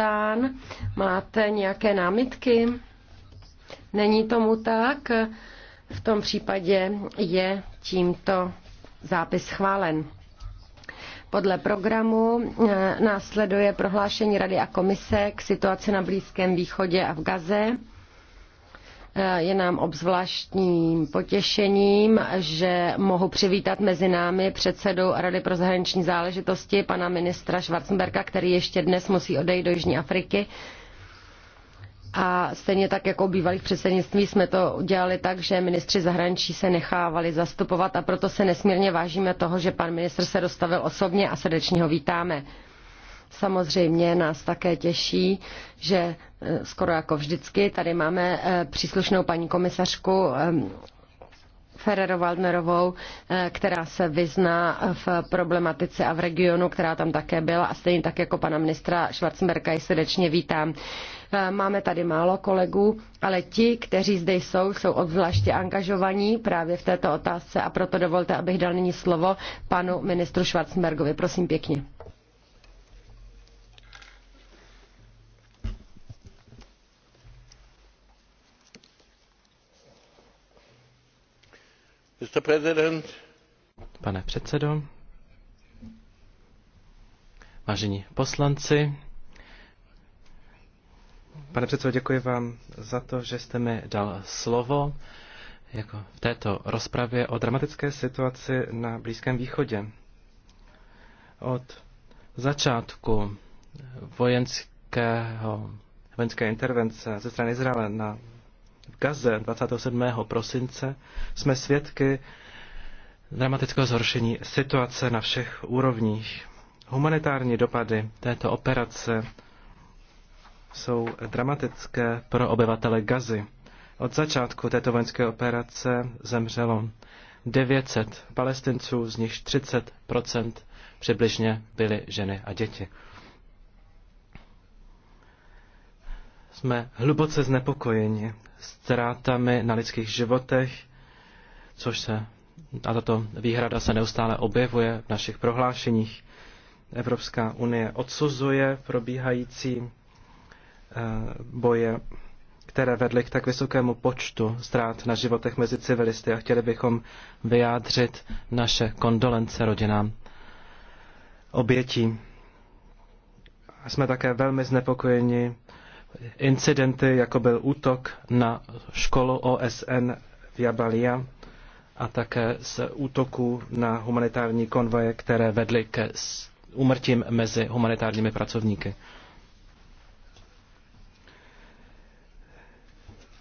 Jordán. Máte nějaké námitky? Není tomu tak? V tom případě je tímto zápis chválen. Podle programu eh, následuje prohlášení Rady a komise k situaci na Blízkém východě a v Gaze. Eh, je nám obzvláštním potěšením, že mohu přivítat mezi námi předsedu Rady pro zahraniční záležitosti, pana ministra Schwarzenberga, který ještě dnes musí odejít do Jižní Afriky. A stejně tak jako u bývalých předsednictví jsme to udělali tak, že ministři zahraničí se nechávali zastupovat a proto se nesmírně vážíme toho, že pan ministr se dostavil osobně a srdečně ho vítáme. Samozřejmě nás také těší, že e, skoro jako vždycky tady máme e, příslušnou paní komisařku e, Ferrero Waldnerovou, která se vyzná v problematice a v regionu, která tam také byla a stejně tak jako pana ministra Schwarzenberga ji srdečně vítám. Máme tady málo kolegů, ale ti, kteří zde jsou, jsou obzvláště angažovaní právě v této otázce a proto dovolte, abych dal nyní slovo panu ministru Schwarzenbergovi. Prosím pěkně. Pane předsedo, vážení poslanci, pane předsedo, děkuji vám za to, že jste mi dal slovo jako v této rozpravě o dramatické situaci na Blízkém východě. Od začátku vojenského, vojenské intervence ze strany Izraele na Gaze 27. prosince jsme svědky dramatického zhoršení situace na všech úrovních. Humanitární dopady této operace jsou dramatické pro obyvatele Gazy. Od začátku této vojenské operace zemřelo 900 palestinců, z nich 30 přibližně byly ženy a děti. jsme hluboce znepokojeni ztrátami na lidských životech, což se, a tato výhrada se neustále objevuje v našich prohlášeních. Evropská unie odsuzuje probíhající eh, boje, které vedly k tak vysokému počtu ztrát na životech mezi civilisty a chtěli bychom vyjádřit naše kondolence rodinám obětí. Jsme také velmi znepokojeni incidenty, jako byl útok na školu OSN v Jabalia a také z útoků na humanitární konvoje, které vedly ke úmrtím mezi humanitárními pracovníky.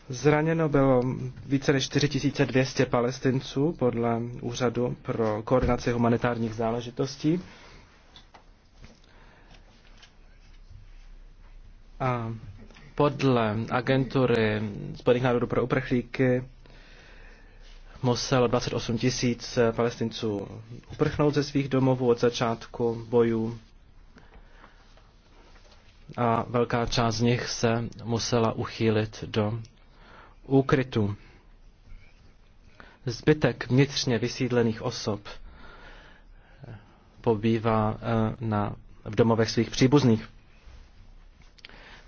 Zraněno bylo více než 4200 palestinců podle Úřadu pro koordinaci humanitárních záležitostí. A podle agentury Spojených národů pro uprchlíky muselo 28 tisíc palestinců uprchnout ze svých domovů od začátku bojů a velká část z nich se musela uchýlit do úkrytu. Zbytek vnitřně vysídlených osob pobývá eh, na, v domovech svých příbuzných.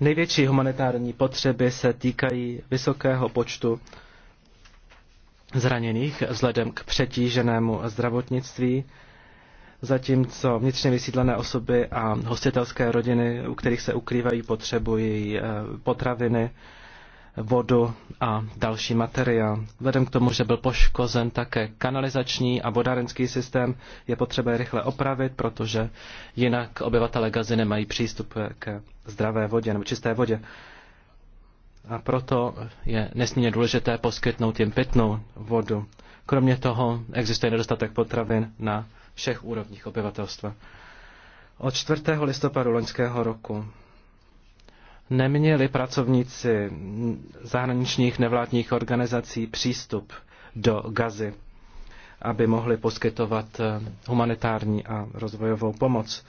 Největší humanitární potřeby se týkají vysokého počtu zraněných vzhledem k přetíženému zdravotnictví, zatímco vnitřně vysídlené osoby a hostitelské rodiny, u kterých se ukrývají, potřebují eh, potraviny, vodu a další materiál. Vzhledem k tomu, že byl poškozen také kanalizační a vodárenský systém, je potřeba je rychle opravit, protože jinak obyvatele Gazy nemají přístup k zdravé vodě nebo čisté vodě. A proto je nesmírně důležité poskytnout jim pitnou vodu. Kromě toho existuje nedostatek potravin na všech úrovních obyvatelstva. Od 4. listopadu loňského roku neměli pracovníci zahraničních nevládních organizací přístup do Gazy, aby mohli poskytovat eh, humanitární a rozvojovou pomoc.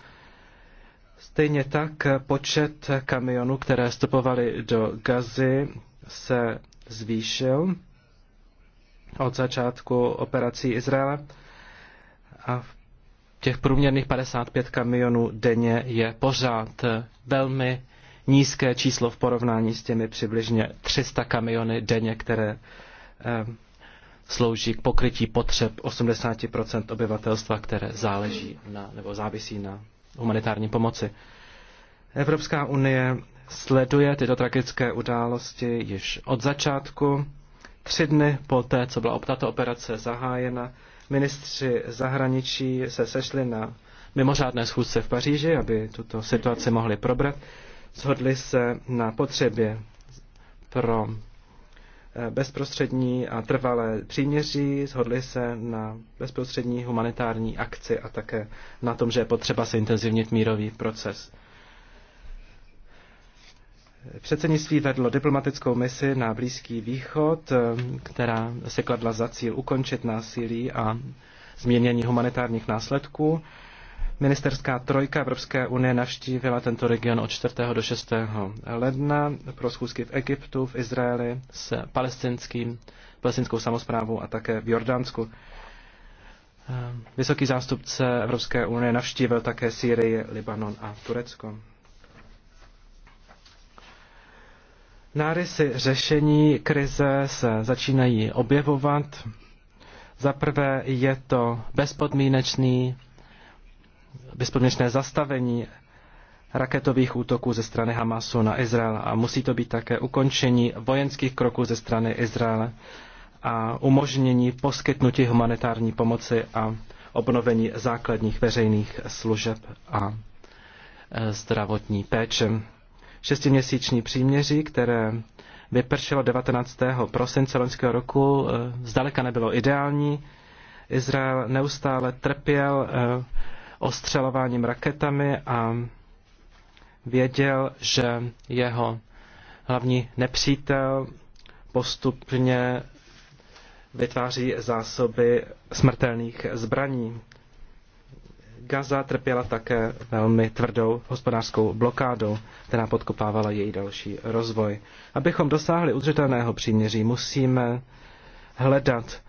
Stejně tak počet kamionů, které vstupovaly do Gazy, se zvýšil od začátku operací Izraele a v těch průměrných 55 kamionů denně je pořád eh, velmi nízké číslo v porovnání s těmi přibližně 300 kamiony denně, které eh, slouží k pokrytí potřeb 80 obyvatelstva, které záleží na, nebo závisí na humanitární pomoci. Evropská unie sleduje tyto tragické události již od začátku. Tři dny po té, co byla tato operace zahájena, ministři zahraničí se sešli na mimořádné schůzce v Paříži, aby tuto situaci mohli probrat. Shodli se na potřebě pro eh, bezprostřední a trvalé příměří, shodli se na bezprostřední humanitární akci a také na tom, že je potřeba se intenzivnit mírový proces. Předsednictví vedlo diplomatickou misi na Blízký východ, eh, která se kladla za cíl ukončit násilí a změnění humanitárních následků. Ministerská trojka Evropské unie navštívila tento region od 4. do 6. ledna pro schůzky v Egyptu, v Izraeli s palestinským, palestinskou samozprávou a také v Jordánsku. Ehm, vysoký zástupce Evropské unie navštívil také Sýrii, Libanon a Turecko. Nárysy řešení krize se začínají objevovat. Za prvé je to bezpodmínečný bezpodmínečné zastavení raketových útoků ze strany Hamasu na Izrael a musí to být také ukončení vojenských kroků ze strany Izraele a umožnění poskytnutí humanitární pomoci a obnovení základních veřejných služeb a e, zdravotní péče. Šestiměsíční příměří, které vypršelo 19. prosince loňského roku, e, zdaleka nebylo ideální. Izrael neustále trpěl e, ostřelováním raketami a věděl, že jeho hlavní nepřítel postupně vytváří zásoby smrtelných zbraní. Gaza trpěla také velmi tvrdou hospodářskou blokádou, která podkopávala její další rozvoj. Abychom dosáhli udržitelného příměří, musíme hledat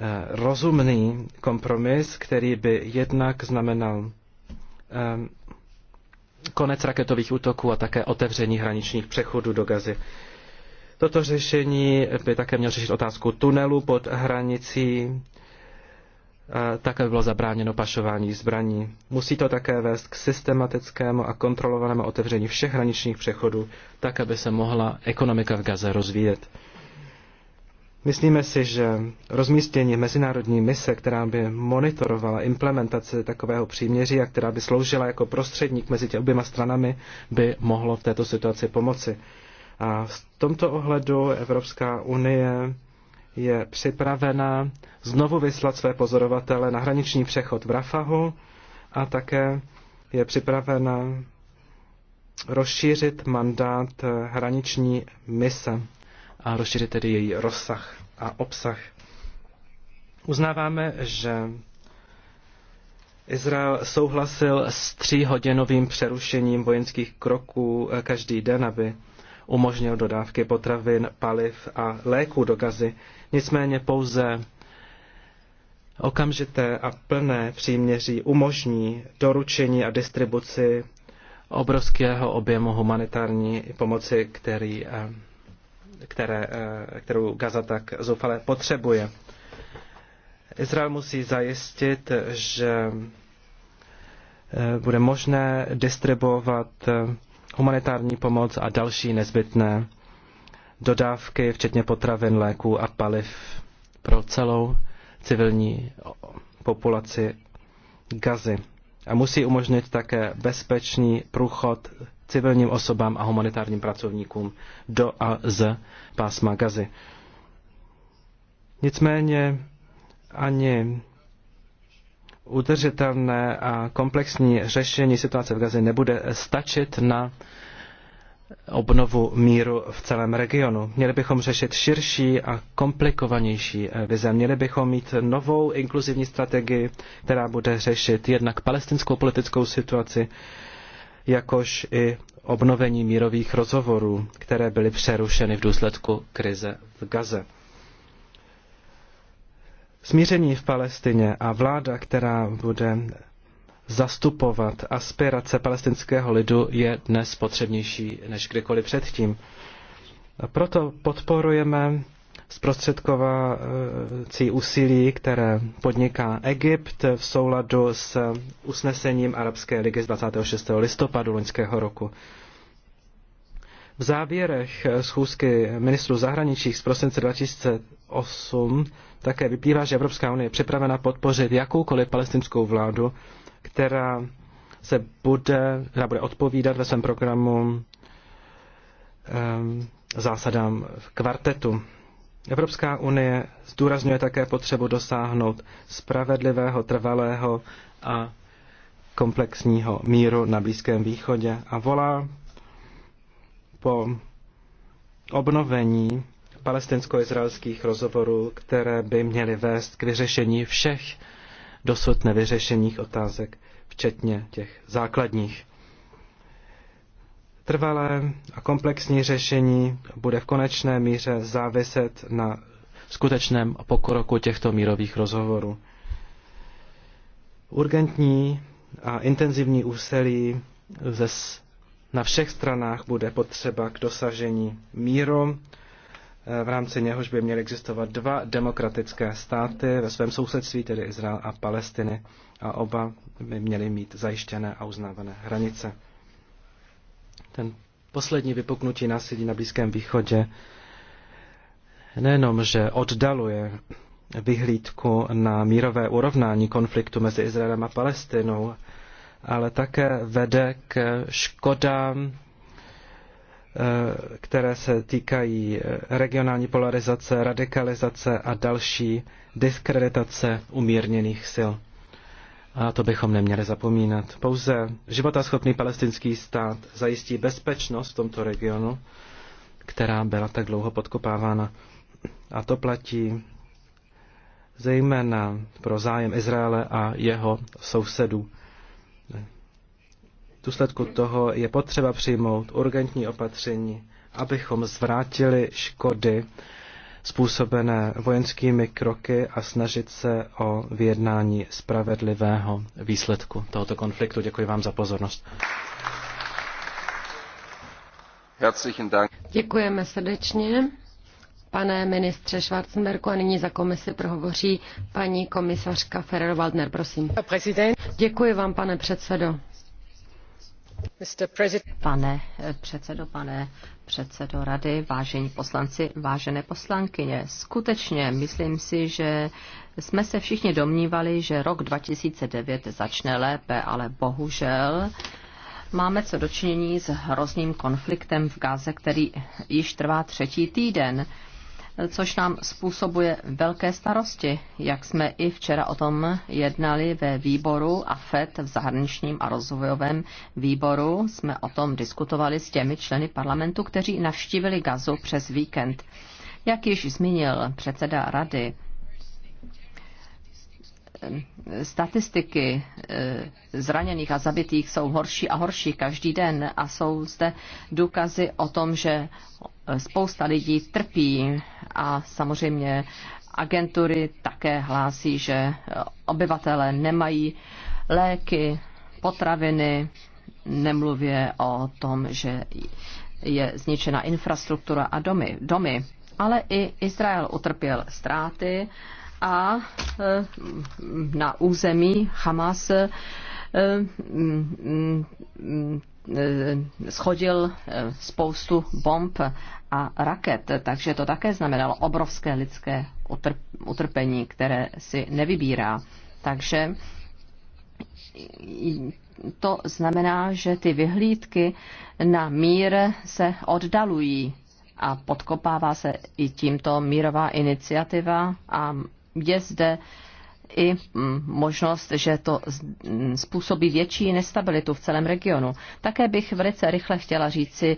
Eh, rozumný kompromis, který by jednak znamenal eh, konec raketových útoků a také otevření hraničních přechodů do Gazy. Toto řešení by také mělo řešit otázku tunelu pod hranicí, eh, tak aby bylo zabráněno pašování zbraní. Musí to také vést k systematickému a kontrolovanému otevření všech hraničních přechodů, tak aby se mohla ekonomika v Gaze rozvíjet. Myslíme si, že rozmístění mezinárodní mise, která by monitorovala implementaci takového příměří a která by sloužila jako prostředník mezi těmi oběma stranami, by mohlo v této situaci pomoci. A v tomto ohledu Evropská unie je připravena znovu vyslat své pozorovatele na hraniční přechod v Rafahu a také je připravena rozšířit mandát hraniční mise a rozšířit tedy její rozsah a obsah. Uznáváme, že Izrael souhlasil s tříhodinovým přerušením vojenských kroků každý den, aby umožnil dodávky potravin, paliv a léků do gazy. Nicméně pouze okamžité a plné příměří umožní doručení a distribuci obrovského objemu humanitární pomoci, který eh, které, eh, kterou Gaza tak zoufale potřebuje. Izrael musí zajistit, že eh, bude možné distribuovat eh, humanitární pomoc a další nezbytné dodávky, včetně potravin, léků a paliv pro celou civilní populaci Gazy. A musí umožnit také bezpečný průchod civilním osobám a humanitárním pracovníkům do a z pásma Gazy. Nicméně ani udržitelné a komplexní řešení situace v Gaze nebude stačit na obnovu míru v celém regionu. Měli bychom řešit širší a komplikovanější vize. Měli bychom mít novou inkluzivní strategii, která bude řešit jednak palestinskou politickou situaci, jakož i obnovení mírových rozhovorů, které byly přerušeny v důsledku krize v Gaze. Smíření v Palestině a vláda, která bude zastupovat aspirace palestinského lidu, je dnes potřebnější než kdykoliv předtím. Proto podporujeme zprostředkovací úsilí, které podniká Egypt v souladu s usnesením Arabské ligy z 26. listopadu loňského roku. V závěrech schůzky ministrů zahraničích z prosince 2008 také vyplývá, že Evropská unie je připravena podpořit jakoukoliv palestinskou vládu, která se bude, která bude odpovídat ve svém programu um, zásadám v kvartetu. Evropská unie zdůrazňuje také potřebu dosáhnout spravedlivého, trvalého a komplexního míru na Blízkém východě a volá po obnovení palestinsko-izraelských rozhovorů, které by měly vést k vyřešení všech dosud nevyřešených otázek, včetně těch základních. Trvalé a komplexní řešení bude v konečné míře záviset na skutečném pokroku těchto mírových rozhovorů. Urgentní a intenzivní úsilí ze, na všech stranách bude potřeba k dosažení míru, eh, v rámci něhož by měly existovat dva demokratické státy ve svém sousedství, tedy Izrael a Palestiny, a oba by měly mít zajištěné a uznávané hranice ten poslední vypuknutí násilí na Blízkém východě nejenom, že oddaluje vyhlídku na mírové urovnání konfliktu mezi Izraelem a Palestinou, ale také vede k škodám, eh, které se týkají regionální polarizace, radikalizace a další diskreditace umírněných sil. A to bychom neměli zapomínat. Pouze životaschopný palestinský stát zajistí bezpečnost v tomto regionu, která byla tak dlouho podkopávána. A to platí zejména pro zájem Izraele a jeho sousedů. V důsledku toho je potřeba přijmout urgentní opatření, abychom zvrátili škody, způsobené vojenskými kroky a snažit se o vyjednání spravedlivého výsledku tohoto konfliktu. Děkuji vám za pozornost. Děkujeme srdečně. Pane ministře Schwarzenbergu a nyní za komisi prohovoří paní komisařka Ferrer-Waldner, prosím. Děkuji vám, pane předsedo. Pane předsedo, pane předsedo rady, vážení poslanci, vážené poslankyně. Skutečně myslím si, že jsme se všichni domnívali, že rok 2009 začne lépe, ale bohužel máme co dočinění s hrozným konfliktem v Gaze, který již trvá třetí týden což nám způsobuje velké starosti, jak jsme i včera o tom jednali ve výboru a FED v zahraničním a rozvojovém výboru. Jsme o tom diskutovali s těmi členy parlamentu, kteří navštívili Gazu přes víkend. Jak již zmínil předseda rady, statistiky eh, zraněných a zabitých jsou horší a horší každý den a jsou zde důkazy o tom, že spousta lidí trpí a samozřejmě agentury také hlásí, že obyvatele nemají léky, potraviny, nemluvě o tom, že je zničena infrastruktura a domy. domy. Ale i Izrael utrpěl ztráty a eh, na území Hamas eh, mm, mm, Eh, schodil eh, spoustu bomb a raket, takže to také znamenalo obrovské lidské utrpení, které si nevybírá. Takže to znamená, že ty vyhlídky na mír se oddalují a podkopává se i tímto mírová iniciativa a je zde i mm, možnost, že to mm, způsobí větší nestabilitu v celém regionu. Také bych velice rychle chtěla říci,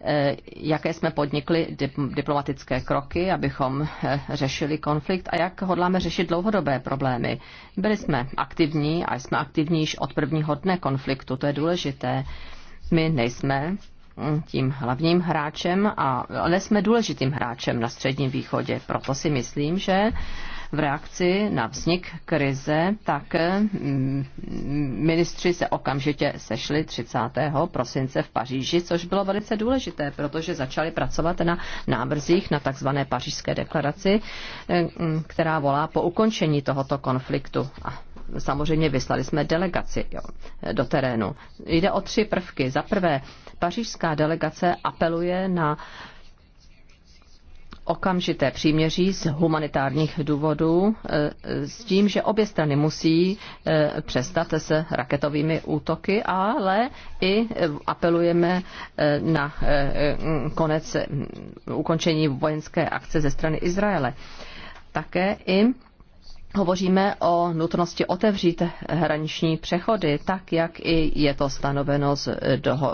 eh, jaké jsme podnikli diplomatické kroky, abychom eh, řešili konflikt a jak hodláme řešit dlouhodobé problémy. Byli jsme aktivní a jsme aktivní již od prvního dne konfliktu, to je důležité. My nejsme mm, tím hlavním hráčem, a, ale jsme důležitým hráčem na Středním východě. Proto si myslím, že v reakci na vznik krize, tak mm, ministři se okamžitě sešli 30. prosince v Paříži, což bylo velice důležité, protože začali pracovat na návrzích na tzv. pařížské deklaraci, eh, mm, která volá po ukončení tohoto konfliktu. A samozřejmě vyslali jsme delegaci jo, do terénu. Jde o tři prvky. Za prvé, pařížská delegace apeluje na uh, okamžité příměří z humanitárních důvodů e, s tím, že obě strany musí e, přestat se raketovými útoky, ale i e, apelujeme na konec ukončení vojenské akce ze strany Izraele. Také i Hovoříme o nutnosti otevřít hraniční přechody, tak jak i je to stanoveno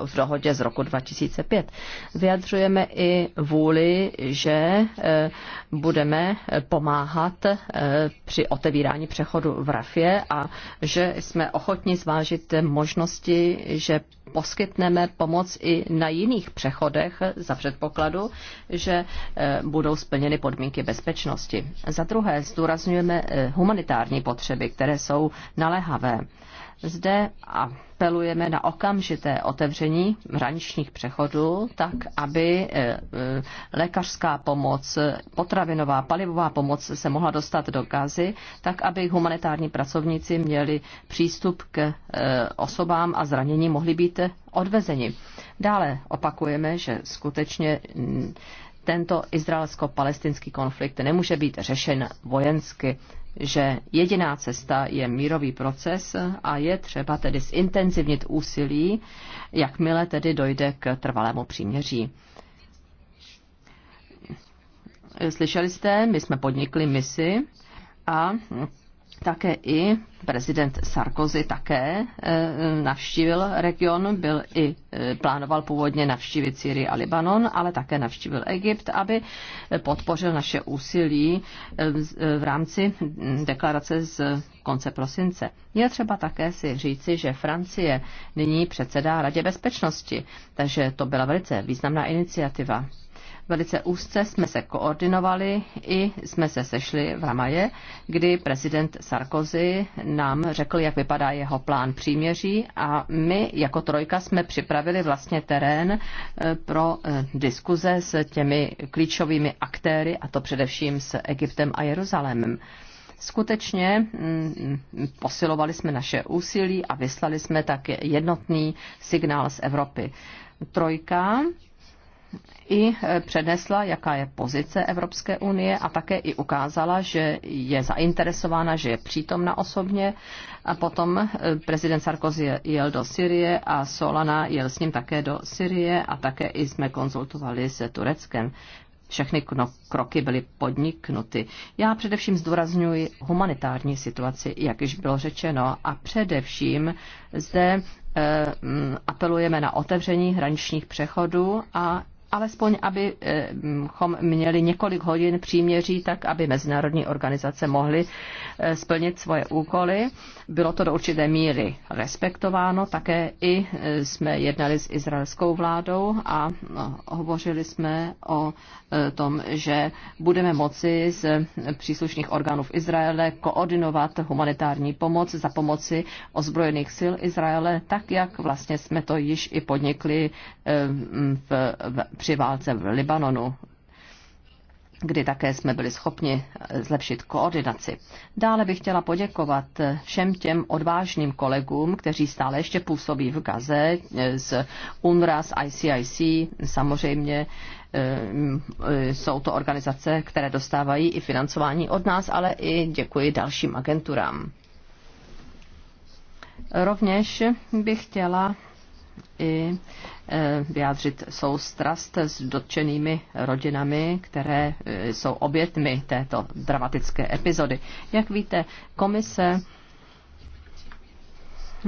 v dohodě z roku 2005. Vyjadřujeme i vůli, že e, budeme pomáhat e, při otevírání přechodu v Rafě a že jsme ochotni zvážit možnosti, že poskytneme pomoc i na jiných přechodech za předpokladu, že eh, budou splněny podmínky bezpečnosti. Za druhé zdůrazňujeme eh, humanitární potřeby, které jsou naléhavé. Zde apelujeme na okamžité otevření hraničních přechodů, tak aby e, e, lékařská pomoc, potravinová, palivová pomoc se mohla dostat do Gazy, tak aby humanitární pracovníci měli přístup k e, osobám a zranění mohli být odvezeni. Dále opakujeme, že skutečně tento izraelsko-palestinský konflikt nemůže být řešen vojensky že jediná cesta je mírový proces a je třeba tedy zintenzivnit úsilí, jakmile tedy dojde k trvalému příměří. Slyšeli jste, my jsme podnikli misi a také i prezident Sarkozy také eh, navštívil region, byl i eh, plánoval původně navštívit Syrii a Libanon, ale také navštívil Egypt, aby eh, podpořil naše úsilí v rámci hm, deklarace z konce prosince. Je třeba také si říci, že Francie nyní předsedá Radě bezpečnosti, takže to byla velice významná iniciativa. Velice úzce jsme se koordinovali i jsme se sešli v Ramaje, kdy prezident Sarkozy nám řekl, jak vypadá jeho plán příměří a my jako trojka jsme připravili vlastně terén eh, pro eh, diskuze s těmi klíčovými aktéry, a to především s Egyptem a Jeruzalémem skutečně mm, posilovali jsme naše úsilí a vyslali jsme tak jednotný signál z Evropy. Trojka i eh, přednesla, jaká je pozice Evropské unie a také i ukázala, že je zainteresována, že je přítomna osobně. A potom eh, prezident Sarkozy jel do Syrie a Solana jel s ním také do Syrie a také i jsme konzultovali se Tureckem. Všechny kroky byly podniknuty. Já především zdůrazňuji humanitární situaci, jak již bylo řečeno, a především zde eh, apelujeme na otevření hraničních přechodů a alespoň abychom eh, měli několik hodin příměří, tak aby mezinárodní organizace mohly eh, splnit svoje úkoly. Bylo to do určité míry respektováno, také i eh, jsme jednali s izraelskou vládou a no, hovořili jsme o tom, že budeme moci z příslušných orgánů v Izraele koordinovat humanitární pomoc za pomoci ozbrojených sil Izraele, tak jak vlastně jsme to již i podnikli v, v při válce v Libanonu, kdy také jsme byli schopni zlepšit koordinaci. Dále bych chtěla poděkovat všem těm odvážným kolegům, kteří stále ještě působí v Gaze eh, z UNRWA, z ICIC, samozřejmě eh, mm, jsou to organizace, které dostávají i financování od nás, ale i děkuji dalším agenturám. Rovněž bych chtěla i Eh, vyjádřit soustrast s dotčenými rodinami, které eh, jsou obětmi této dramatické epizody. Jak víte, komise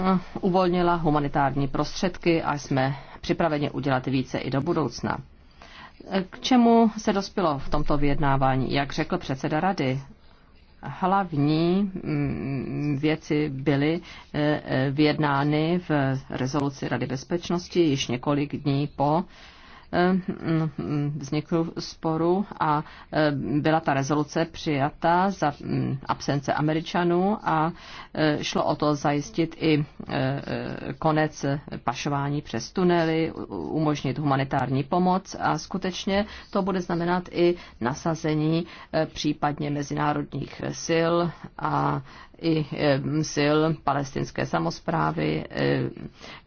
eh, uvolnila humanitární prostředky a jsme připraveni udělat více i do budoucna. K čemu se dospělo v tomto vyjednávání? Jak řekl předseda rady, hlavní mm, věci byly e, e, vyjednány v rezoluci Rady bezpečnosti již několik dní po Eh, vznikl sporu a eh, byla ta rezoluce přijata za mm, absence Američanů a eh, šlo o to zajistit i konec pašování přes tunely, umožnit humanitární pomoc a skutečně to bude znamenat i nasazení případně mezinárodních sil a i sil palestinské samozprávy.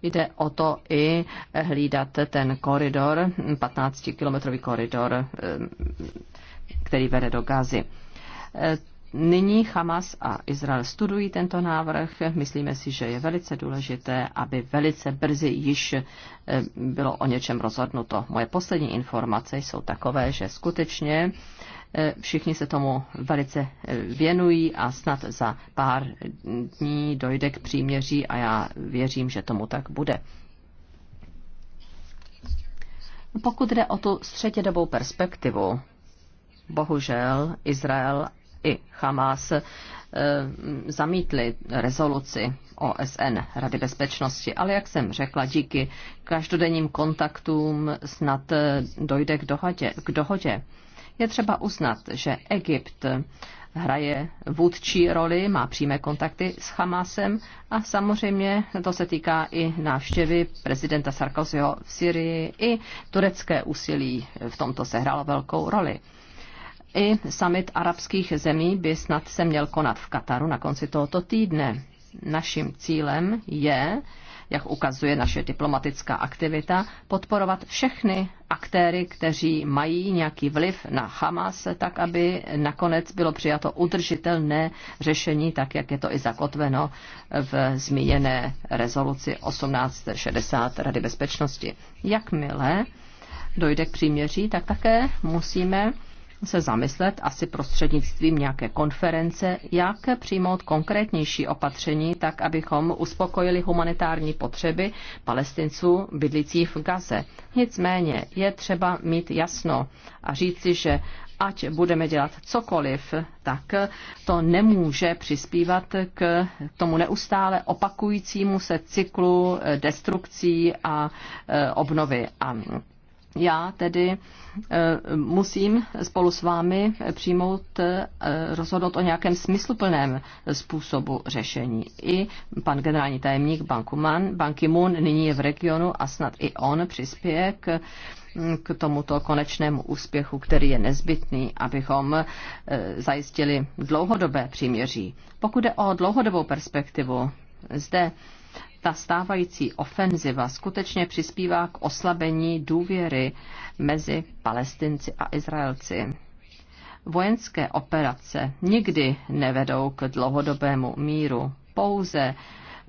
Jde o to i hlídat ten koridor, 15-kilometrový koridor, který vede do Gazy Nyní Hamas a Izrael studují tento návrh. Myslíme si, že je velice důležité, aby velice brzy již eh, bylo o něčem rozhodnuto. Moje poslední informace jsou takové, že skutečně eh, všichni se tomu velice eh, věnují a snad za pár dní dojde k příměří a já věřím, že tomu tak bude. Pokud jde o tu střetědobou perspektivu, bohužel Izrael i Hamas eh, zamítli rezoluci OSN Rady bezpečnosti. Ale jak jsem řekla, díky každodenním kontaktům snad eh, dojde k dohodě. K dohodě. Je třeba uznat, že Egypt hraje vůdčí roli, má přímé kontakty s Hamasem a samozřejmě to se týká i návštěvy prezidenta Sarkozyho v Syrii. I turecké úsilí v tomto sehrálo velkou roli. I summit arabských zemí by snad se měl konat v Kataru na konci tohoto týdne. Naším cílem je, jak ukazuje naše diplomatická aktivita, podporovat všechny aktéry, kteří mají nějaký vliv na Hamas, tak aby nakonec bylo přijato udržitelné řešení, tak jak je to i zakotveno v zmíněné rezoluci 1860 Rady bezpečnosti. Jakmile dojde k příměří, tak také musíme se zamyslet asi prostřednictvím nějaké konference, jak přijmout konkrétnější opatření, tak abychom uspokojili humanitární potřeby palestinců bydlících v Gaze. Nicméně je třeba mít jasno a říci, že ať budeme dělat cokoliv, tak to nemůže přispívat k tomu neustále opakujícímu se cyklu destrukcí a e, obnovy. A já tedy e, musím spolu s vámi přijmout, e, rozhodnout o nějakém smysluplném způsobu řešení. I pan generální tajemník Banku Banky Moon nyní je v regionu a snad i on přispěje k k tomuto konečnému úspěchu, který je nezbytný, abychom e, zajistili dlouhodobé příměří. Pokud jde o dlouhodobou perspektivu, zde ta stávající ofenziva skutečně přispívá k oslabení důvěry mezi Palestinci a Izraelci. Vojenské operace nikdy nevedou k dlouhodobému míru, pouze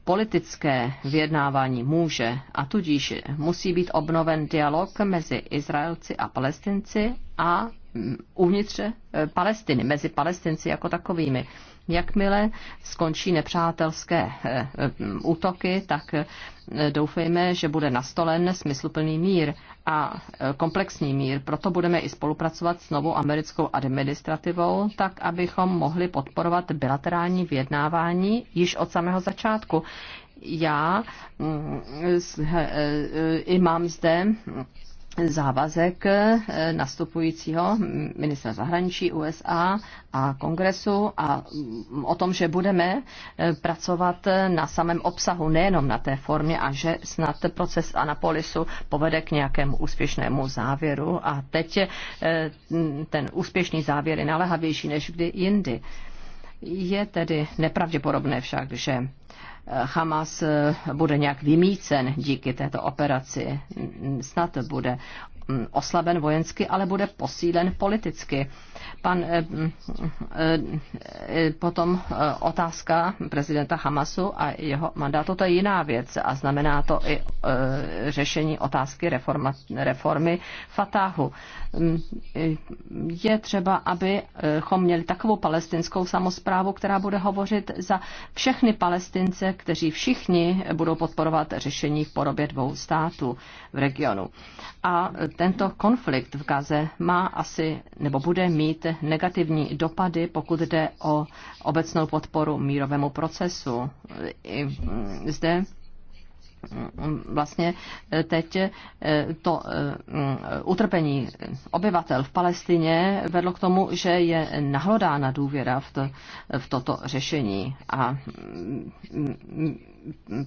politické vyjednávání může a tudíž musí být obnoven dialog mezi Izraelci a Palestinci a uvnitř e, Palestiny, mezi Palestinci jako takovými. Jakmile skončí nepřátelské eh, eh, útoky, tak eh, doufejme, že bude nastolen smysluplný mír a komplexní mír. Proto budeme i spolupracovat s novou americkou administrativou, tak abychom mohli podporovat bilaterální vyjednávání již od samého začátku. Já mm, i mám zde závazek eh, nastupujícího ministra zahraničí USA a kongresu a mm, o tom, že budeme eh, pracovat eh, na samém obsahu, nejenom na té formě a že snad proces Anapolisu povede k nějakému úspěšnému závěru a teď mm, ten úspěšný závěr je naléhavější než kdy jindy. Je tedy nepravděpodobné však, že Hamas eh, bude nějak vymícen díky této operaci. Snad bude. Mm, oslaben vojensky, ale bude posílen politicky. Pan, eh, mm, eh, eh, potom otázka prezidenta Hamasu a jeho mandátu, to je jiná věc a znamená to i řešení otázky reforma, reformy Fatahu. Mm, je třeba, abychom měli takovou palestinskou samozprávu, která bude hovořit za všechny palestince, kteří všichni budou podporovat řešení v podobě dvou států v regionu. A tento konflikt v Gaze má asi nebo bude mít negativní dopady, pokud jde o obecnou podporu mírovému procesu. I zde vlastně teď eh, to eh, utrpení obyvatel v Palestině vedlo k tomu, že je nahlodána důvěra v, to, v toto řešení. A mm,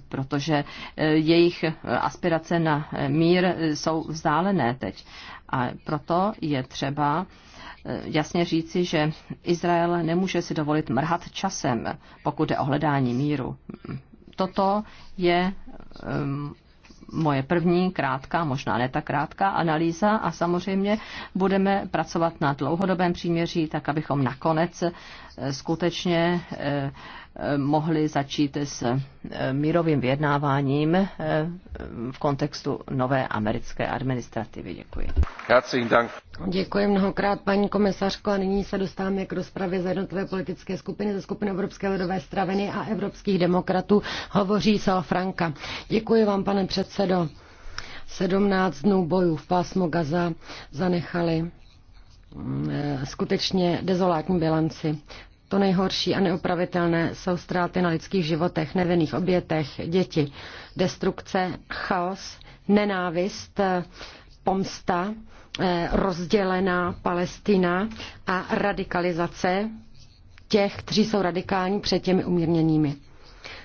protože eh, jejich aspirace na mír jsou vzdálené teď. A proto je třeba jasně říci, že Izrael nemůže si dovolit mrhat časem, pokud je o hledání míru. Toto je um, moje první krátká, možná ne tak krátká analýza a samozřejmě budeme pracovat na dlouhodobém příměří, tak abychom nakonec eh, skutečně eh, mohli začít s eh, mírovým vyjednáváním eh, v kontextu nové americké administrativy. Děkuji. Děkuji mnohokrát, paní komisařko. A nyní se dostáváme k rozpravě za jednotlivé politické skupiny ze skupiny Evropské lidové straveny a evropských demokratů. Hovoří Sal Franka. Děkuji vám, pane předsedo. 17 dnů bojů v pásmu Gaza zanechali mm, eh, skutečně dezolátní bilanci. To nejhorší a neopravitelné jsou ztráty na lidských životech, nevinných obětech, děti, destrukce, chaos, nenávist, pomsta, eh, rozdělená Palestina a radikalizace těch, kteří jsou radikální před těmi umírněními.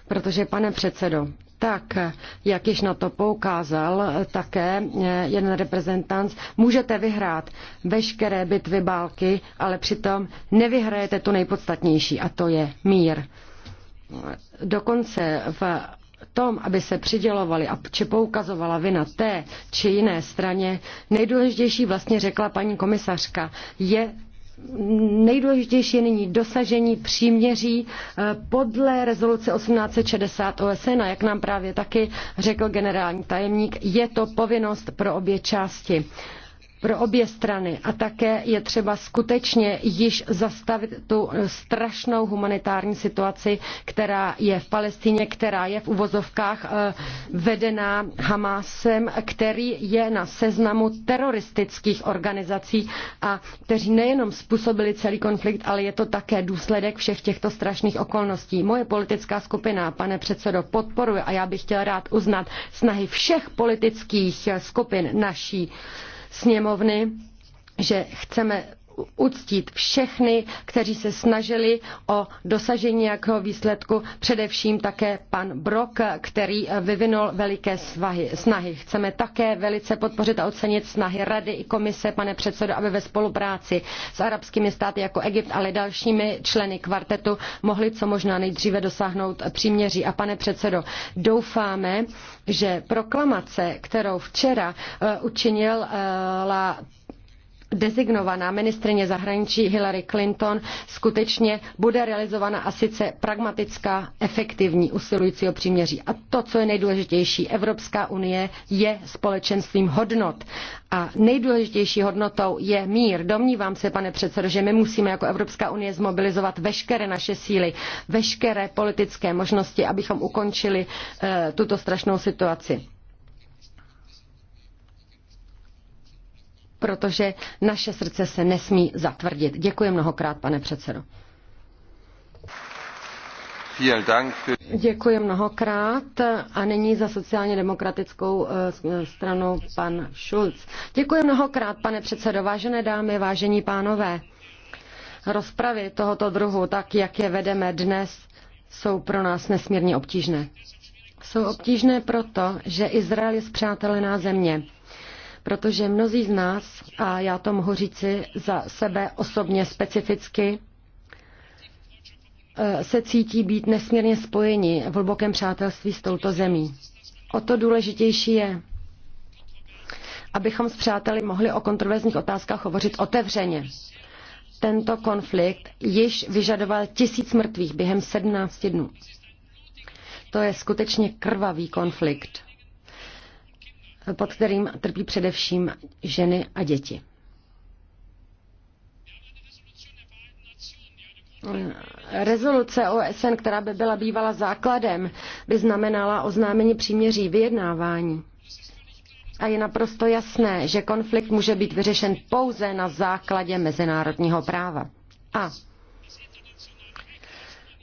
Protože, pane předsedo, tak, jak již na to poukázal také eh, jeden reprezentant, můžete vyhrát veškeré bitvy bálky, ale přitom nevyhrajete tu nejpodstatnější a to je mír. Dokonce v tom, aby se přidělovali a či poukazovala vina té či jiné straně, nejdůležitější vlastně řekla paní komisařka, je nejdůležitější je nyní dosažení příměří eh, podle rezoluce 1860 OSN a jak nám právě taky řekl generální tajemník, je to povinnost pro obě části pro obě strany. A také je třeba skutečně již zastavit tu eh, strašnou humanitární situaci, která je v Palestíně, která je v uvozovkách eh, vedená Hamásem, který je na seznamu teroristických organizací a kteří nejenom způsobili celý konflikt, ale je to také důsledek všech těchto strašných okolností. Moje politická skupina, pane předsedo, podporuje a já bych chtěl rád uznat snahy všech politických skupin naší sněmovny, že chceme uctít všechny, kteří se snažili o dosažení nějakého výsledku, především také pan Brok, který vyvinul veliké svahy, snahy. Chceme také velice podpořit a ocenit snahy Rady i komise, pane předsedo, aby ve spolupráci s arabskými státy jako Egypt, ale dalšími členy kvartetu mohli co možná nejdříve dosáhnout příměří. A pane předsedo, doufáme, že proklamace, kterou včera eh, učinila eh, designovaná ministrině zahraničí Hillary Clinton skutečně bude realizována a sice pragmatická, efektivní, usilující o příměří. A to, co je nejdůležitější, Evropská unie je společenstvím hodnot. A nejdůležitější hodnotou je mír. Domnívám se, pane předsedo, že my musíme jako Evropská unie zmobilizovat veškeré naše síly, veškeré politické možnosti, abychom ukončili uh, tuto strašnou situaci protože naše srdce se nesmí zatvrdit. Děkuji mnohokrát, pane předsedo. Děkuji mnohokrát a nyní za sociálně demokratickou eh, eh, stranu pan Schulz. Děkuji mnohokrát, pane předsedo, vážené dámy, vážení pánové. Rozpravy tohoto druhu, tak jak je vedeme dnes, jsou pro nás nesmírně obtížné. Jsou obtížné proto, že Izrael je zpřátelená země protože mnozí z nás, a já to mohu říci za sebe osobně specificky, eh, se cítí být nesmírně spojeni v hlubokém přátelství s touto zemí. O to důležitější je, abychom s přáteli mohli o kontroverzních otázkách hovořit otevřeně. Tento konflikt již vyžadoval tisíc mrtvých během 17 dnů. To je skutečně krvavý konflikt pod kterým trpí především ženy a děti. Rezoluce OSN, která by byla bývala základem, by znamenala oznámení příměří vyjednávání. A je naprosto jasné, že konflikt může být vyřešen pouze na základě mezinárodního práva. A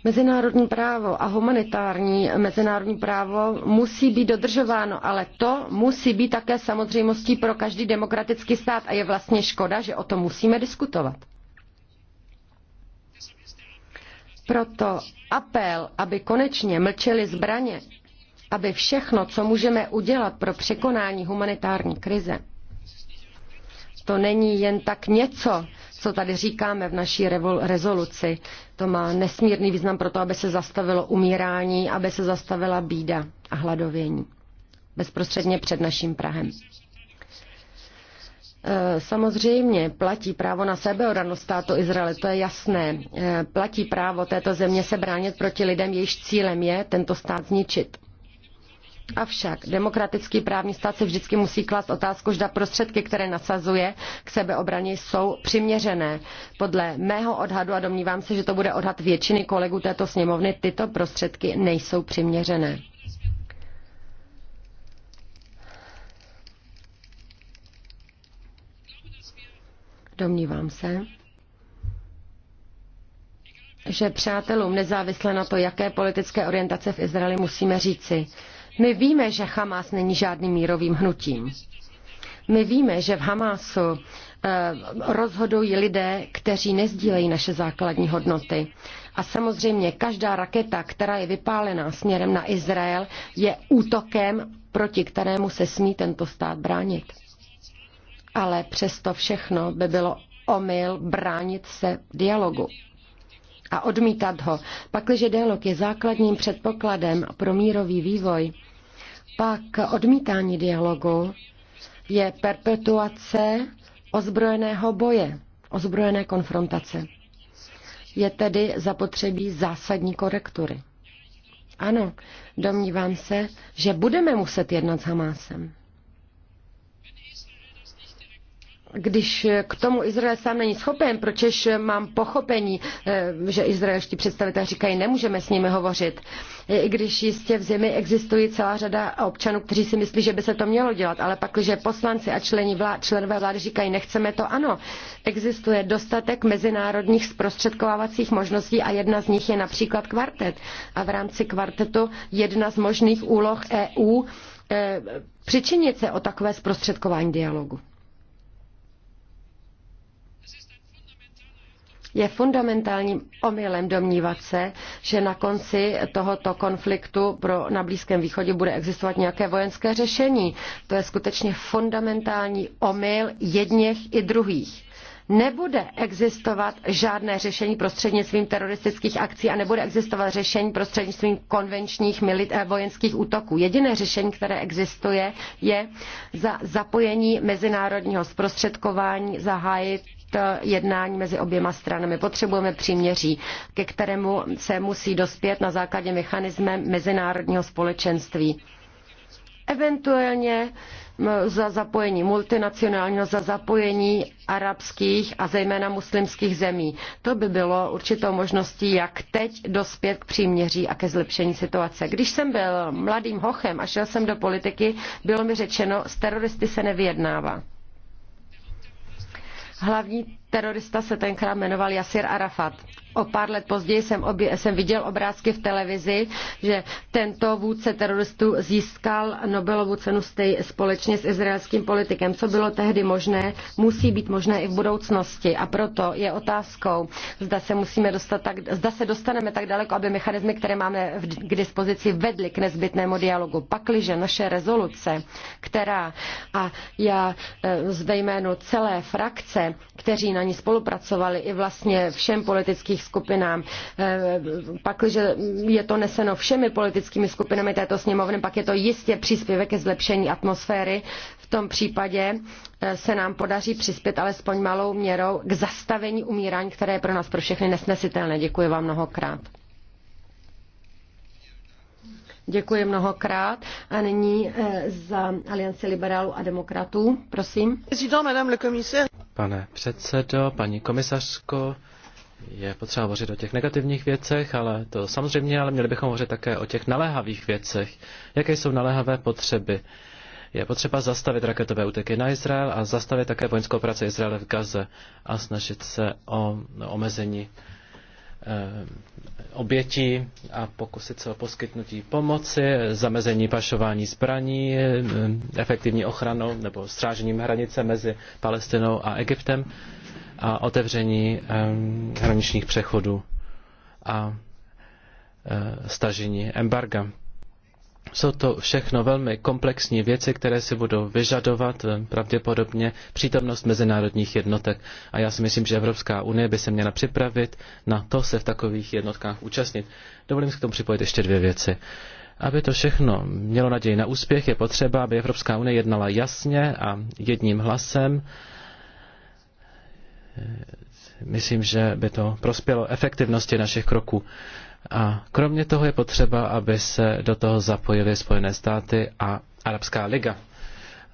Mezinárodní právo a humanitární mezinárodní právo musí být dodržováno, ale to musí být také samozřejmostí pro každý demokratický stát a je vlastně škoda, že o tom musíme diskutovat. Proto apel, aby konečně mlčeli zbraně, aby všechno, co můžeme udělat pro překonání humanitární krize, to není jen tak něco, co tady říkáme v naší rezoluci. To má nesmírný význam pro to, aby se zastavilo umírání, aby se zastavila bída a hladovění bezprostředně před naším Prahem. E, samozřejmě platí právo na sebeodanost státu Izraele, to je jasné. E, platí právo této země se bránit proti lidem, jejichž cílem je tento stát zničit. Avšak demokratický právní stát se vždycky musí klást otázku, zda prostředky, které nasazuje k sebeobraně, jsou přiměřené. Podle mého odhadu, a domnívám se, že to bude odhad většiny kolegů této sněmovny, tyto prostředky nejsou přiměřené. Domnívám se, že přátelům, nezávisle na to, jaké politické orientace v Izraeli musíme říci, my víme, že Hamas není žádným mírovým hnutím. My víme, že v Hamasu eh, rozhodují lidé, kteří nezdílejí naše základní hodnoty. A samozřejmě každá raketa, která je vypálená směrem na Izrael, je útokem, proti kterému se smí tento stát bránit. Ale přesto všechno by bylo omyl bránit se dialogu a odmítat ho. Pakliže dialog je základním předpokladem pro mírový vývoj, pak odmítání dialogu je perpetuace ozbrojeného boje, ozbrojené konfrontace. Je tedy zapotřebí zásadní korektury. Ano, domnívám se, že budeme muset jednat s Hamásem. když k tomu Izrael sám není schopen, pročež mám pochopení, eh, že izraelští představitelé říkají, nemůžeme s nimi hovořit. I když jistě v zemi existuje celá řada občanů, kteří si myslí, že by se to mělo dělat, ale pak, když poslanci a členi vlád, členové vlády říkají, nechceme to, ano, existuje dostatek mezinárodních zprostředkovávacích možností a jedna z nich je například kvartet. A v rámci kvartetu jedna z možných úloh EU eh, přičinit se o takové zprostředkování dialogu. Je fundamentálním omylem domnívat se, že na konci tohoto konfliktu pro, na Blízkém východě bude existovat nějaké vojenské řešení. To je skutečně fundamentální omyl jedněch i druhých nebude existovat žádné řešení prostřednictvím teroristických akcí a nebude existovat řešení prostřednictvím konvenčních eh, vojenských útoků. Jediné řešení, které existuje, je za zapojení mezinárodního zprostředkování zahájit Eh, jednání mezi oběma stranami. Potřebujeme příměří, ke kterému se musí dospět na základě mechanismem mezinárodního společenství. Eventuálně za zapojení multinacionálního, za zapojení arabských a zejména muslimských zemí. To by bylo určitou možností, jak teď dospět k příměří a ke zlepšení situace. Když jsem byl mladým hochem a šel jsem do politiky, bylo mi řečeno, s teroristy se nevyjednává. Hlavní terorista se tenkrát jmenoval Yasir Arafat O pár let později jsem, obě, jsem viděl obrázky v televizi, že tento vůdce teroristů získal Nobelovu cenu stej, společně s izraelským politikem. Co bylo tehdy možné, musí být možné i v budoucnosti. A proto je otázkou, zda se, musíme dostat tak, zda se dostaneme tak daleko, aby mechanizmy, které máme v, k dispozici, vedly k nezbytnému dialogu. Pakliže naše rezoluce, která, a já e, zde jménu celé frakce, kteří na ní spolupracovali i vlastně všem politickým politických skupinám, eh, že je to neseno všemi politickými skupinami této sněmovny, pak je to jistě příspěvek ke zlepšení atmosféry. V tom případě eh, se nám podaří přispět alespoň malou měrou k zastavení umírání, které je pro nás pro všechny nesnesitelné. Děkuji vám mnohokrát. Děkuji mnohokrát. A nyní eh, za Alianci liberálů a demokratů, prosím. Pane předsedo, paní komisařko, je potřeba hovořit o těch negativních věcech, ale to samozřejmě, ale měli bychom hovořit také o těch naléhavých věcech. Jaké jsou naléhavé potřeby? Je potřeba zastavit raketové útoky na Izrael a zastavit také vojenskou práci Izraele v Gaze a snažit se o omezení eh, obětí a pokusit se o poskytnutí pomoci, zamezení pašování zbraní, eh, efektivní ochranou nebo strážením hranice mezi Palestinou a Egyptem a otevření hraničních přechodů a e, stažení embarga. Jsou to všechno velmi komplexní věci, které si budou vyžadovat e, pravděpodobně přítomnost mezinárodních jednotek. A já si myslím, že Evropská unie by se měla připravit na to se v takových jednotkách účastnit. Dovolím si k tomu připojit ještě dvě věci. Aby to všechno mělo naději na úspěch, je potřeba, aby Evropská unie jednala jasně a jedním hlasem myslím, že by to prospělo efektivnosti našich kroků. A kromě toho je potřeba, aby se do toho zapojily Spojené státy a Arabská liga.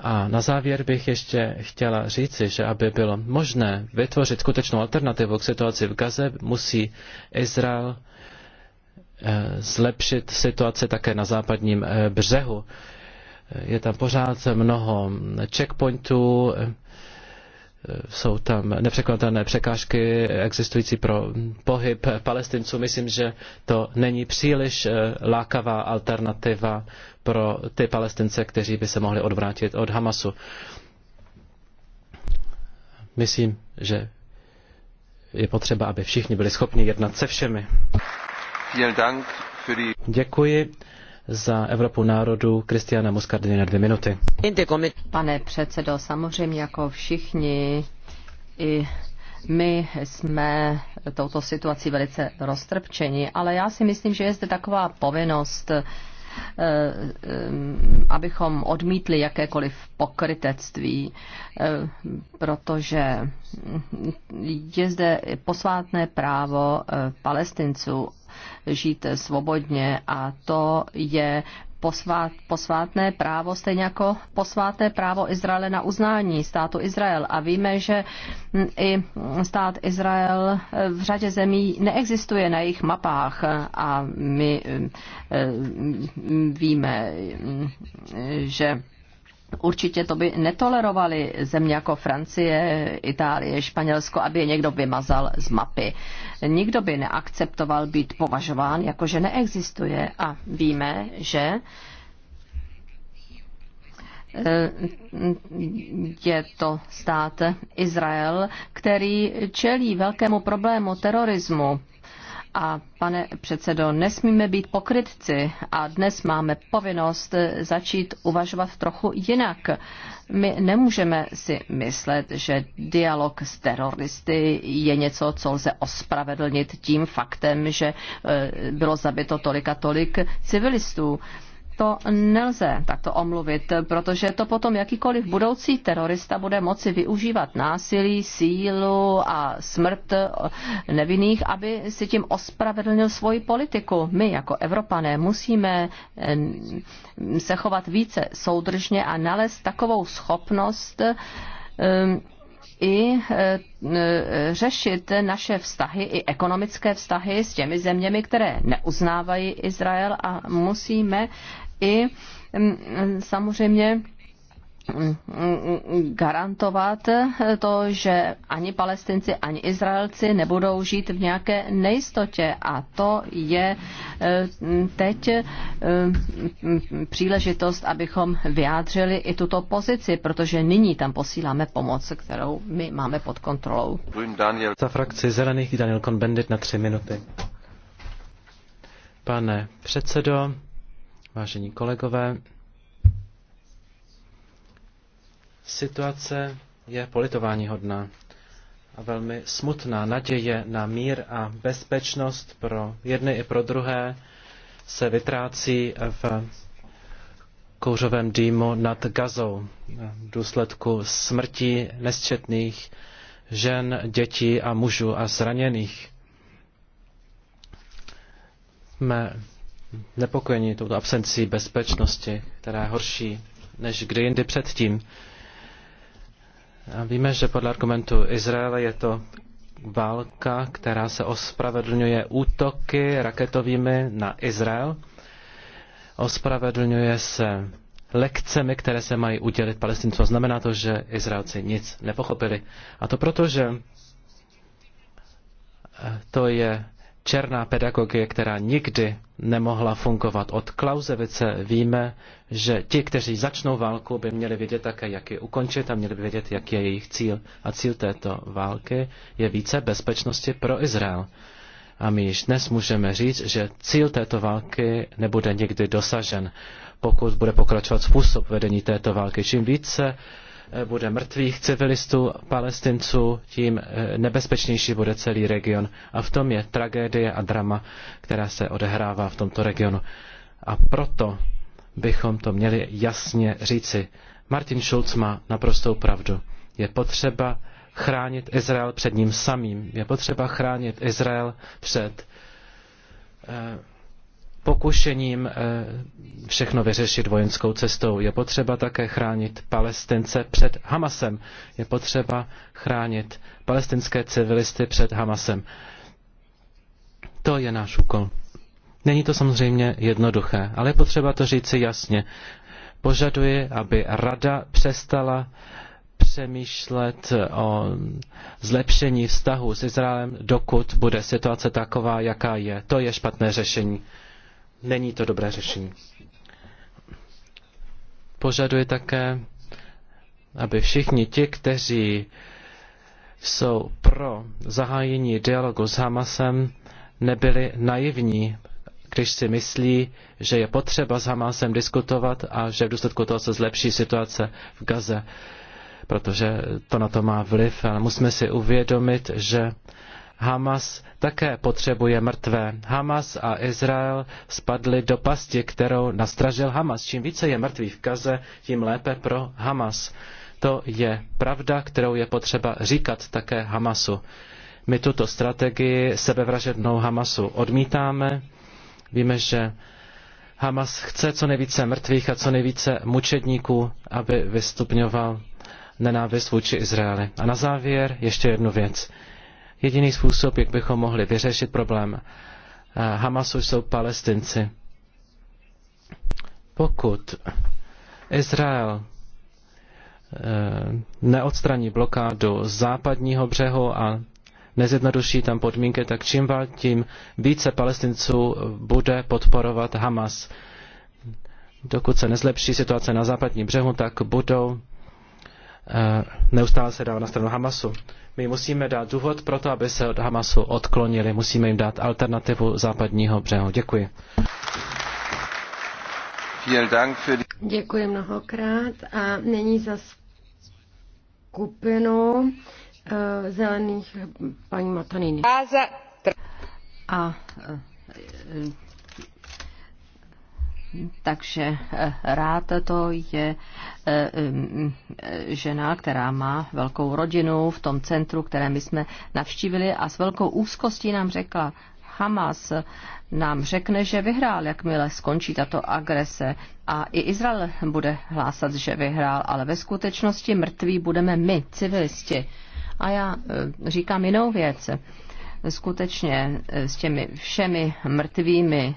A na závěr bych ještě chtěla říci, že aby bylo možné vytvořit skutečnou alternativu k situaci v Gaze, musí Izrael eh, zlepšit situaci také na západním eh, břehu. Je tam pořád mnoho checkpointů, Eh, jsou tam nepřekonatelné překážky existující pro pohyb palestinců. Myslím, že to není příliš eh, lákavá alternativa pro ty palestince, kteří by se mohli odvrátit od Hamasu. Myslím, že je potřeba, aby všichni byli schopni jednat se všemi. Děkuji za Evropu národu Kristiana Muscardini na dvě minuty. Pane předsedo, samozřejmě jako všichni i my jsme touto situací velice roztrpčeni, ale já si myslím, že je zde taková povinnost, eh, eh, abychom odmítli jakékoliv pokrytectví, eh, protože je zde posvátné právo palestinců žít svobodně a to je posvát, posvátné právo, stejně jako posvátné právo Izraele na uznání státu Izrael. A víme, že i stát Izrael v řadě zemí neexistuje na jejich mapách a my eh, víme, že Určitě to by netolerovali země jako Francie, Itálie, Španělsko, aby je někdo vymazal z mapy. Nikdo by neakceptoval být považován jako, že neexistuje. A víme, že eh, je to stát Izrael, který čelí velkému problému terorismu a pane předsedo, nesmíme být pokrytci a dnes máme povinnost začít uvažovat trochu jinak. My nemůžeme si myslet, že dialog s teroristy je něco, co lze ospravedlnit tím faktem, že e, bylo zabito tolik a tolik civilistů to nelze takto omluvit, protože to potom jakýkoliv budoucí terorista bude moci využívat násilí, sílu a smrt nevinných, aby si tím ospravedlnil svoji politiku. My jako Evropané musíme se chovat více soudržně a nalézt takovou schopnost i řešit naše vztahy, i ekonomické vztahy s těmi zeměmi, které neuznávají Izrael a musíme i mm, samozřejmě mm, mm, garantovat to, že ani palestinci, ani Izraelci nebudou žít v nějaké nejistotě. A to je e, teď e, příležitost, abychom vyjádřili i tuto pozici, protože nyní tam posíláme pomoc, kterou my máme pod kontrolou. Daniel. Za frakci zelených Daniel Kohn-Bendit na tři minuty. Pane předsedo, vážení kolegové, situace je politováníhodná a velmi smutná. Naděje na mír a bezpečnost pro jedny i pro druhé se vytrácí v kouřovém dýmu nad Gazou v důsledku smrti nesčetných žen, dětí a mužů a zraněných. Jsme nepokojeni touto absencí bezpečnosti, která je horší než kdy jindy předtím. A víme, že podle argumentu Izraele je to válka, která se ospravedlňuje útoky raketovými na Izrael. Ospravedlňuje se lekcemi, které se mají udělit palestincům. Znamená to, že Izraelci nic nepochopili. A to proto, že to je černá pedagogie, která nikdy nemohla fungovat. Od Klausevice víme, že ti, kteří začnou válku, by měli vědět také, jak ji ukončit a měli by vědět, jaký je jejich cíl. A cíl této války je více bezpečnosti pro Izrael. A my již dnes můžeme říct, že cíl této války nebude nikdy dosažen, pokud bude pokračovat způsob vedení této války. Čím více bude mrtvých civilistů, palestinců, tím eh, nebezpečnější bude celý region. A v tom je tragédie a drama, která se odehrává v tomto regionu. A proto bychom to měli jasně říci. Martin Schulz má naprostou pravdu. Je potřeba chránit Izrael před ním samým. Je potřeba chránit Izrael před eh, pokušením eh, všechno vyřešit vojenskou cestou. Je potřeba také chránit palestince před Hamasem. Je potřeba chránit palestinské civilisty před Hamasem. To je náš úkol. Není to samozřejmě jednoduché, ale je potřeba to říci jasně. Požaduji, aby rada přestala přemýšlet o zlepšení vztahu s Izraelem, dokud bude situace taková, jaká je. To je špatné řešení. Není to dobré řešení. Požaduje také, aby všichni ti, kteří jsou pro zahájení dialogu s Hamasem, nebyli naivní, když si myslí, že je potřeba s Hamasem diskutovat a že v důsledku toho se zlepší situace v Gaze, protože to na to má vliv. Ale musíme si uvědomit, že Hamas také potřebuje mrtvé. Hamas a Izrael spadli do pasti, kterou nastražil Hamas. Čím více je mrtvých v Gaze, tím lépe pro Hamas. To je pravda, kterou je potřeba říkat také Hamasu. My tuto strategii sebevražednou Hamasu odmítáme. Víme, že Hamas chce co nejvíce mrtvých a co nejvíce mučedníků, aby vystupňoval nenávist vůči Izraeli. A na závěr ještě jednu věc. Jediný způsob, jak bychom mohli vyřešit problém eh, Hamasu, jsou palestinci. Pokud Izrael eh, neodstraní blokádu západního břehu a nezjednoduší tam podmínky, tak čím dál tím více palestinců bude podporovat Hamas. Dokud se nezlepší situace na západním břehu, tak budou eh, neustále se dávat na stranu Hamasu. My musíme dát důvod pro to, aby se od Hamasu odklonili. Musíme jim dát alternativu západního břehu. Děkuji. Děkuji mnohokrát a nyní za skupinu uh, zelených paní Mataniny. A uh, takže eh, rád to je eh, žena, která má velkou rodinu v tom centru, které my jsme navštívili a s velkou úzkostí nám řekla, Hamas nám řekne, že vyhrál, jakmile skončí tato agrese. A i Izrael bude hlásat, že vyhrál, ale ve skutečnosti mrtví budeme my, civilisti. A já eh, říkám jinou věc. Skutečně s těmi všemi mrtvými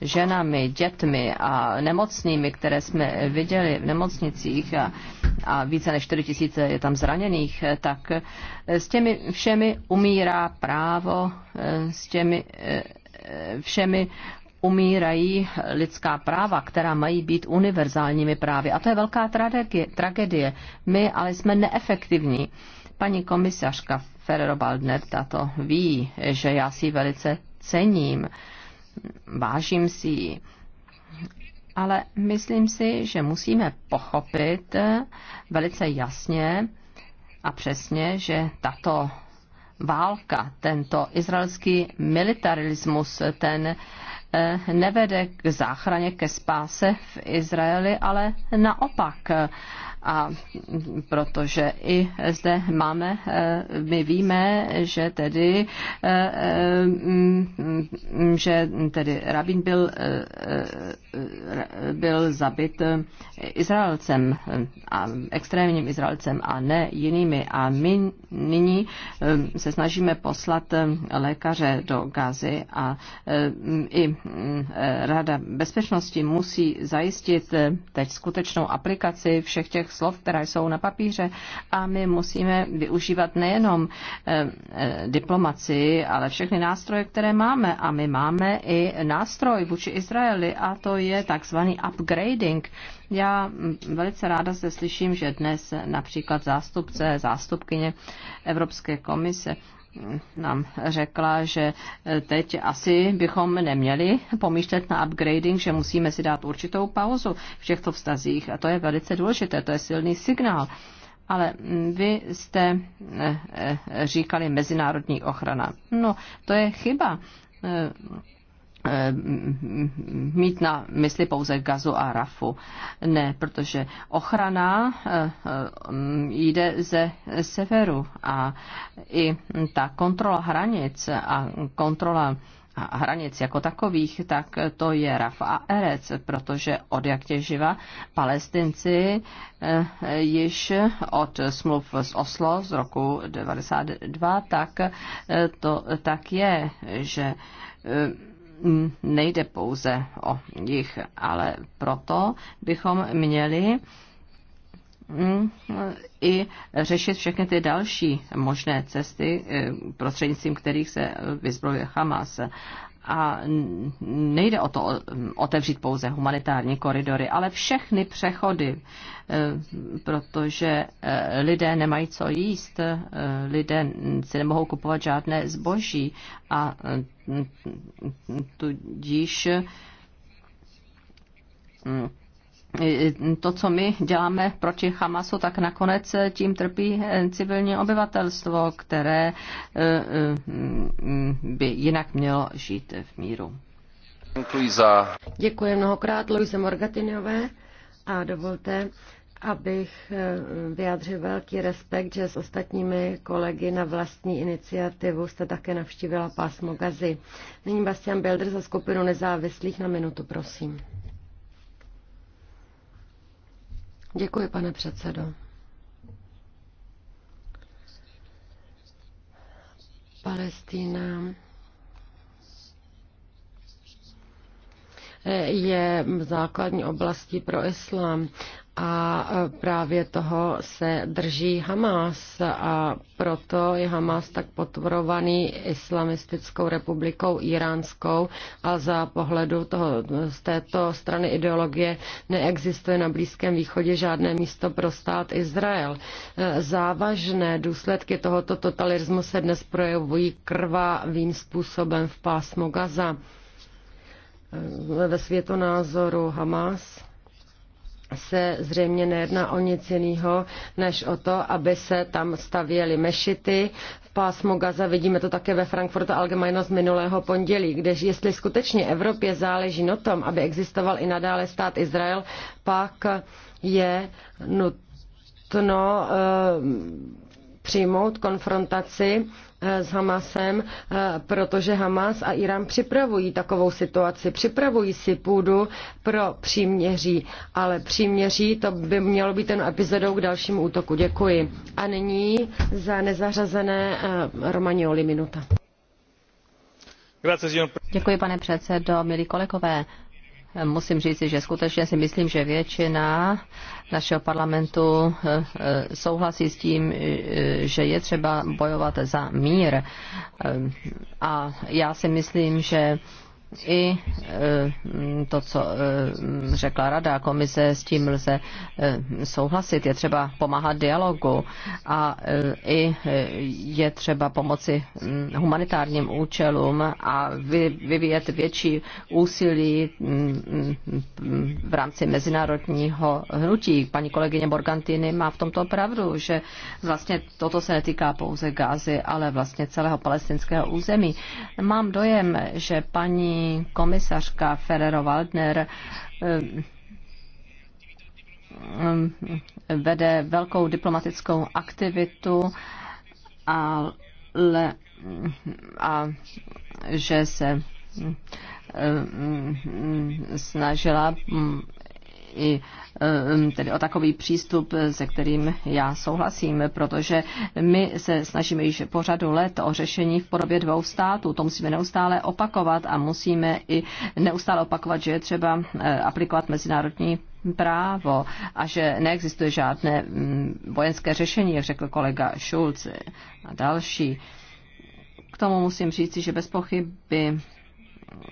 ženami, dětmi a nemocnými, které jsme viděli v nemocnicích a, a více než 4 tisíce je tam zraněných, tak eh, s těmi všemi umírá právo, eh, s těmi eh, všemi umírají lidská práva, která mají být univerzálními právy. A to je velká tragédie. My ale jsme neefektivní. Paní komisařka Ferrero-Baldner tato ví, že já si velice cením vážím si ji. Ale myslím si, že musíme pochopit velice jasně a přesně, že tato válka, tento izraelský militarismus, ten eh, nevede k záchraně, ke spáse v Izraeli, ale naopak a protože i zde máme, eh, my víme, že tedy, eh, eh, že tedy Rabin byl, byl zabit Izraelcem, a extrémním Izraelcem a ne jinými. A my nyní se snažíme poslat lékaře do Gazy a i Rada bezpečnosti musí zajistit teď skutečnou aplikaci všech těch těch slov, která jsou na papíře. A my musíme využívat nejenom eh, eh, diplomaci, ale všechny nástroje, které máme. A my máme i nástroj vůči Izraeli a to je takzvaný upgrading. Já mm, velice ráda se slyším, že dnes například zástupce, zástupkyně Evropské komise nám řekla, že teď asi bychom neměli pomýšlet na upgrading, že musíme si dát určitou pauzu v těchto vztazích. A to je velice důležité, to je silný signál. Ale vy jste eh, eh, říkali mezinárodní ochrana. No, to je chyba eh, Eh, mít na mysli pouze gazu a rafu. Ne, protože ochrana eh, eh, jde ze severu a i ta kontrola hranic a kontrola hranic jako takových, tak to je Raf a Erec, protože od jak těživa palestinci již od smluv z Oslo z roku 92, tak to tak je, že Mm, nejde pouze o jich, ale proto bychom měli mm, i řešit všechny ty další možné cesty, eh, prostřednictvím kterých se vyzbrojuje Hamas. A nejde o to otevřít pouze humanitární koridory, ale všechny přechody, eh, protože eh, lidé nemají co jíst, lidé si nemohou kupovat žádné zboží a tudíž mm, to, co my děláme proti Hamasu, tak nakonec tím trpí civilní obyvatelstvo, které eh, eh, by jinak mělo žít v míru. Děkuji mnohokrát Luise Morgatinové a dovolte, abych eh, vyjádřil velký respekt, že s ostatními kolegy na vlastní iniciativu jste také navštívila pásmo Gazy. Nyní Bastian Bilder za skupinu nezávislých na minutu, prosím. Děkuji, pane předsedo. Palestína je základní oblastí pro islám a právě toho se drží Hamas a proto je Hamas tak potvorovaný islamistickou republikou iránskou a za pohledu toho, z této strany ideologie neexistuje na Blízkém východě žádné místo pro stát Izrael. Závažné důsledky tohoto totalismu se dnes projevují krvavým způsobem v pásmu Gaza. Ve světonázoru Hamas se zřejmě nejedná o nic jiného, než o to, aby se tam stavěly mešity. V pásmu Gaza vidíme to také ve Frankfurtu Allgemeine z minulého pondělí, kde jestli skutečně Evropě záleží na tom, aby existoval i nadále stát Izrael, pak je nutno uh, přijmout konfrontaci Eh, s Hamasem, eh, protože Hamas a Irán připravují takovou situaci, připravují si půdu pro příměří, ale příměří to by mělo být ten epizodou k dalšímu útoku. Děkuji. A nyní za nezařazené eh, Romanioli minuta. Děkuji, pane předsedo, milí kolegové musím říct, že skutečně si myslím, že většina našeho parlamentu eh, eh, souhlasí s tím, eh, že je třeba bojovat za mír. A já si myslím, že i e, to, co e, řekla Rada komise, s tím lze e, souhlasit. Je třeba pomáhat dialogu a i je třeba pomoci humanitárním účelům a vyvíjet větší úsilí v rámci mezinárodního hnutí. Paní kolegyně Morgantiny má v tomto pravdu, že vlastně toto se netýká pouze Gázy, ale vlastně celého palestinského území. Mám dojem, že paní komisařka Ferrero-Waldner eh, vede velkou diplomatickou aktivitu, le, a že se eh, snažila mm, i tedy o takový přístup, se kterým já souhlasím, protože my se snažíme již po řadu let o řešení v podobě dvou států. To musíme neustále opakovat a musíme i neustále opakovat, že je třeba eh, aplikovat mezinárodní právo a že neexistuje žádné mm, vojenské řešení, jak řekl kolega Schulz a další. K tomu musím říci, že bez pochyby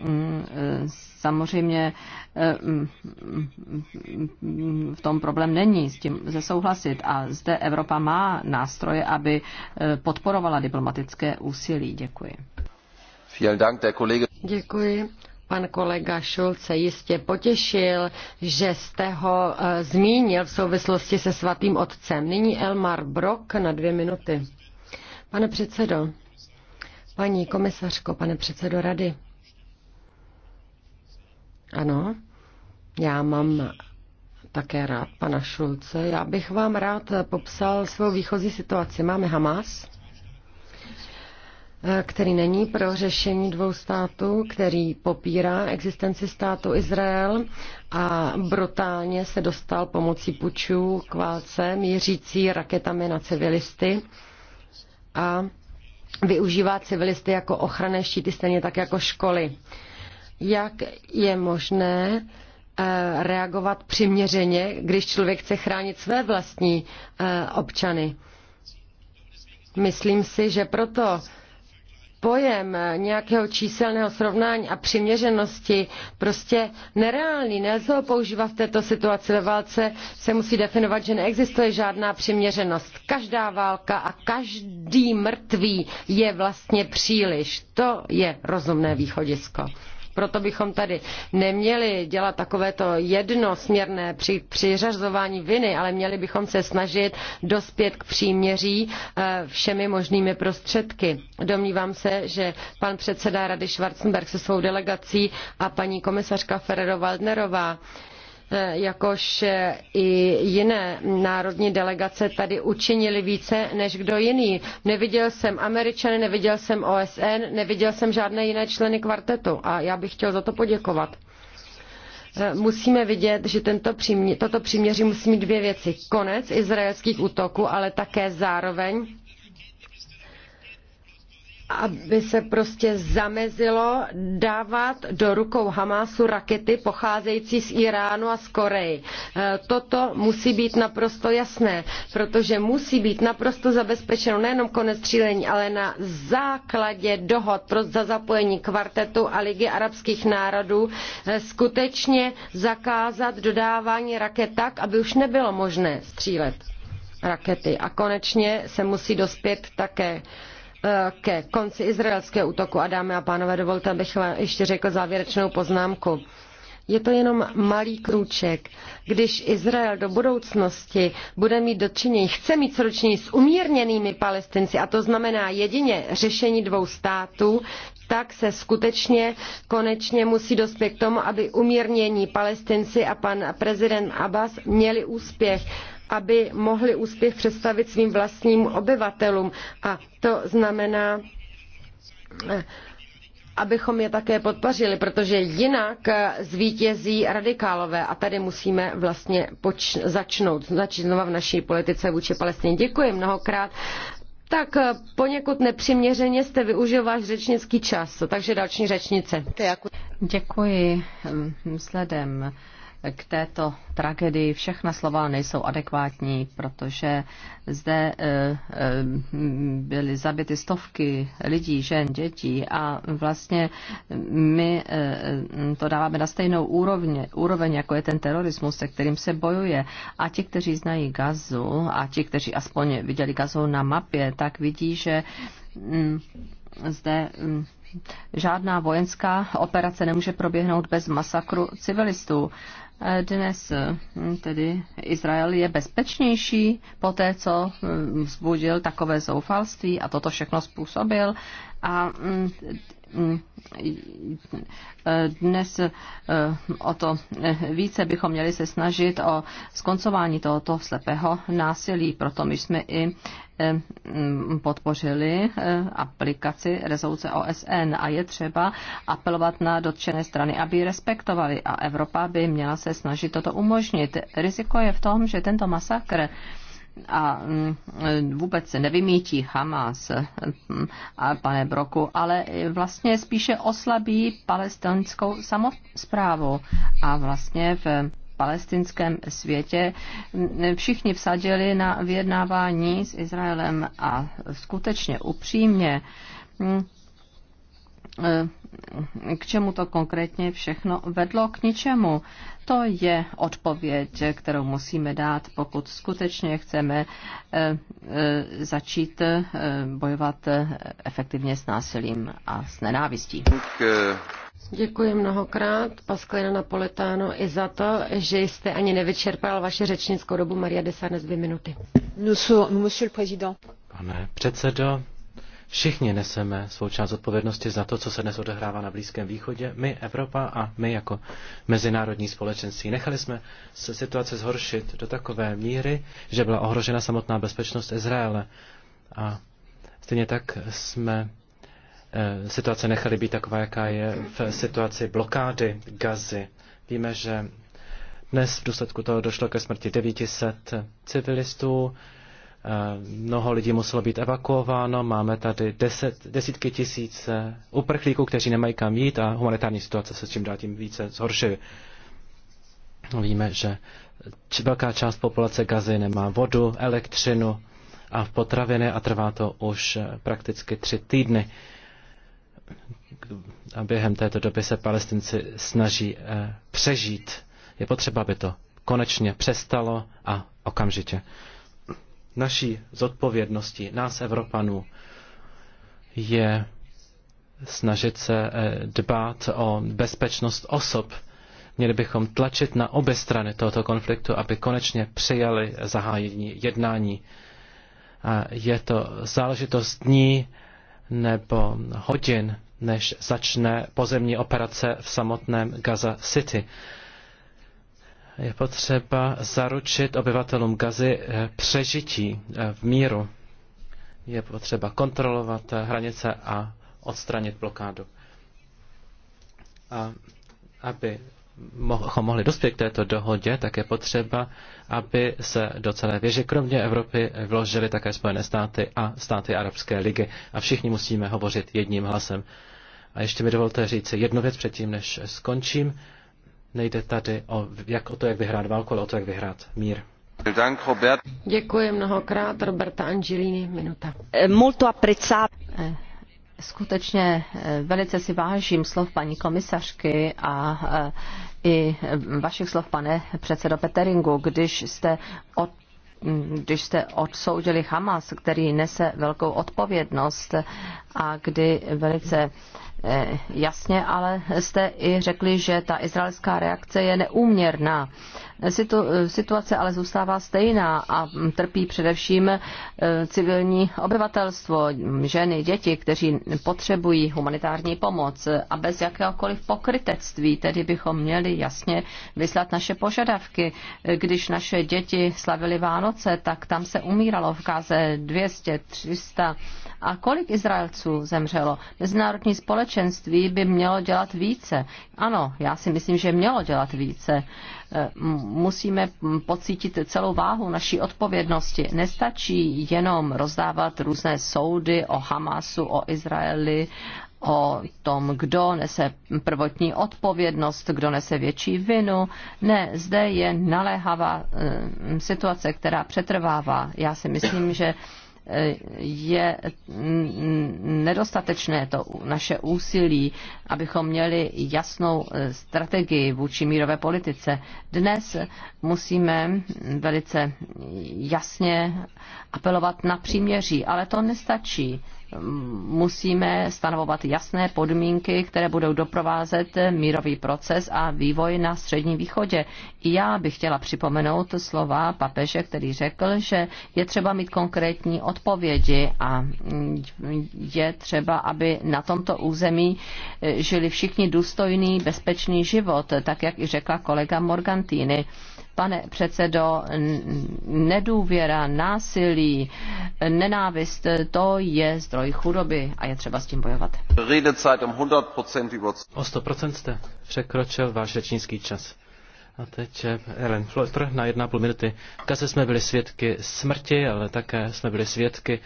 Mm, e, samozřejmě e, mm, v tom problém není s tím se souhlasit. A zde Evropa má nástroje, aby e, podporovala diplomatické úsilí. Děkuji. Děkuji. Pan kolega se jistě potěšil, že jste ho zmínil v souvislosti se svatým otcem. Nyní Elmar Brok na dvě minuty. Pane předsedo, paní komisařko, pane předsedo rady, ano, já mám také rád pana Šulce. Já bych vám rád popsal svou výchozí situaci. Máme Hamas, který není pro řešení dvou států, který popírá existenci státu Izrael a brutálně se dostal pomocí pučů k válce mířící raketami na civilisty a využívá civilisty jako ochranné štíty, stejně tak jako školy. Uh, jak je možné eh, reagovat přiměřeně, když člověk chce chránit své vlastní eh, občany. Myslím si, že proto pojem eh, nějakého číselného srovnání a přiměřenosti prostě nereálný. Nelze ho používat v této situaci. Ve válce se musí definovat, že neexistuje žádná přiměřenost. Každá válka a každý mrtvý je vlastně příliš. To je rozumné východisko. Proto bychom tady neměli dělat takovéto jednosměrné při přiřazování viny, ale měli bychom se snažit dospět k příměří eh, všemi možnými prostředky. Domnívám se, že pan předseda Rady Schwarzenberg se svou delegací a paní komisařka Ferrero-Waldnerová E, jakož e, i jiné národní delegace tady učinili více než kdo jiný. Neviděl jsem Američany, neviděl jsem OSN, neviděl jsem žádné jiné členy kvartetu a já bych chtěl za to poděkovat. E, musíme vidět, že tento přímě, toto příměří musí mít dvě věci. Konec izraelských útoků, ale také zároveň aby se prostě zamezilo dávat do rukou Hamásu rakety pocházející z Iránu a z Koreji. E, toto musí být naprosto jasné, protože musí být naprosto zabezpečeno nejenom konec střílení, ale na základě dohod pro za zapojení kvartetu a Ligy arabských národů e, skutečně zakázat dodávání raket tak, aby už nebylo možné střílet rakety. A konečně se musí dospět také Eh, ke konci izraelského útoku. A dámy a pánové, dovolte, abych vám ještě řekl závěrečnou poznámku. Je to jenom malý krůček. Když Izrael do budoucnosti bude mít dočinění, chce mít sročení s umírněnými palestinci, a to znamená jedině řešení dvou států, tak se skutečně konečně musí dospět k tomu, aby umírnění palestinci a pan prezident Abbas měli úspěch aby mohli úspěch představit svým vlastním obyvatelům. A to znamená, eh, abychom je také podpořili, protože jinak eh, zvítězí radikálové a tady musíme vlastně poč- začnout, začít znova v naší politice vůči Palestině. Děkuji mnohokrát. Tak eh, poněkud nepřiměřeně jste využil váš řečnický čas, takže další řečnice. Děkuji. Vzhledem ehm, k této tragedii všechna slova nejsou adekvátní, protože zde eh, eh, byly zabity stovky lidí, žen, dětí a vlastně my eh, to dáváme na stejnou úroveň, úroveň jako je ten terorismus, se kterým se bojuje. A ti, kteří znají gazu a ti, kteří aspoň viděli gazu na mapě, tak vidí, že mm, zde mm, žádná vojenská operace nemůže proběhnout bez masakru civilistů dnes hm, tedy Izrael je bezpečnější po té, co hm, vzbudil takové zoufalství a toto všechno způsobil. A hm, Mm, eh, dnes eh, o to více bychom měli se snažit o skoncování tohoto slepého násilí. Proto my jsme i eh, mm, podpořili aplikaci rezoluce OSN a je třeba apelovat na dotčené strany, aby ji respektovali a Evropa by měla se snažit toto umožnit. Riziko je v tom, že tento masakr a mm, eh, vůbec nevymítí Hamas mm, a pane Broku, ale eh, vlastně spíše oslabí palestinskou samozprávu a vlastně v palestinském světě mm, všichni vsadili na vyjednávání s Izraelem a skutečně upřímně Eh, k čemu to konkrétně všechno vedlo, k ničemu. To je odpověď, kterou musíme dát, pokud skutečně chceme eh, eh, začít bojovat efektivně s násilím a s nenávistí. Děkuji mnohokrát, Paskalina Napoletano, i za to, že jste ani nevyčerpal vaše řečnickou dobu. Maria Desanes, dvě minuty. Pane předsedo, Všichni neseme svou část odpovědnosti za to, co se dnes odehrává na Blízkém východě. My, Evropa a my jako mezinárodní společenství. Nechali jsme se situace zhoršit do takové míry, že byla ohrožena samotná bezpečnost Izraele. A stejně tak jsme eh, situace nechali být taková, jaká je v situaci blokády Gazy. Víme, že dnes v důsledku toho došlo ke smrti 900 civilistů, Eh, mnoho lidí muselo být evakuováno, máme tady deset, desítky tisíc uprchlíků, kteří nemají kam jít a humanitární situace se čím dál tím více zhoršuje. Víme, že velká část populace Gazy nemá vodu, elektřinu a potraviny a trvá to už eh, prakticky tři týdny. A během této doby se palestinci snaží eh, přežít. Je potřeba, aby to konečně přestalo a okamžitě. Naší zodpovědnosti nás Evropanů, je snažit se eh, dbát o bezpečnost osob. Měli bychom tlačit na obě strany tohoto konfliktu, aby konečně přijali zahájení jednání. A je to záležitost dní nebo hodin, než začne pozemní operace v samotném Gaza City je potřeba zaručit obyvatelům Gazy eh, přežití eh, v míru. Je potřeba kontrolovat eh, hranice a odstranit blokádu. A aby mohli dospět k této dohodě, tak je potřeba, aby se do celé věže, kromě Evropy, vložily také Spojené státy a státy Arabské ligy. A všichni musíme hovořit jedním hlasem. A ještě mi dovolte říct jednu věc předtím, než skončím. Nejde tady o, jak, o to, jak vyhrát válku, ale o to, jak vyhrát mír. Děkuji mnohokrát, Roberta Angelini, minuta. Eh, molto apprezzato. Eh, skutečně eh, velice si vážím slov paní komisařky a i vašich slov, pane předsedo Peteringu, když jste od když jste odsoudili Hamas, který nese velkou odpovědnost a kdy velice eh, Eh, jasně, ale jste i řekli, že ta izraelská reakce je neúměrná. Eh, situ, eh, situace ale zůstává stejná a mm, trpí především civilní obyvatelstvo, mm, ženy, děti, kteří potřebují humanitární pomoc a bez jakéhokoliv pokrytectví, tedy bychom měli jasně vyslat naše požadavky. Když naše děti slavily Vánoce, tak tam se umíralo v Káze 200, 300 a kolik Izraelců zemřelo? Mezinárodní společnost společenství by mělo dělat více. Ano, já si myslím, že mělo dělat více. E, musíme pocítit celou váhu naší odpovědnosti. Nestačí jenom rozdávat různé soudy o Hamasu, o Izraeli, o tom, kdo nese prvotní odpovědnost, kdo nese větší vinu. Ne, zde je naléhavá e, situace, která přetrvává. Já si myslím, že je nedostatečné to naše úsilí, abychom měli jasnou strategii vůči mírové politice. Dnes musíme velice jasně apelovat na příměří, ale to nestačí musíme stanovovat jasné podmínky, které budou doprovázet mírový proces a vývoj na Středním východě. I já bych chtěla připomenout slova papeže, který řekl, že je třeba mít konkrétní odpovědi a je třeba, aby na tomto území žili všichni důstojný, bezpečný život, tak jak i řekla kolega Morgantini. Pane předsedo, nedůvěra, násilí, nenávist, to je zdroj chudoby a je třeba s tím bojovat. Um o 100% jste překročil váš řečnický čas. A teď eh, Ellen Flotter na půl minuty. Kaze jsme byli svědky smrti, ale také jsme byli svědky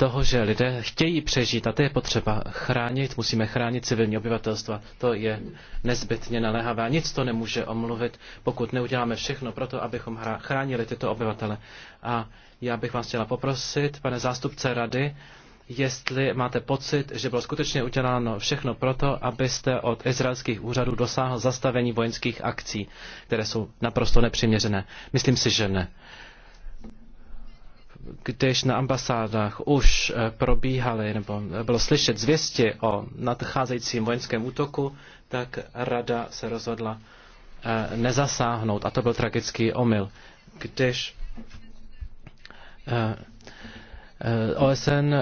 toho, že lidé chtějí přežít a to je potřeba chránit, musíme chránit civilní obyvatelstva. To je nezbytně naléhavé nic to nemůže omluvit, pokud neuděláme všechno pro to, abychom chránili tyto obyvatele. A já bych vás chtěla poprosit, pane zástupce rady, jestli máte pocit, že bylo skutečně uděláno všechno proto, abyste od izraelských úřadů dosáhl zastavení vojenských akcí, které jsou naprosto nepřiměřené. Myslím si, že ne když na ambasádách už eh, probíhaly nebo bylo slyšet zvěsti o nadcházejícím vojenském útoku, tak rada se rozhodla eh, nezasáhnout. A to byl tragický omyl. Když eh, OSN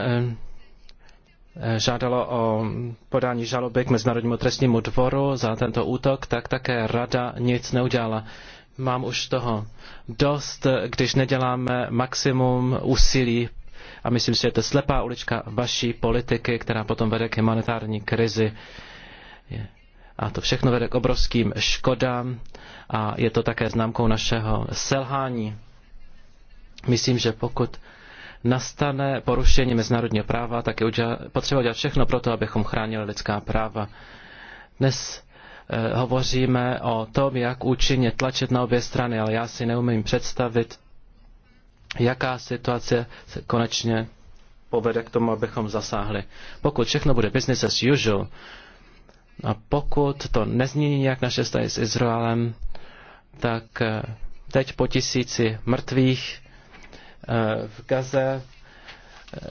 žádalo o podání žaloby k Mezinárodnímu trestnímu dvoru za tento útok, tak také rada nic neudělala. Mám už toho dost, když neděláme maximum úsilí a myslím si, že to je slepá ulička vaší politiky, která potom vede k humanitární krizi. A to všechno vede k obrovským škodám a je to také známkou našeho selhání. Myslím, že pokud nastane porušení mezinárodního práva, tak je potřeba udělat všechno pro to, abychom chránili lidská práva. Dnes Eh, hovoříme o tom, jak účinně tlačit na obě strany, ale já si neumím představit, jaká situace se konečně povede k tomu, abychom zasáhli. Pokud všechno bude business as usual, a pokud to nezmění nějak naše vztahy s Izraelem, tak eh, teď po tisíci mrtvých eh, v Gaze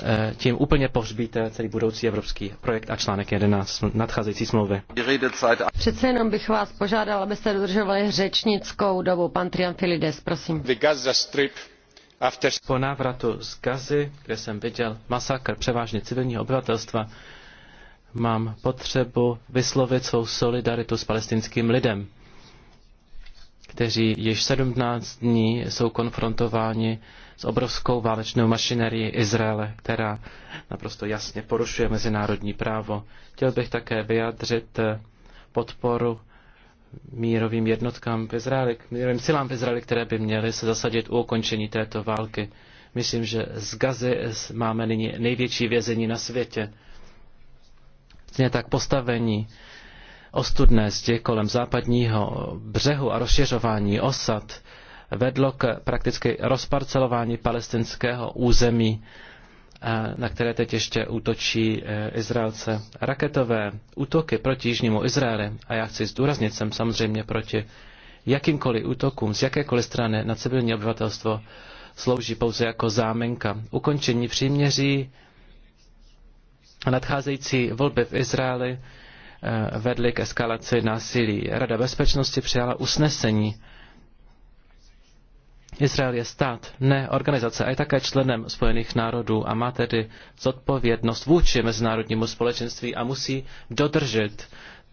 Eh, tím úplně pohřbíte celý budoucí evropský projekt a článek 11 nadcházející smlouvy. Přece jenom bych vás požádal, abyste dodržovali řečnickou dobu. Pan Triamfilides, prosím. Po návratu z Gazy, kde jsem viděl masakr převážně civilního obyvatelstva, mám potřebu vyslovit svou solidaritu s palestinským lidem, kteří již 17 dní jsou konfrontováni s obrovskou válečnou mašinerií Izraele, která naprosto jasně porušuje mezinárodní právo. Chtěl bych také vyjádřit eh, podporu mírovým jednotkám v Izraeli, mírovým silám v Izraeli, které by měly se zasadit u ukončení této války. Myslím, že z Gazy máme nyní největší vězení na světě. Je tak postavení ostudné zdi kolem západního břehu a rozšiřování osad vedlo k prakticky rozparcelování palestinského území, eh, na které teď ještě útočí eh, Izraelce. Raketové útoky proti Jižnímu Izraeli, a já chci zdůraznit, jsem samozřejmě proti jakýmkoliv útokům z jakékoliv strany na civilní obyvatelstvo, slouží pouze jako záminka. Ukončení příměří a nadcházející volby v Izraeli eh, vedly k eskalaci násilí. Rada bezpečnosti přijala usnesení, Izrael je stát, ne organizace a je také členem Spojených národů a má tedy zodpovědnost vůči mezinárodnímu společenství a musí dodržet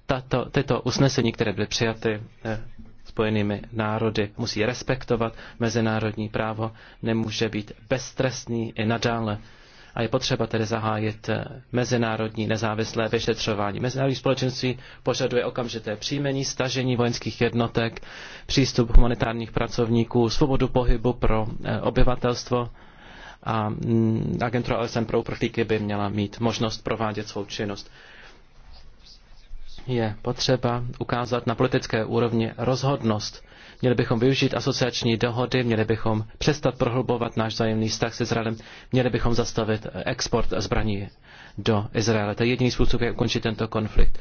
tato, tyto usnesení, které byly přijaty eh, Spojenými národy. Musí respektovat mezinárodní právo, nemůže být beztrestný i nadále a je potřeba tedy zahájit eh, mezinárodní nezávislé vyšetřování. Mezinárodní společenství požaduje okamžité příjmení, stažení vojenských jednotek, přístup humanitárních pracovníků, svobodu pohybu pro eh, obyvatelstvo a mm, agentura OSN pro uprchlíky by měla mít možnost provádět svou činnost je potřeba ukázat na politické úrovni rozhodnost. Měli bychom využít asociační dohody, měli bychom přestat prohlubovat náš zájemný vztah s Izraelem, měli bychom zastavit export zbraní do Izraele. To je jediný způsob, jak ukončit tento konflikt.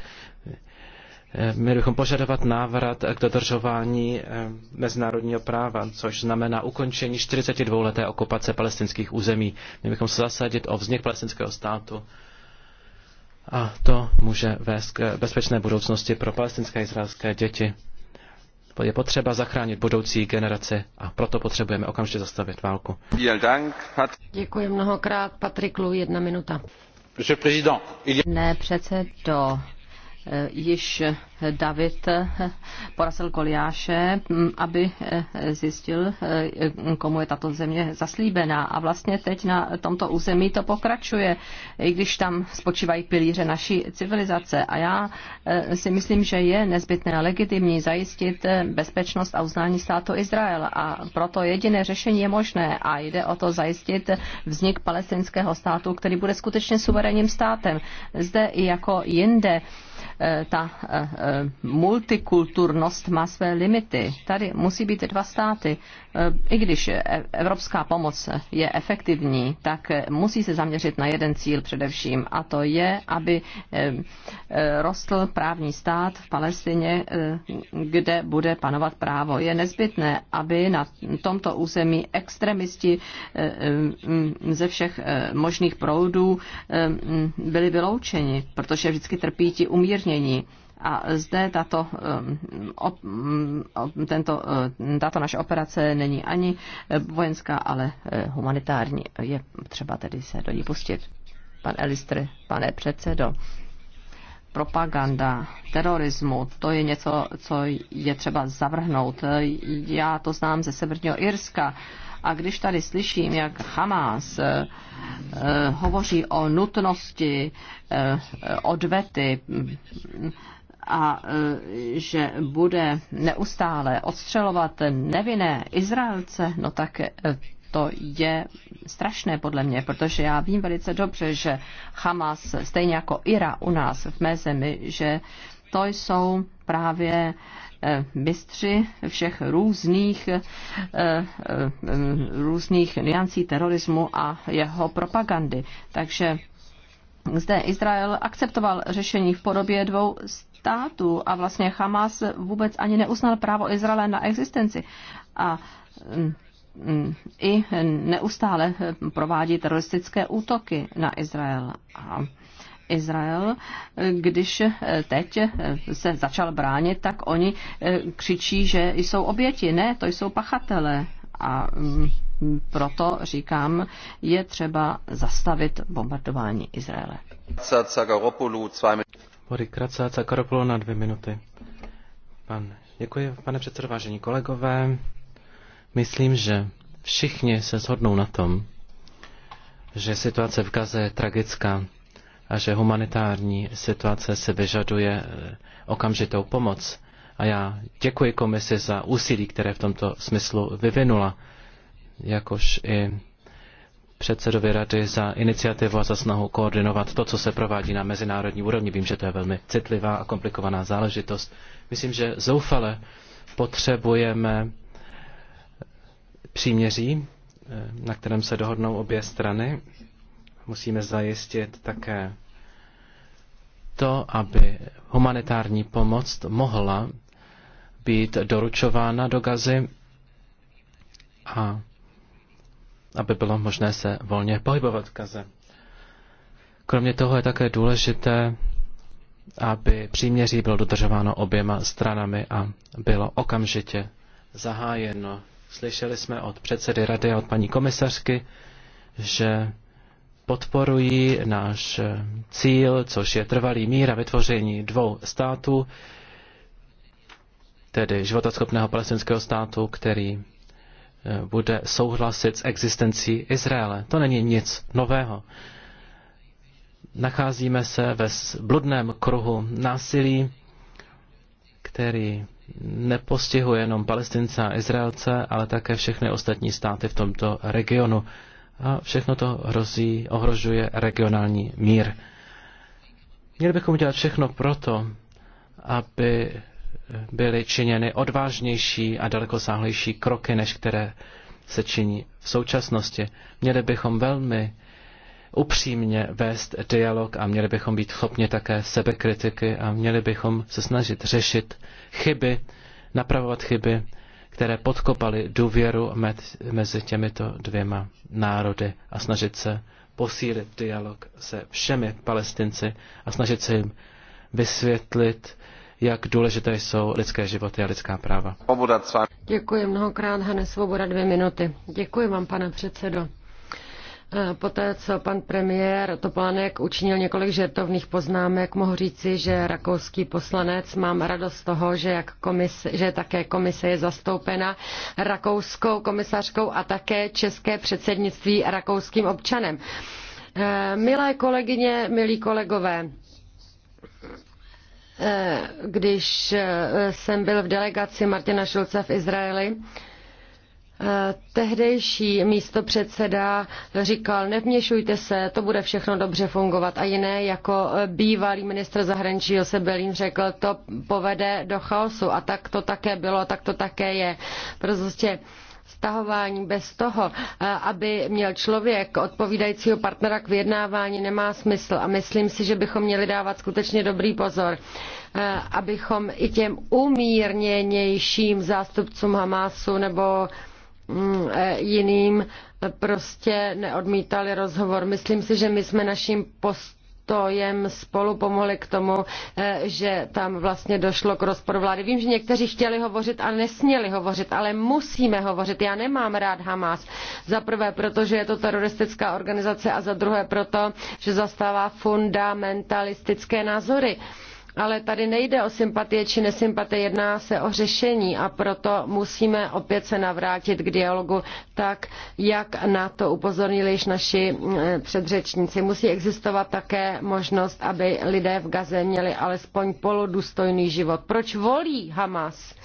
Měli bychom požadovat návrat k dodržování eh, mezinárodního práva, což znamená ukončení 42-leté okupace palestinských území. Měli bychom se zasadit o vznik palestinského státu a to může vést k bezpečné budoucnosti pro palestinské a izraelské děti. Je potřeba zachránit budoucí generaci a proto potřebujeme okamžitě zastavit válku. Děkuji mnohokrát. Patrik Lu, jedna minuta. Ne, přece to. již David porazil Koliáše, aby eh, zjistil, eh, komu je tato země zaslíbená. A vlastně teď na tomto území to pokračuje, i když tam spočívají pilíře naší civilizace. A já eh, si myslím, že je nezbytné a legitimní zajistit bezpečnost a uznání státu Izrael. A proto jediné řešení je možné a jde o to zajistit vznik palestinského státu, který bude skutečně suverénním státem. Zde i jako jinde ta Eh, multikulturnost má své limity. Tady musí být dva státy. Eh, I když e, evropská pomoc je efektivní, tak eh, musí se zaměřit na jeden cíl především, a to je, aby rostl právní stát v Palestině, kde bude panovat právo. Je nezbytné, aby na tomto území extremisti ze všech možných proudů byli vyloučeni, protože vždycky trpí ti umírnění. A zde tato, um, um, op, tento, uh, tato naše operace není ani eh, vojenská, ale eh, humanitární. Je třeba tedy se do ní pustit. Pan Elistr, pane předsedo, propaganda, terorismu, to je něco, co je třeba zavrhnout. Já to znám ze Severního Irska. A když tady slyším, jak Hamas eh, hovoří o nutnosti odvety, a e, že bude neustále odstřelovat nevinné Izraelce, no tak e, to je strašné podle mě, protože já vím velice dobře, že Hamas, stejně jako Ira u nás v mé zemi, že to jsou právě mistři e, všech různých, různých niancí terorismu a jeho propagandy. Takže zde Izrael akceptoval řešení v podobě dvou států a vlastně Hamas vůbec ani neusnal právo Izraele na existenci. A mm, mm, i neustále provádí teroristické útoky na Izrael. A Izrael, když teď se začal bránit, tak oni eh, křičí, že jsou oběti. Ne, to jsou pachatele. A mm, proto říkám, je třeba zastavit bombardování Izraele. Bory Kraca, Cakaropolo na dvě minuty. Pan, děkuji, pane předsedo, vážení kolegové. Myslím, že všichni se shodnou na tom, že situace v Gaze je tragická a že humanitární situace se vyžaduje eh, okamžitou pomoc. A já děkuji komisi za úsilí, které v tomto smyslu vyvinula, jakož i předsedovi rady za iniciativu a za snahu koordinovat to, co se provádí na mezinárodní úrovni. Vím, že to je velmi citlivá a komplikovaná záležitost. Myslím, že zoufale potřebujeme příměří, eh, na kterém se dohodnou obě strany. Musíme zajistit také to, aby humanitární pomoc mohla být doručována do Gazy a aby bylo možné se volně pohybovat v Gaze. Kromě toho je také důležité, aby příměří bylo dodržováno oběma stranami a bylo okamžitě zahájeno. Slyšeli jsme od předsedy rady a od paní komisařky, že podporují náš cíl, což je trvalý mír a vytvoření dvou států, tedy životaschopného palestinského státu, který bude souhlasit s existencí Izraele. To není nic nového. Nacházíme se ve bludném kruhu násilí, který nepostihuje jenom Palestince a Izraelce, ale také všechny ostatní státy v tomto regionu. A všechno to hrozí, ohrožuje regionální mír. Měli bychom dělat všechno proto, aby byly činěny odvážnější a dalekosáhlejší kroky, než které se činí v současnosti. Měli bychom velmi upřímně vést dialog a měli bychom být schopni také sebekritiky a měli bychom se snažit řešit chyby, napravovat chyby, které podkopaly důvěru mezi těmito dvěma národy a snažit se posílit dialog se všemi palestinci a snažit se jim vysvětlit, jak důležité jsou lidské životy a lidská práva. Děkuji mnohokrát, Hane Svoboda, dvě minuty. Děkuji vám, pane předsedo. Eh, poté, co pan premiér Topolánek učinil několik žertovných poznámek, mohu říci, že rakouský poslanec mám radost z toho, že, jak komise, že také komise je zastoupena rakouskou komisařkou a také české předsednictví rakouským občanem. Eh, milé kolegyně, milí kolegové, Eh, když eh, jsem byl v delegaci Martina Šulce v Izraeli, eh, tehdejší místo předseda říkal, nevměšujte se, to bude všechno dobře fungovat. A jiné, jako bývalý ministr zahraničí Josef Belín řekl, to povede do chaosu. A tak to také bylo, tak to také je. Prostě stahování bez toho, eh, aby měl člověk odpovídajícího partnera k vyjednávání, nemá smysl. A myslím si, že bychom měli dávat skutečně dobrý pozor, eh, abychom i těm umírněnějším zástupcům Hamásu nebo mm, eh, jiným prostě neodmítali rozhovor. Myslím si, že my jsme naším post postojem spolu pomohli k tomu, eh, že tam vlastně došlo k rozporu vlády. Vím, že někteří chtěli hovořit a nesměli hovořit, ale musíme hovořit. Já nemám rád Hamas. Za prvé, protože je to teroristická organizace a za druhé proto, že zastává fundamentalistické názory. Ale tady nejde o sympatie či nesympatie, jedná se o řešení a proto musíme opět se navrátit k dialogu tak, jak na to upozornili již naši mm, předřečníci. Musí existovat také možnost, aby lidé v Gaze měli alespoň polodůstojný život. Proč volí Hamas?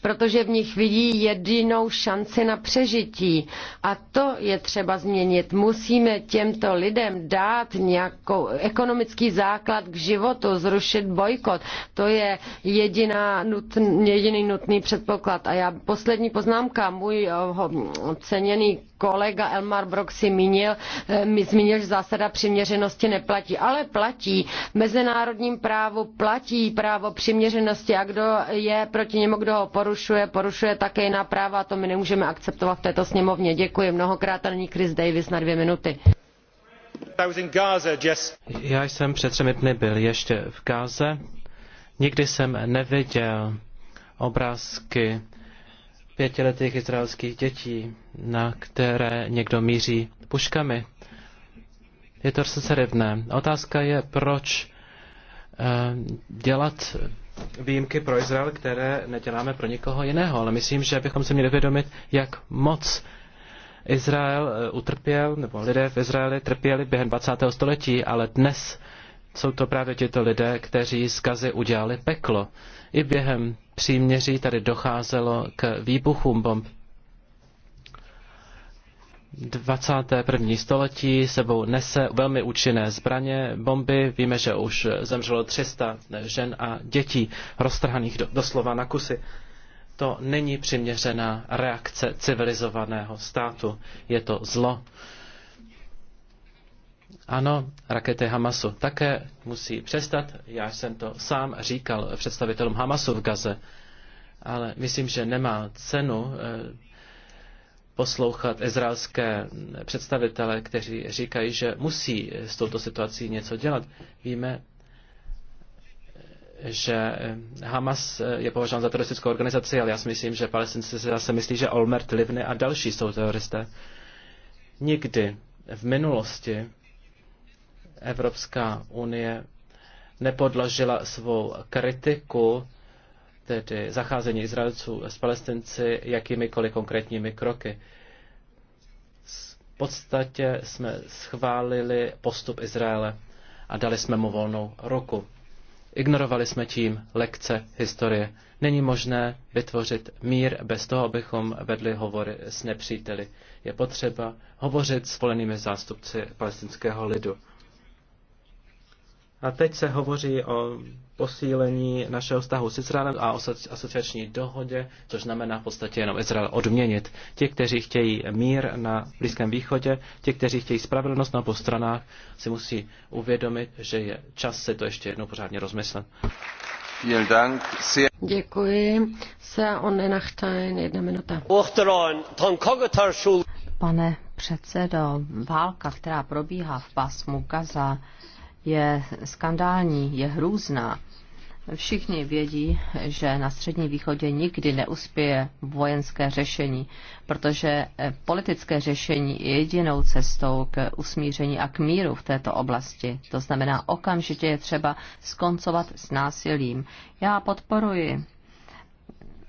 protože v nich vidí jedinou šanci na přežití. A to je třeba změnit. Musíme těmto lidem dát nějakou ekonomický základ k životu, zrušit bojkot. To je jediná nutn, jediný nutný předpoklad. A já poslední poznámka. Můj eh, ceněný kolega Elmar Brok si mínil, eh, zmínil, že zásada přiměřenosti neplatí, ale platí. V mezinárodním právu platí právo přiměřenosti a kdo je proti němu, kdo ho porušuje, porušuje také jiná práva a to my nemůžeme akceptovat v této sněmovně. Děkuji mnohokrát a nyní Chris Davis na dvě minuty. Já jsem před třemi dny byl ještě v Gáze. Nikdy jsem neviděl obrázky pětiletých izraelských dětí, na které někdo míří puškami. Je to srdcerivné. Otázka je, proč eh, dělat výjimky pro Izrael, které neděláme pro nikoho jiného, ale myslím, že bychom se měli uvědomit, jak moc Izrael eh, utrpěl, nebo lidé v Izraeli trpěli během 20. století, ale dnes jsou to právě tito lidé, kteří z Gazy udělali peklo. I během příměří tady docházelo k výbuchům bomb. 21. století sebou nese velmi účinné zbraně, bomby. Víme, že už zemřelo 300 žen a dětí roztrhaných do, doslova na kusy. To není přiměřená reakce civilizovaného státu. Je to zlo. Ano, rakety Hamasu také musí přestat. Já jsem to sám říkal představitelům Hamasu v Gaze, ale myslím, že nemá cenu eh, poslouchat izraelské představitele, kteří říkají, že musí s touto situací něco dělat. Víme, že eh, Hamas eh, je považován za teroristickou organizaci, ale já si myslím, že palestinci se zase myslí, že Olmert, Livny a další jsou teroristé. Nikdy v minulosti Evropská unie nepodložila svou kritiku, tedy zacházení Izraelců s Palestinci, jakýmikoliv konkrétními kroky. V podstatě jsme schválili postup Izraele a dali jsme mu volnou ruku. Ignorovali jsme tím lekce historie. Není možné vytvořit mír bez toho, abychom vedli hovory s nepříteli. Je potřeba hovořit s volenými zástupci palestinského lidu. A teď se hovoří o posílení našeho vztahu s Izraelem a asociační dohodě, což znamená v podstatě jenom Izrael odměnit. Ti, kteří chtějí mír na Blízkém východě, ti, kteří chtějí spravedlnost na no obou stranách, si musí uvědomit, že je čas se to ještě jednou pořádně rozmyslet. Děkuji. Se on nenachtajn, jedna minuta. Pane předsedo, válka, která probíhá v pásmu Gaza, je skandální, je hrůzná. Všichni vědí, že na Střední východě nikdy neuspěje vojenské řešení, protože eh, politické řešení je jedinou cestou k usmíření a k míru v této oblasti. To znamená, okamžitě je třeba skoncovat s násilím. Já podporuji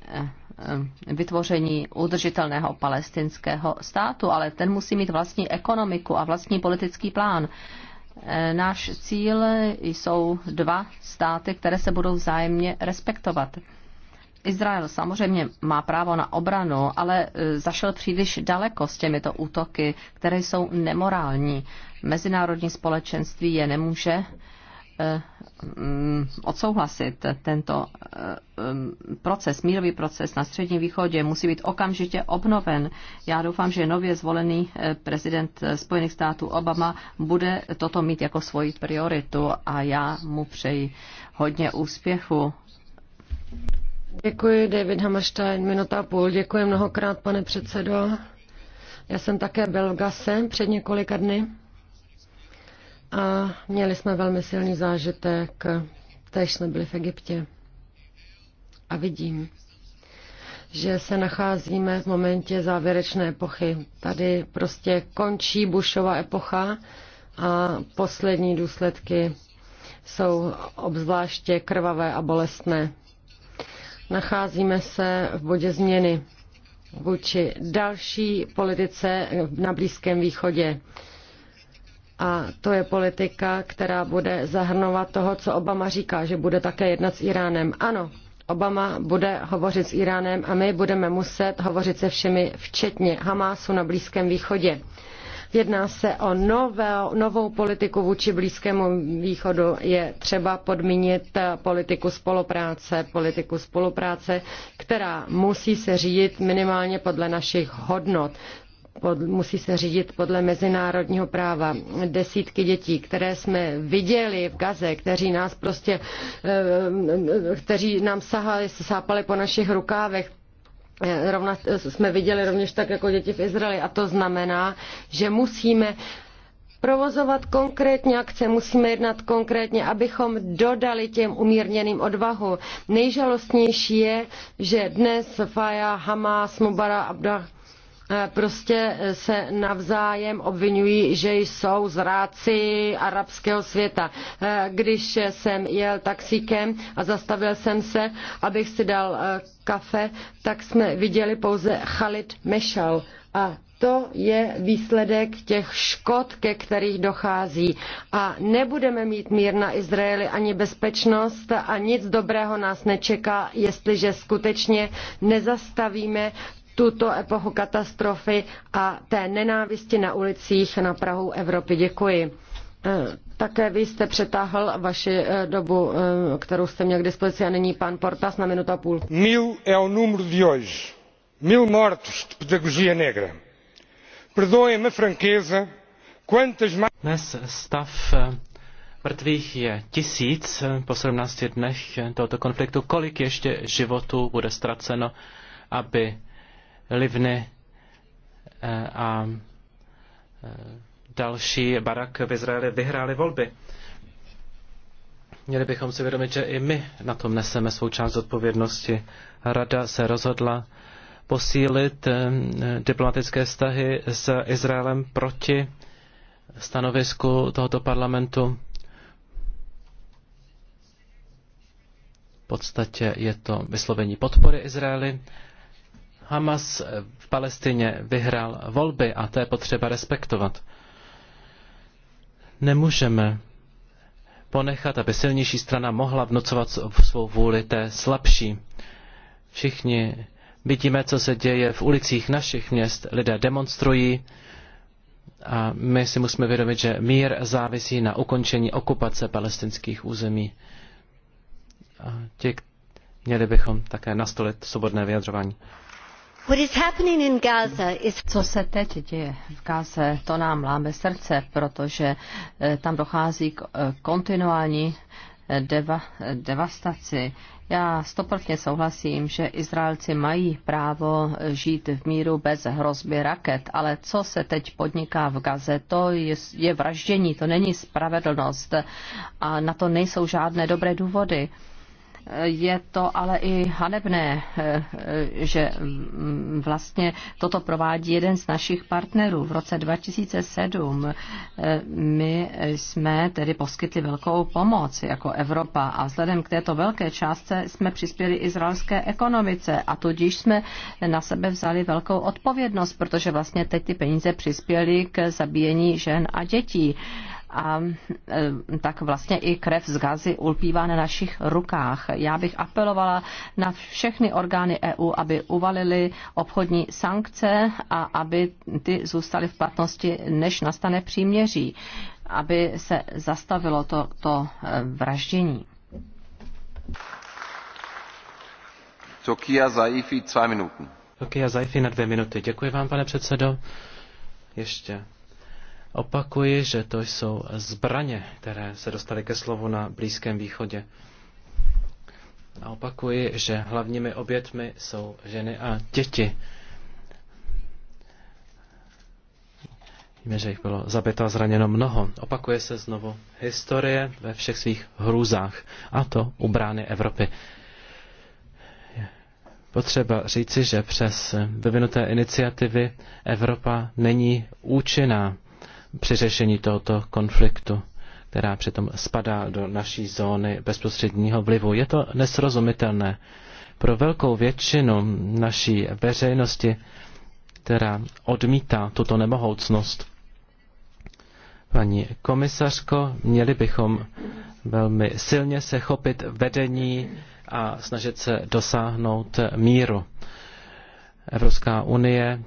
eh, eh, vytvoření udržitelného palestinského státu, ale ten musí mít vlastní ekonomiku a vlastní politický plán. Náš cíl jsou dva státy, které se budou vzájemně respektovat. Izrael samozřejmě má právo na obranu, ale e, zašel příliš daleko s těmito útoky, které jsou nemorální. Mezinárodní společenství je nemůže Eh, mm, odsouhlasit tento eh, mm, proces, mírový proces na Středním východě musí být okamžitě obnoven. Já doufám, že nově zvolený eh, prezident Spojených států Obama bude toto mít jako svoji prioritu a já mu přeji hodně úspěchu. Děkuji, David Hammerstein, minuta a půl. Děkuji mnohokrát, pane předsedo. Já jsem také byl v Gase před několika dny a měli jsme velmi silný zážitek. Tež jsme byli v Egyptě. A vidím, že se nacházíme v momentě závěrečné epochy. Tady prostě končí Bushova epocha a poslední důsledky jsou obzvláště krvavé a bolestné. Nacházíme se v bodě změny vůči další politice na Blízkém východě a to je politika, která bude zahrnovat toho, co Obama říká, že bude také jednat s Iránem. Ano, Obama bude hovořit s Iránem a my budeme muset hovořit se všemi, včetně Hamásu na Blízkém východě. Jedná se o novou, novou politiku vůči Blízkému východu. Je třeba podmínit politiku spolupráce, politiku spolupráce, která musí se řídit minimálně podle našich hodnot pod, musí se řídit podle mezinárodního práva. Desítky dětí, které jsme viděli v Gaze, kteří nás prostě, eh, kteří nám sahali, sápali po našich rukávech, eh, Rovna, jsme viděli rovněž tak jako děti v Izraeli a to znamená, že musíme provozovat konkrétní akce, musíme jednat konkrétně, abychom dodali těm umírněným odvahu. Nejžalostnější je, že dnes Faya, Hamas, Mubara, Abdah, Eh, prostě eh, se navzájem obvinují, že jsou zráci arabského světa. Eh, když jsem jel taxíkem a zastavil jsem se, abych si dal kafe, tak jsme viděli pouze Khalid Mešal. A to je výsledek těch škod, ke kterých dochází. A nebudeme mít mír na Izraeli ani bezpečnost a nic dobrého nás nečeká, jestliže skutečně nezastavíme tuto epochu katastrofy a té nenávisti na ulicích na Prahu Evropy. Děkuji. E, také vy jste přetáhl vaši e, dobu, e, kterou jste měl k dispozici a nyní pan Portas na minutu a půl. Mil é o número de hoje. Mil mortos de pedagogia negra. Perdoem a franqueza, quantas mais... Dnes stav mrtvých je tisíc po 17 dnech tohoto konfliktu. Kolik ještě životů bude ztraceno, aby Livny eh, a eh, další barak v Izraeli vyhráli volby. Měli bychom si vědomit, že i my na tom neseme svou část odpovědnosti. Rada se rozhodla posílit eh, diplomatické vztahy s Izraelem proti stanovisku tohoto parlamentu. V podstatě je to vyslovení podpory Izraeli. Hamas v Palestině vyhrál volby a to je potřeba respektovat. Nemůžeme ponechat, aby silnější strana mohla vnucovat svou vůli té slabší. Všichni vidíme, co se děje v ulicích našich měst. Lidé demonstrují a my si musíme vědomit, že mír závisí na ukončení okupace palestinských území. A těch měli bychom také nastolit svobodné vyjadřování. Co se teď děje v Gaze, to nám láme srdce, protože eh, tam dochází k eh, kontinuální eh, deva, devastaci. Já stoprocentně souhlasím, že Izraelci mají právo žít v míru bez hrozby raket, ale co se teď podniká v Gaze, to je, je vraždění, to není spravedlnost a na to nejsou žádné dobré důvody. Je to ale i hanebné, eh, že vlastně toto provádí jeden z našich partnerů. V roce 2007 eh, my jsme tedy poskytli velkou pomoc jako Evropa a vzhledem k této velké částce jsme přispěli izraelské ekonomice a tudíž jsme na sebe vzali velkou odpovědnost, protože vlastně teď ty peníze přispěly k zabíjení žen a dětí a e, tak vlastně i krev z gazy ulpívá na našich rukách. Já bych apelovala na všechny orgány EU, aby uvalili obchodní sankce a aby ty zůstaly v platnosti, než nastane příměří, aby se zastavilo to, to e, vraždění. Tokia Zaifi, dvě minuty. Tokia Zaifi na dvě minuty. Děkuji vám, pane předsedo. Ještě Opakuji, že to jsou zbraně, které se dostaly ke slovu na Blízkém východě. A opakuji, že hlavními obětmi jsou ženy a děti. Víme, že jich bylo zabito a zraněno mnoho. Opakuje se znovu historie ve všech svých hrůzách, a to u brány Evropy. Potřeba říci, že přes vyvinuté iniciativy Evropa není účinná při řešení tohoto konfliktu, která přitom spadá do naší zóny bezprostředního vlivu. Je to nesrozumitelné pro velkou většinu naší veřejnosti, která odmítá tuto nemohoucnost. Paní komisařko, měli bychom velmi silně se chopit vedení a snažit se dosáhnout míru. Evropská unie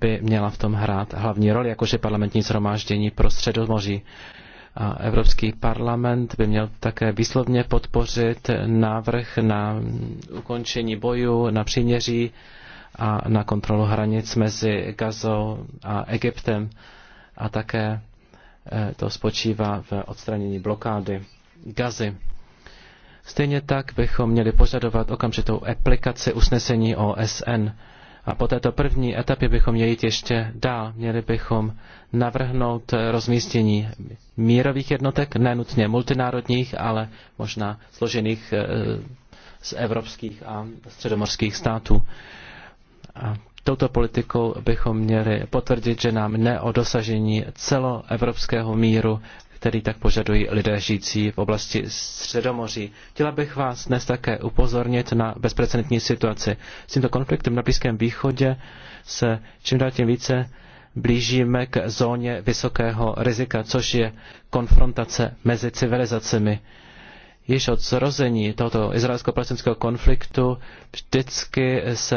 by měla v tom hrát hlavní roli, jakože parlamentní zhromáždění pro středomoří. A Evropský parlament by měl také výslovně podpořit návrh na ukončení boju, na příměří a na kontrolu hranic mezi Gazou a Egyptem. A také eh, to spočívá v odstranění blokády Gazy. Stejně tak bychom měli požadovat okamžitou aplikaci usnesení OSN a po této první etapě bychom měli jít ještě dál. Měli bychom navrhnout rozmístění mírových jednotek, nenutně multinárodních, ale možná složených eh, z evropských a středomorských států. A touto politikou bychom měli potvrdit, že nám ne o dosažení celoevropského míru který tak požadují lidé žijící v oblasti Středomoří. Chtěla bych vás dnes také upozornit na bezprecedentní situaci. S tímto konfliktem na Blízkém východě se čím dál tím více blížíme k zóně vysokého rizika, což je konfrontace mezi civilizacemi. Již od zrození tohoto izraelsko-palestinského konfliktu vždycky se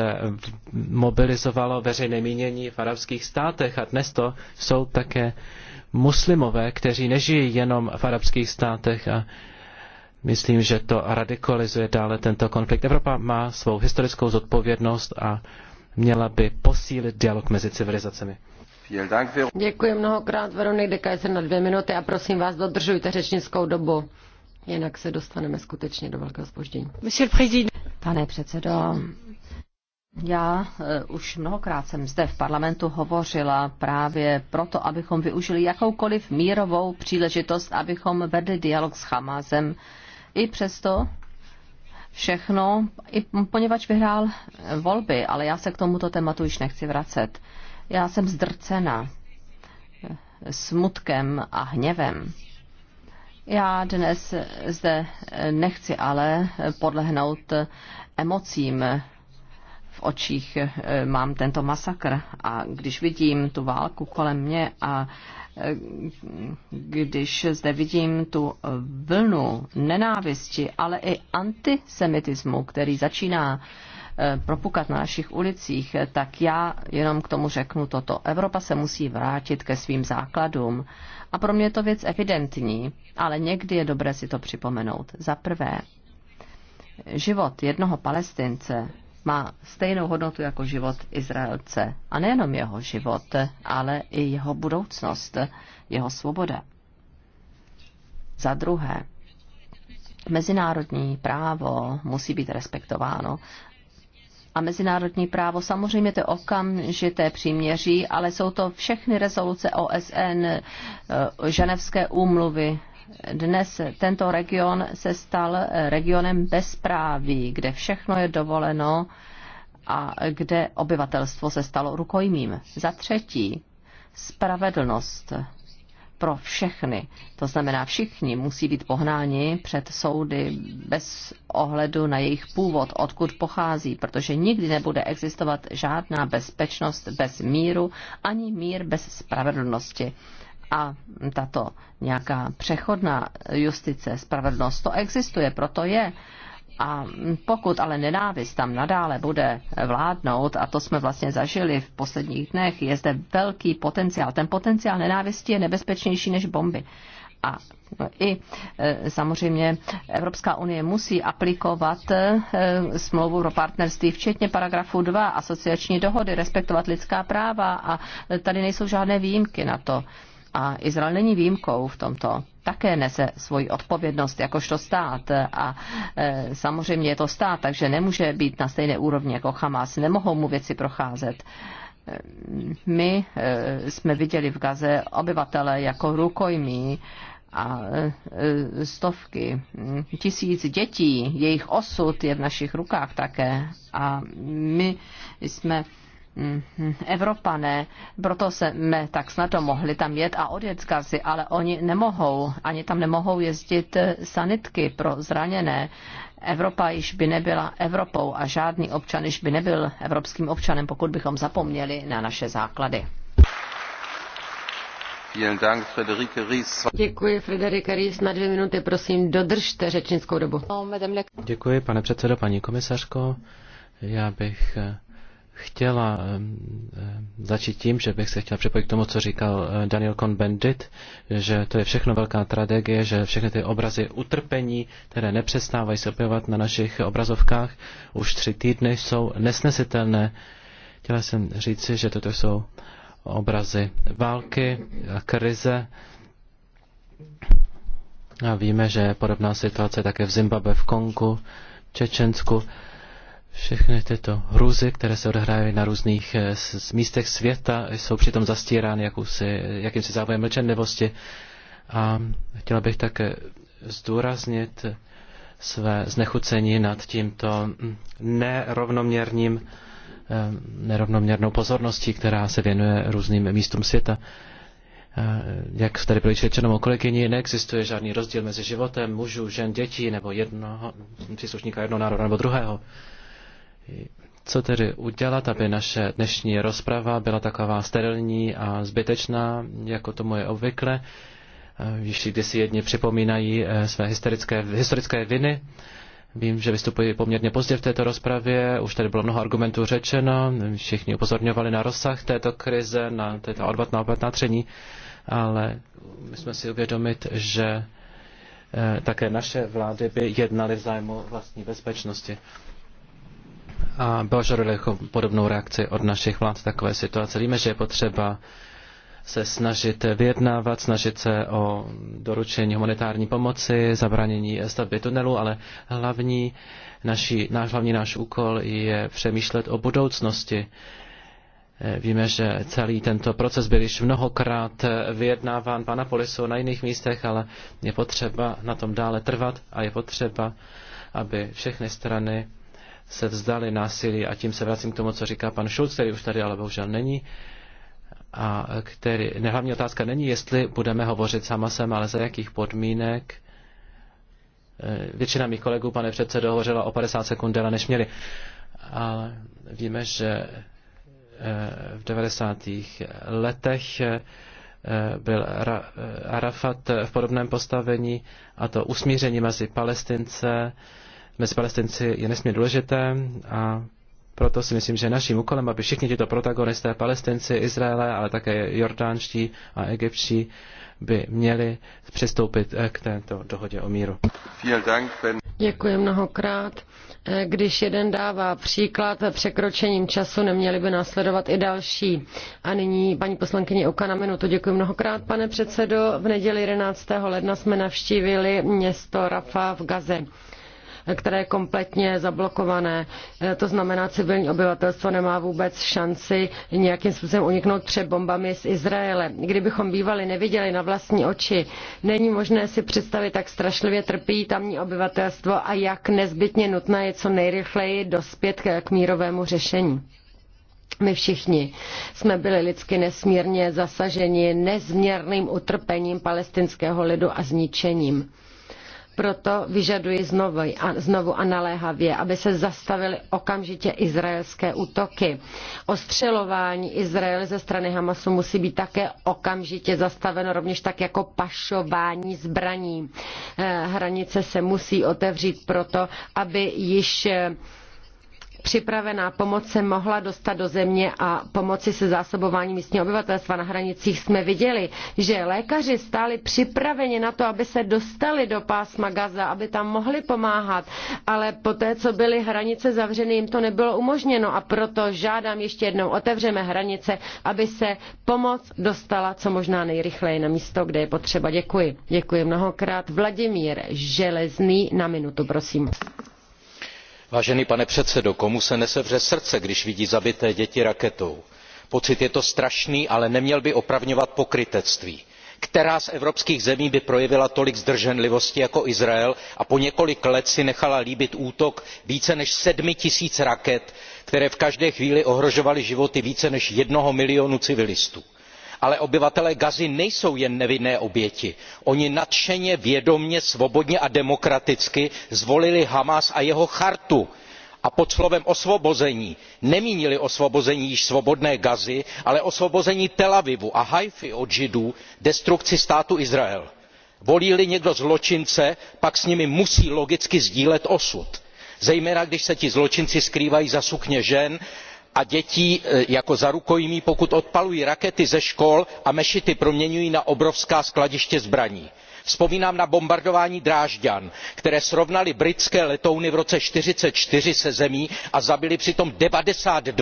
mobilizovalo veřejné mínění v arabských státech a dnes to jsou také muslimové, kteří nežijí jenom v arabských státech a myslím, že to radikalizuje dále tento konflikt. Evropa má svou historickou zodpovědnost a měla by posílit dialog mezi civilizacemi. Děkuji mnohokrát, Veronik se na dvě minuty a prosím vás, dodržujte řečnickou dobu. Jinak se dostaneme skutečně do velkého zpoždění. Pane předsedo, já e, už mnohokrát jsem zde v parlamentu hovořila právě proto, abychom využili jakoukoliv mírovou příležitost, abychom vedli dialog s Hamasem. I přesto všechno, i poněvadž vyhrál volby, ale já se k tomuto tématu již nechci vracet. Já jsem zdrcena e, smutkem a hněvem. Já dnes zde nechci ale podlehnout emocím v očích eh, mám tento masakr. A když vidím tu válku kolem mě a eh, když zde vidím tu vlnu nenávisti, ale i antisemitismu, který začíná eh, propukat na našich ulicích, tak já jenom k tomu řeknu toto. Evropa se musí vrátit ke svým základům. A pro mě je to věc evidentní, ale někdy je dobré si to připomenout. Za prvé, život jednoho palestince má stejnou hodnotu jako život Izraelce. A nejenom jeho život, ale i jeho budoucnost, jeho svoboda. Za druhé, mezinárodní právo musí být respektováno. A mezinárodní právo, samozřejmě to okamžité příměří, ale jsou to všechny rezoluce OSN, eh, ženevské úmluvy, dnes tento region se stal regionem bezpráví, kde všechno je dovoleno a kde obyvatelstvo se stalo rukojmím. Za třetí, spravedlnost pro všechny. To znamená, všichni musí být pohnáni před soudy bez ohledu na jejich původ, odkud pochází, protože nikdy nebude existovat žádná bezpečnost bez míru, ani mír bez spravedlnosti a tato nějaká přechodná justice, spravedlnost, to existuje, proto je. A pokud ale nenávist tam nadále bude vládnout, a to jsme vlastně zažili v posledních dnech, je zde velký potenciál. Ten potenciál nenávisti je nebezpečnější než bomby. A no, i e, samozřejmě Evropská unie musí aplikovat e, smlouvu pro partnerství, včetně paragrafu 2, asociační dohody, respektovat lidská práva a tady nejsou žádné výjimky na to a Izrael není výjimkou v tomto. Také nese svoji odpovědnost jakožto stát a e, samozřejmě je to stát, takže nemůže být na stejné úrovni jako Hamas, nemohou mu věci procházet. E, my e, jsme viděli v Gaze obyvatele jako rukojmí a e, stovky, tisíc dětí, jejich osud je v našich rukách také a my jsme e, Mhm, Evropané, proto me tak snadno mohli tam jet a odjet z Gazy, ale oni nemohou, ani tam nemohou jezdit eh, sanitky pro zraněné. Evropa již by nebyla Evropou a žádný občan již by nebyl evropským občanem, pokud bychom zapomněli na naše základy. Děkuji, Frederike Ries. Na dvě minuty, prosím, dodržte řečnickou dobu. Děkuji, pane předsedo, paní komisařko. Já bych eh, chtěla eh, eh, začít tím, že bych se chtěla připojit k tomu, co říkal eh, Daniel Cohn-Bendit, že to je všechno velká tragédie, že všechny ty obrazy utrpení, které nepřestávají se opěvat na našich obrazovkách, už tři týdny jsou nesnesitelné. Chtěla jsem říci, že toto jsou obrazy války a krize. A víme, že podobná situace také v Zimbabwe, v Kongu, v Čečensku. Všechny tyto hrůzy, které se odehrávají na různých eh, místech světa, jsou přitom zastírány jakousi, jakýmsi závojem mlčenlivosti. A chtěla bych také eh, zdůraznit eh, své znechucení nad tímto hm, nerovnoměrným, nerovnoměrnou pozorností, která se věnuje různým místům světa. Jak tady bylo řečeno mou kolegyni, neexistuje žádný rozdíl mezi životem mužů, žen, dětí nebo jednoho příslušníka jednoho národa nebo druhého. Co tedy udělat, aby naše dnešní rozprava byla taková sterilní a zbytečná, jako tomu je obvykle, eh, když kdy si jedni připomínají eh, své historické, historické viny. Vím, že vystupuji poměrně pozdě v této rozpravě, už tady bylo mnoho argumentů řečeno, všichni upozorňovali na rozsah této krize, na této odvatná opatření, ale my jsme si uvědomit, že eh, také naše vlády by jednaly v zájmu vlastní bezpečnosti a požadovali podobnou reakci od našich vlád v takové situace. Víme, že je potřeba se snažit vyjednávat, snažit se o doručení humanitární pomoci, zabranění stavby tunelu, ale hlavní naší, náš, hlavní náš úkol je přemýšlet o budoucnosti. Víme, že celý tento proces byl již mnohokrát vyjednáván pana polisu na jiných místech, ale je potřeba na tom dále trvat a je potřeba, aby všechny strany se vzdali násilí a tím se vracím k tomu, co říká pan Schulz, který už tady ale bohužel není. A který, nehlavní otázka není, jestli budeme hovořit sama sem, ale za jakých podmínek. E, většina mých kolegů, pane předsedo, hovořila o 50 sekund déle, než měli. Ale víme, že e, v 90. letech e, byl Arafat v podobném postavení a to usmíření mezi Palestince mezi Palestinci je nesmírně důležité a proto si myslím, že naším úkolem, aby všichni tyto protagonisté, Palestinci, Izraele, ale také Jordánští a Egyptští, by měli přistoupit eh, k této dohodě o míru. Děkuji mnohokrát. Eh, když jeden dává příklad překročením času, neměli by následovat i další. A nyní paní poslankyně Oka na minutu. Děkuji mnohokrát, pane předsedo. V neděli 11. ledna jsme navštívili město Rafa v Gaze které je kompletně zablokované. Eh, to znamená, civilní obyvatelstvo nemá vůbec šanci nějakým způsobem uniknout před bombami z Izraele. Kdybychom bývali neviděli na vlastní oči, není možné si představit, jak strašlivě trpí tamní obyvatelstvo a jak nezbytně nutné je co nejrychleji dospět k mírovému řešení. My všichni jsme byli lidsky nesmírně zasaženi nezměrným utrpením palestinského lidu a zničením. Proto vyžaduji znovu a, znovu a naléhavě, aby se zastavily okamžitě izraelské útoky. Ostřelování Izraele ze strany Hamasu musí být také okamžitě zastaveno, rovněž tak jako pašování zbraní. Eh, hranice se musí otevřít proto, aby již eh, připravená pomoc se mohla dostat do země a pomoci se zásobování místního obyvatelstva na hranicích jsme viděli, že lékaři stáli připraveni na to, aby se dostali do pásma Gaza, aby tam mohli pomáhat, ale poté, co byly hranice zavřeny, jim to nebylo umožněno a proto žádám ještě jednou, otevřeme hranice, aby se pomoc dostala co možná nejrychleji na místo, kde je potřeba. Děkuji. Děkuji mnohokrát. Vladimír Železný na minutu, prosím vážený pane předsedo komu se nesevře srdce když vidí zabité děti raketou? pocit je to strašný ale neměl by opravňovat pokrytectví. která z evropských zemí by projevila tolik zdrženlivosti jako izrael a po několik let si nechala líbit útok více než sedmi tisíc raket které v každé chvíli ohrožovaly životy více než jednoho milionu civilistů? ale obyvatelé gazy nejsou jen nevinné oběti oni nadšeně vědomě svobodně a demokraticky zvolili hamás a jeho chartu a pod slovem osvobození nemínili osvobození již svobodné gazy ale osvobození tel avivu a haify od židů destrukci státu izrael. volí li někdo zločince pak s nimi musí logicky sdílet osud zejména když se ti zločinci skrývají za sukně žen a dětí e, jako za rukojmí pokud odpalují rakety ze škol a mešity proměňují na obrovská skladiště zbraní. vzpomínám na bombardování drážďan které srovnaly britské letouny v roce one thousand nine hundred and forty four se zemí a zabily přitom ninety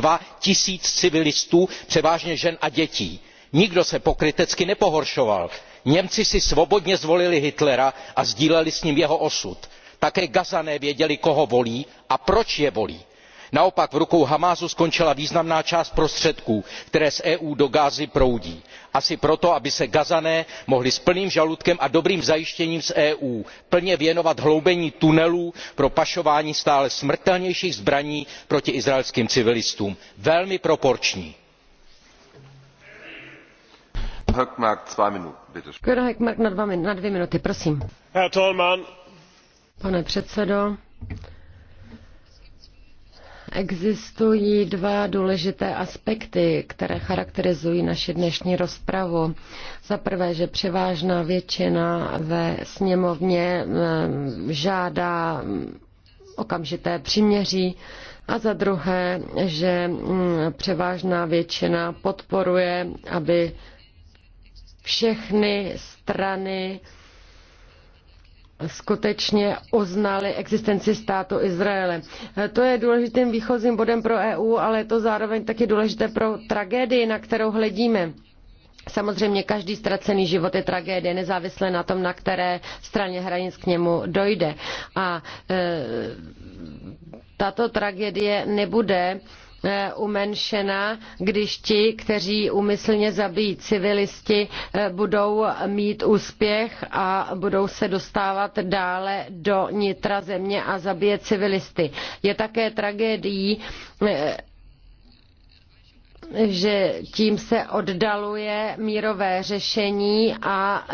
two tisíc civilistů převážně žen a dětí. nikdo se pokrytecky nepohoršoval. němci si svobodně zvolili hitlera a sdíleli s ním jeho osud. také Gazané věděli koho volí a proč je volí naopak v rukou hamásu skončila významná část prostředků které z eu do gazy proudí asi proto aby se gazané mohli s plným žaludkem a dobrým zajištěním z eu plně věnovat hloubení tunelů pro pašování stále smrtelnějších zbraní proti izraelským civilistům. velmi proporční. pane předsedo Existují dva důležité aspekty, které charakterizují naši dnešní rozpravu. Za prvé, že převážná většina ve sněmovně eh, žádá okamžité příměří a za druhé, že mm, převážná většina podporuje, aby všechny strany skutečně oznali existenci státu Izraele. To je důležitým výchozím bodem pro EU, ale je to zároveň taky důležité pro tragédii, na kterou hledíme. Samozřejmě každý ztracený život je tragédie, nezávisle na tom, na které straně hranic k němu dojde. A e, tato tragédie nebude e, Eh, umenšena, když ti, kteří umyslně zabijí civilisti, eh, budou mít úspěch a budou se dostávat dále do nitra země a zabíjet civilisty. Je také tragédií, eh, že tím se oddaluje mírové řešení a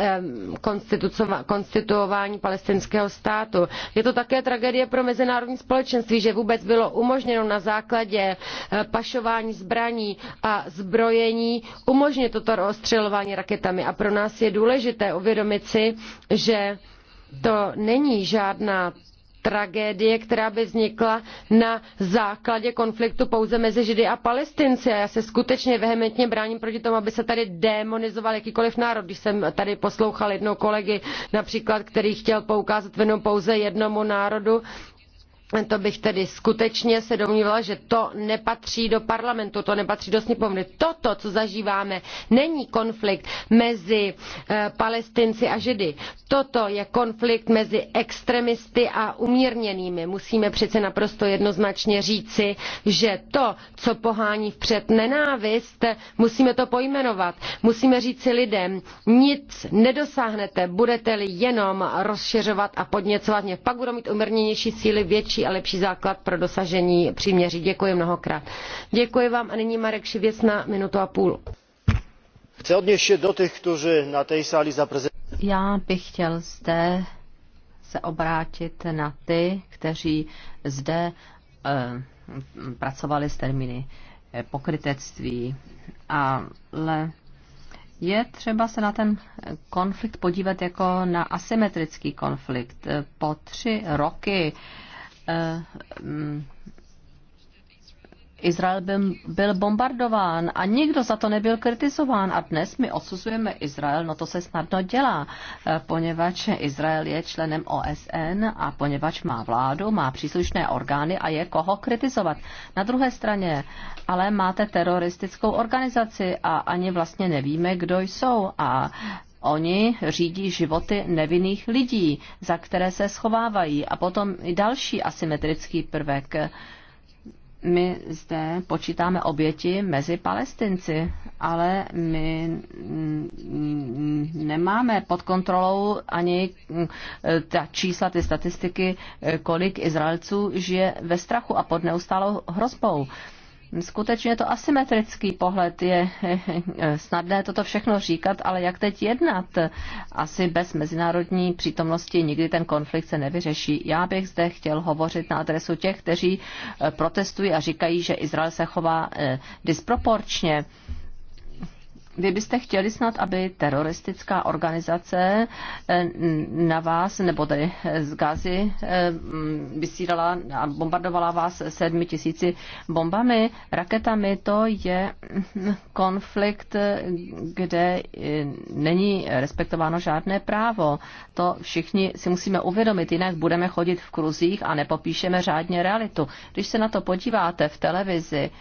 konstituování palestinského státu. Je to také tragédie pro mezinárodní společenství, že vůbec bylo umožněno na základě eh, pašování zbraní a zbrojení umožnit toto rozstřelování raketami. A pro nás je důležité uvědomit si, že to není žádná tragédie, která by vznikla na základě konfliktu pouze mezi Židy a Palestinci. A já se skutečně vehementně bráním proti tomu, aby se tady demonizoval jakýkoliv národ. Když jsem tady poslouchal jednoho kolegy, například, který chtěl poukázat vinu pouze jednomu národu, to bych tedy skutečně se domnívala, že to nepatří do parlamentu, to nepatří do sněmovny. Toto, co zažíváme, není konflikt mezi eh, palestinci a židy. Toto je konflikt mezi extremisty a umírněnými. Musíme přece naprosto jednoznačně říci, že to, co pohání vpřed nenávist, musíme to pojmenovat. Musíme říci lidem, nic nedosáhnete, budete-li jenom rozšiřovat a podněcovat mě. Pak budou mít umírněnější síly větší bezpečí a lepší základ pro dosažení příměří. Děkuji mnohokrát. Děkuji vám a nyní Marek Šivěc na minutu a půl. Chci odněšit do těch, kteří na té sáli zaprezentovali. Já bych chtěl zde se obrátit na ty, kteří zde eh, pracovali s termíny eh, pokrytectví, ale je třeba se na ten konflikt podívat jako na asymetrický konflikt. Eh, po tři roky eh, Eh, mm, Izrael byl bombardován a nikdo za to nebyl kritizován. A dnes my odsuzujeme Izrael, no to se snadno dělá, eh, poněvadž Izrael je členem OSN a poněvadž má vládu, má příslušné orgány a je koho kritizovat. Na druhé straně ale máte teroristickou organizaci a ani vlastně nevíme, kdo jsou. A Oni řídí životy nevinných lidí, za které se schovávají. A potom i další asymetrický prvek. My zde počítáme oběti mezi palestinci, ale my nemáme pod kontrolou ani mm, ta čísla, ty statistiky, kolik Izraelců žije ve strachu a pod neustálou hrozbou skutečně to asymetrický pohled. Je eh, eh, snadné toto všechno říkat, ale jak teď jednat? Asi bez mezinárodní přítomnosti nikdy ten konflikt se nevyřeší. Já bych zde chtěl hovořit na adresu těch, kteří eh, protestují a říkají, že Izrael se chová disproporčně. Vy byste chtěli snad, aby teroristická organizace eh, na vás, nebo tedy eh, z Gazy, eh, vysílala a bombardovala vás sedmi tisíci bombami, raketami. To je hm, konflikt, kde není respektováno žádné právo. To všichni si musíme uvědomit, jinak budeme chodit v kruzích a nepopíšeme řádně realitu. Když se na to podíváte v televizi,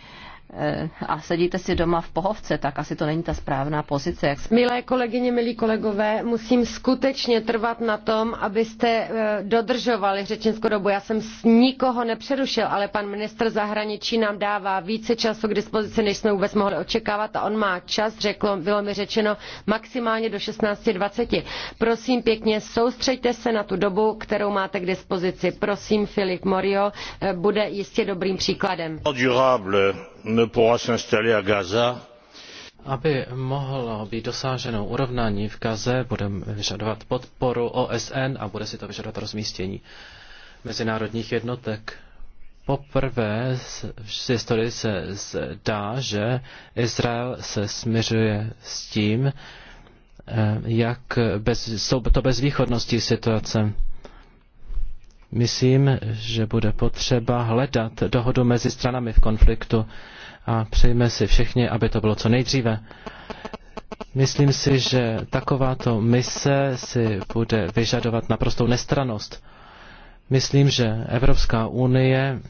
Eh, a sedíte si doma v pohovce, tak asi to není ta správná pozice. Jak... Milé kolegyně, milí kolegové, musím skutečně trvat na tom, abyste eh, dodržovali řečenskou dobu. Já jsem s nikoho nepřerušil, ale pan ministr zahraničí nám dává více času k dispozici, než jsme vůbec mohli očekávat a on má čas, řeklo, bylo mi řečeno, maximálně do 16.20. Prosím pěkně, soustřeďte se na tu dobu, kterou máte k dispozici. Prosím, Filip Morio eh, bude jistě dobrým příkladem pourra s'installer à Gaza. Aby mohlo být dosaženo urovnání v Gaze, budeme vyžadovat podporu OSN a bude si to vyžadovat rozmístění mezinárodních jednotek. Poprvé v historii se zdá, že Izrael se směřuje s tím, eh, jak bez, jsou to bezvýchodností situace. Myslím, že bude potřeba hledat dohodu mezi stranami v konfliktu a přejme si všichni, aby to bylo co nejdříve. Myslím si, že takováto mise si bude vyžadovat naprostou nestranost. Myslím, že Evropská unie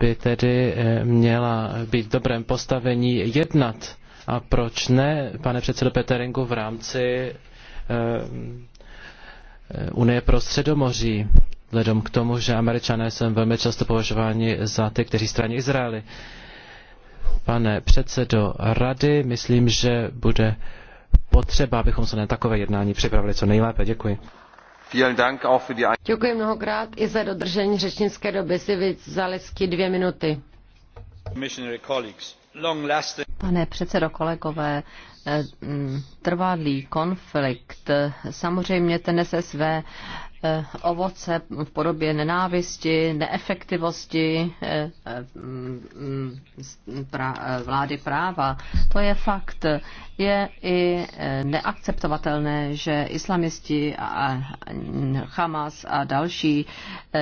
by tedy eh, měla být v dobrém postavení jednat. A proč ne, pane předsedo Peteringu, v rámci eh, eh, Unie pro středomoří, vzhledem k tomu, že američané jsou velmi často považováni za ty, kteří straní Izraeli. Pane předsedo rady, myslím, že bude potřeba, abychom se na takové jednání připravili co nejlépe. Děkuji. Děkuji mnohokrát i za dodržení řečnické doby. Si vyzalesky dvě minuty. Pane předsedo, kolegové, eh, mm, trvalý konflikt eh, samozřejmě ten se své Eh, ovoce v podobě nenávisti, neefektivosti eh, eh, mm, vlády práva. To je fakt. Je i neakceptovatelné, že islamisti a Hamas a další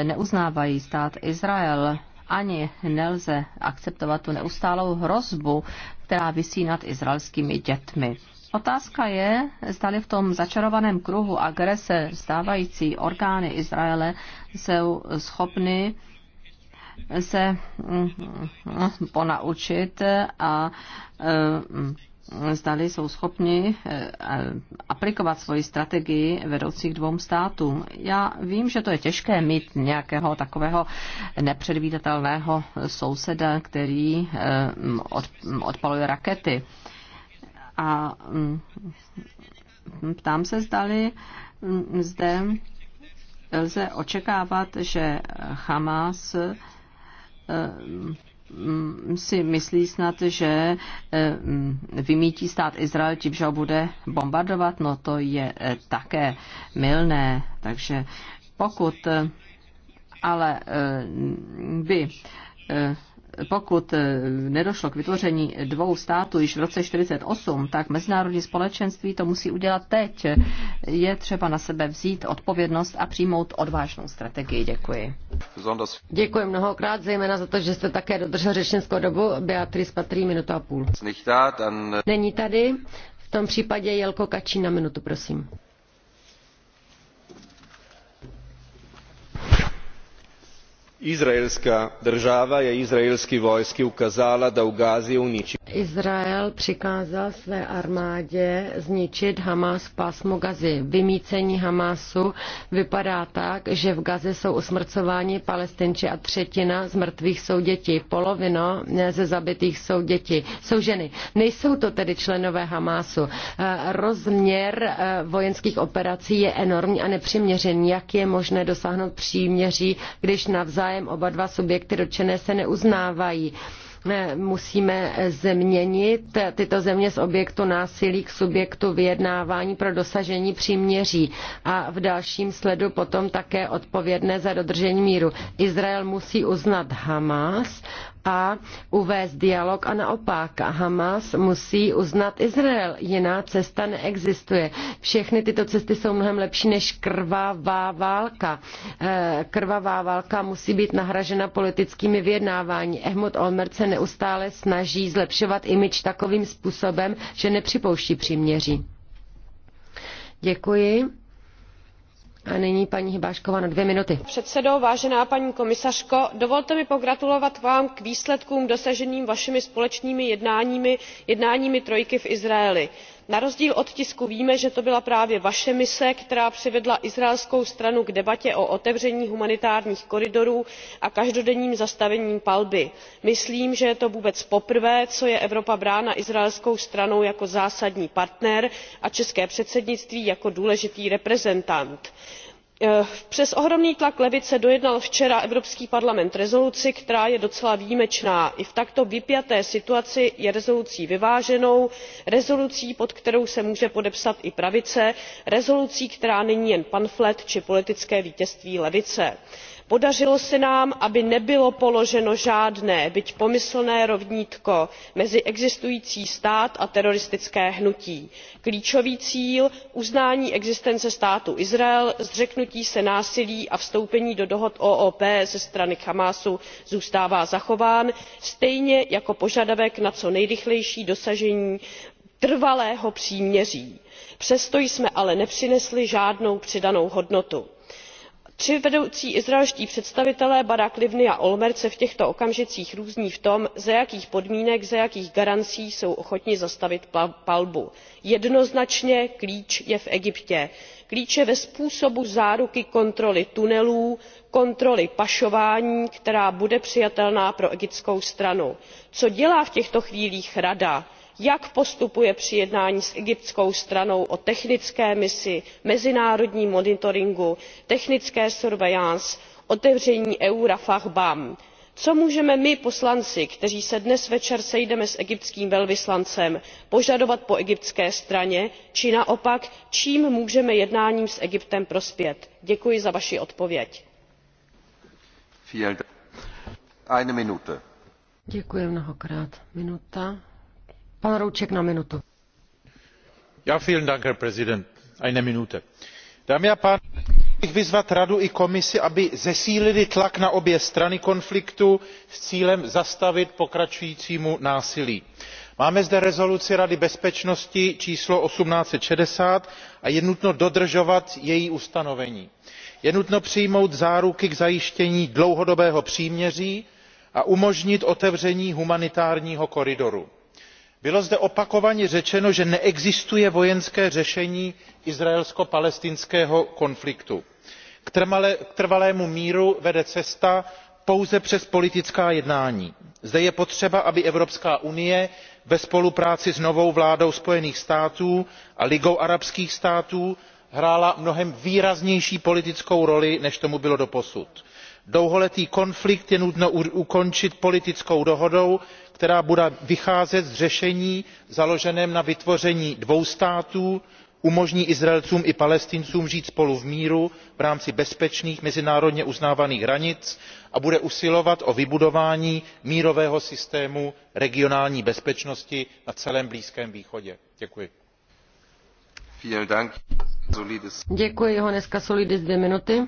neuznávají stát Izrael. Ani nelze akceptovat tu neustálou hrozbu, která vysí nad izraelskými dětmi. Otázka je, zdali v tom začarovaném kruhu agrese stávající orgány Izraele jsou schopny se mm, ponaučit a eh, zdali jsou schopni eh, aplikovat svoji strategii vedoucí k dvou státům. Já vím, že to je těžké mít nějakého takového nepředvídatelného souseda, který eh, odpaluje rakety. A mm, ptám se, zdali mm, zde lze očekávat, že Hamas e, mm, si myslí snad, že e, vymítí stát Izrael tím, že ho bude bombardovat, no to je e, také milné. Takže pokud ale by pokud eh, nedošlo k vytvoření dvou států již v roce 48, tak mezinárodní společenství to musí udělat teď. Je třeba na sebe vzít odpovědnost a přijmout odvážnou strategii. Děkuji. Děkuji mnohokrát, zejména za to, že jste také dodržel řečnickou dobu. Beatrice patří minutu a půl. Není tady. V tom případě Jelko Kačí na minutu, prosím. Izraelská država je izraelské vojsky ukázala, da v gazi uničí. izrael přikázal své armádě zničit hamas pásmo gazy. vymícení hamasu vypadá tak že v gaze jsou usmrcováni palestinci a třetina z mrtvých jsou děti polovina ze zabitých jsou děti jsou ženy. nejsou to tedy členové hamasu. Eh, rozměr eh, vojenských operací je enormní a nepřiměřený. jak je možné dosáhnout příměří když navzájem navzájem oba dva subjekty dotčené se neuznávají musíme změnit tyto země z objektu násilí k subjektu vyjednávání pro dosažení příměří a v dalším sledu potom také odpovědné za dodržení míru. Izrael musí uznat Hamas a uvést dialog a naopak Hamas musí uznat Izrael. Jiná cesta neexistuje. Všechny tyto cesty jsou mnohem lepší než krvavá válka. Eh, krvavá válka musí být nahražena politickými vyjednávání. Ehmut Olmert se neustále snaží zlepšovat imič takovým způsobem, že nepřipouští příměří. Děkuji. A nyní paní Hybášková na dvě minuty. Předsedo, vážená paní komisařko, dovolte mi pogratulovat vám k výsledkům dosaženým vašimi společnými jednáními, jednáními trojky v Izraeli na rozdíl od tisku víme že to byla právě vaše mise která přivedla izraelskou stranu k debatě o otevření humanitárních koridorů a každodenním zastavení palby. myslím že je to vůbec poprvé co je evropa brána izraelskou stranou jako zásadní partner a české předsednictví jako důležitý reprezentant. Eh, přes ohromný tlak levice dojednal včera evropský parlament rezoluci která je docela výjimečná. i v takto vypjaté situaci je rezolucí vyváženou rezolucí pod kterou se může podepsat i pravice rezolucí která není jen pamflet či politické vítězství levice podařilo se nám aby nebylo položeno žádné byť pomyslné rovnítko mezi existující stát a teroristické hnutí. klíčový cíl uznání existence státu izrael zřeknutí se násilí a vstoupení do dohod oop ze strany hamásu zůstává zachován stejně jako požadavek na co nejrychlejší dosažení trvalého příměří. přesto jsme ale nepřinesli žádnou přidanou hodnotu tři vedoucí izraelští představitelé barak livni a olmert se v těchto okamžicích různí v tom za jakých podmínek za jakých garancí jsou ochotni zastavit palbu. jednoznačně klíč je v egyptě. klíč je ve způsobu záruky kontroly tunelů kontroly pašování která bude přijatelná pro egyptskou stranu. co dělá v těchto chvílích rada? jak postupuje při jednání s egyptskou stranou o technické misi mezinárodním monitoringu technické surveillance otevření EU-Rafah bam. co můžeme my poslanci kteří se dnes večer sejdeme s egyptským velvyslancem požadovat po egyptské straně či naopak čím můžeme jednáním s egyptem prospět? děkuji za vaši odpověď. Děkuji Pan Rouček na minutu. Herr Präsident. Dámy a pánové, bych vyzvat Radu i Komisi, aby zesílily tlak na obě strany konfliktu s cílem zastavit pokračujícímu násilí máme zde rezoluci rady bezpečnosti číslo one thousand eight hundred and sixty a je nutno dodržovat její ustanovení. je nutno přijmout záruky k zajištění dlouhodobého příměří a umožnit otevření humanitárního koridoru bylo zde opakovaně řečeno že neexistuje vojenské řešení izraelsko palestinského konfliktu. k trvalému míru vede cesta pouze přes politická jednání. zde je potřeba aby evropská unie ve spolupráci s novou vládou spojených států a ligou arabských států hrála mnohem výraznější politickou roli než tomu bylo doposud. dlouholetý konflikt je nutno ukončit politickou dohodou která bude vycházet z řešení založeného na vytvoření dvou států umožní izraelcům i palestincům žít spolu v míru v rámci bezpečných mezinárodně uznávaných hranic a bude usilovat o vybudování mírového systému regionální bezpečnosti na celém blízkém východě. děkuji. děkuji Johannes Kasulidis, dvě minuty.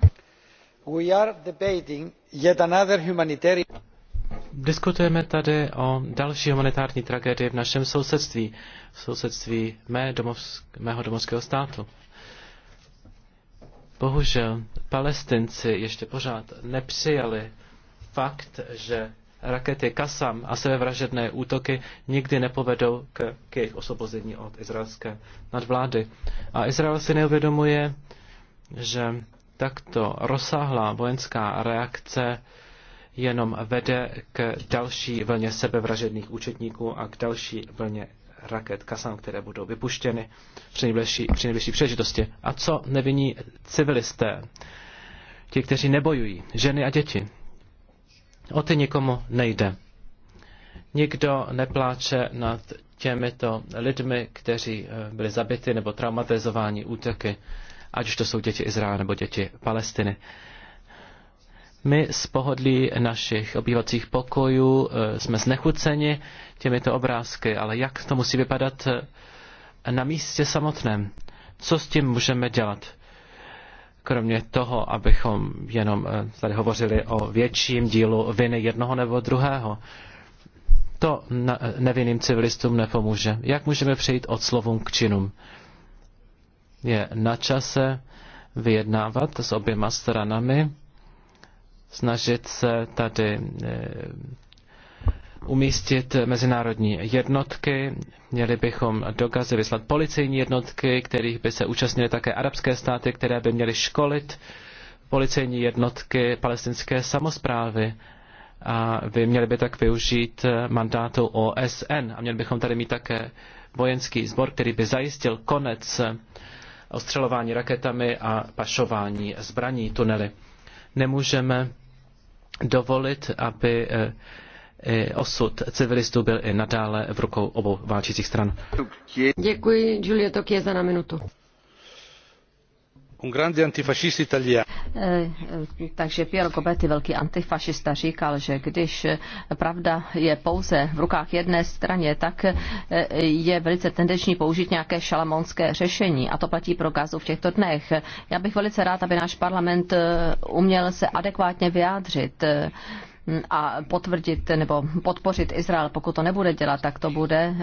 Diskutujeme tady o další humanitární tragédii v našem sousedství, v sousedství mé domovsk- mého domovského státu. Bohužel, palestinci ještě pořád nepřijali fakt, že rakety Kasam a sebevražedné útoky nikdy nepovedou k, k jejich osvobození od izraelské nadvlády. A Izrael si neuvědomuje, že takto rozsáhlá vojenská reakce jenom vede k další vlně sebevražedných účetníků a k další vlně raket Kasan, které budou vypuštěny při nejbližší, při nejbližší příležitosti. A co nevinní civilisté, ti, kteří nebojují, ženy a děti? O ty nikomu nejde. Nikdo nepláče nad těmito lidmi, kteří eh, byli zabity nebo traumatizováni útoky, ať už to jsou děti Izraele nebo děti Palestiny. My z pohodlí našich obývacích pokojů eh, jsme znechuceni těmito obrázky, ale jak to musí vypadat eh, na místě samotném? Co s tím můžeme dělat? Kromě toho, abychom jenom eh, tady hovořili o větším dílu viny jednoho nebo druhého. To nevinným civilistům nepomůže. Jak můžeme přejít od slovům k činům? Je na čase vyjednávat s oběma stranami snažit se tady eh, umístit mezinárodní jednotky. Měli bychom do Gazy vyslat policejní jednotky, kterých by se účastnily také arabské státy, které by měly školit policejní jednotky palestinské samozprávy. A by měli by tak využít eh, mandátu OSN. A měli bychom tady mít také vojenský sbor, který by zajistil konec ostřelování raketami a pašování zbraní tunely nemůžeme dovolit, aby eh, osud civilistů byl i nadále v rukou obou válčících stran. Děkuji, Julie Tokie, za na minutu. Un grande antifascista italiano. Eh, eh, takže Piero Gobetti, velký antifašista, říkal, že když pravda je pouze v rukách jedné straně, tak eh, je velice tendenční použít nějaké šalamonské řešení. A to platí pro gazu v těchto dnech. Já bych velice rád, aby náš parlament uměl se adekvátně vyjádřit a potvrdit nebo podpořit Izrael. Pokud to nebude dělat, tak to bude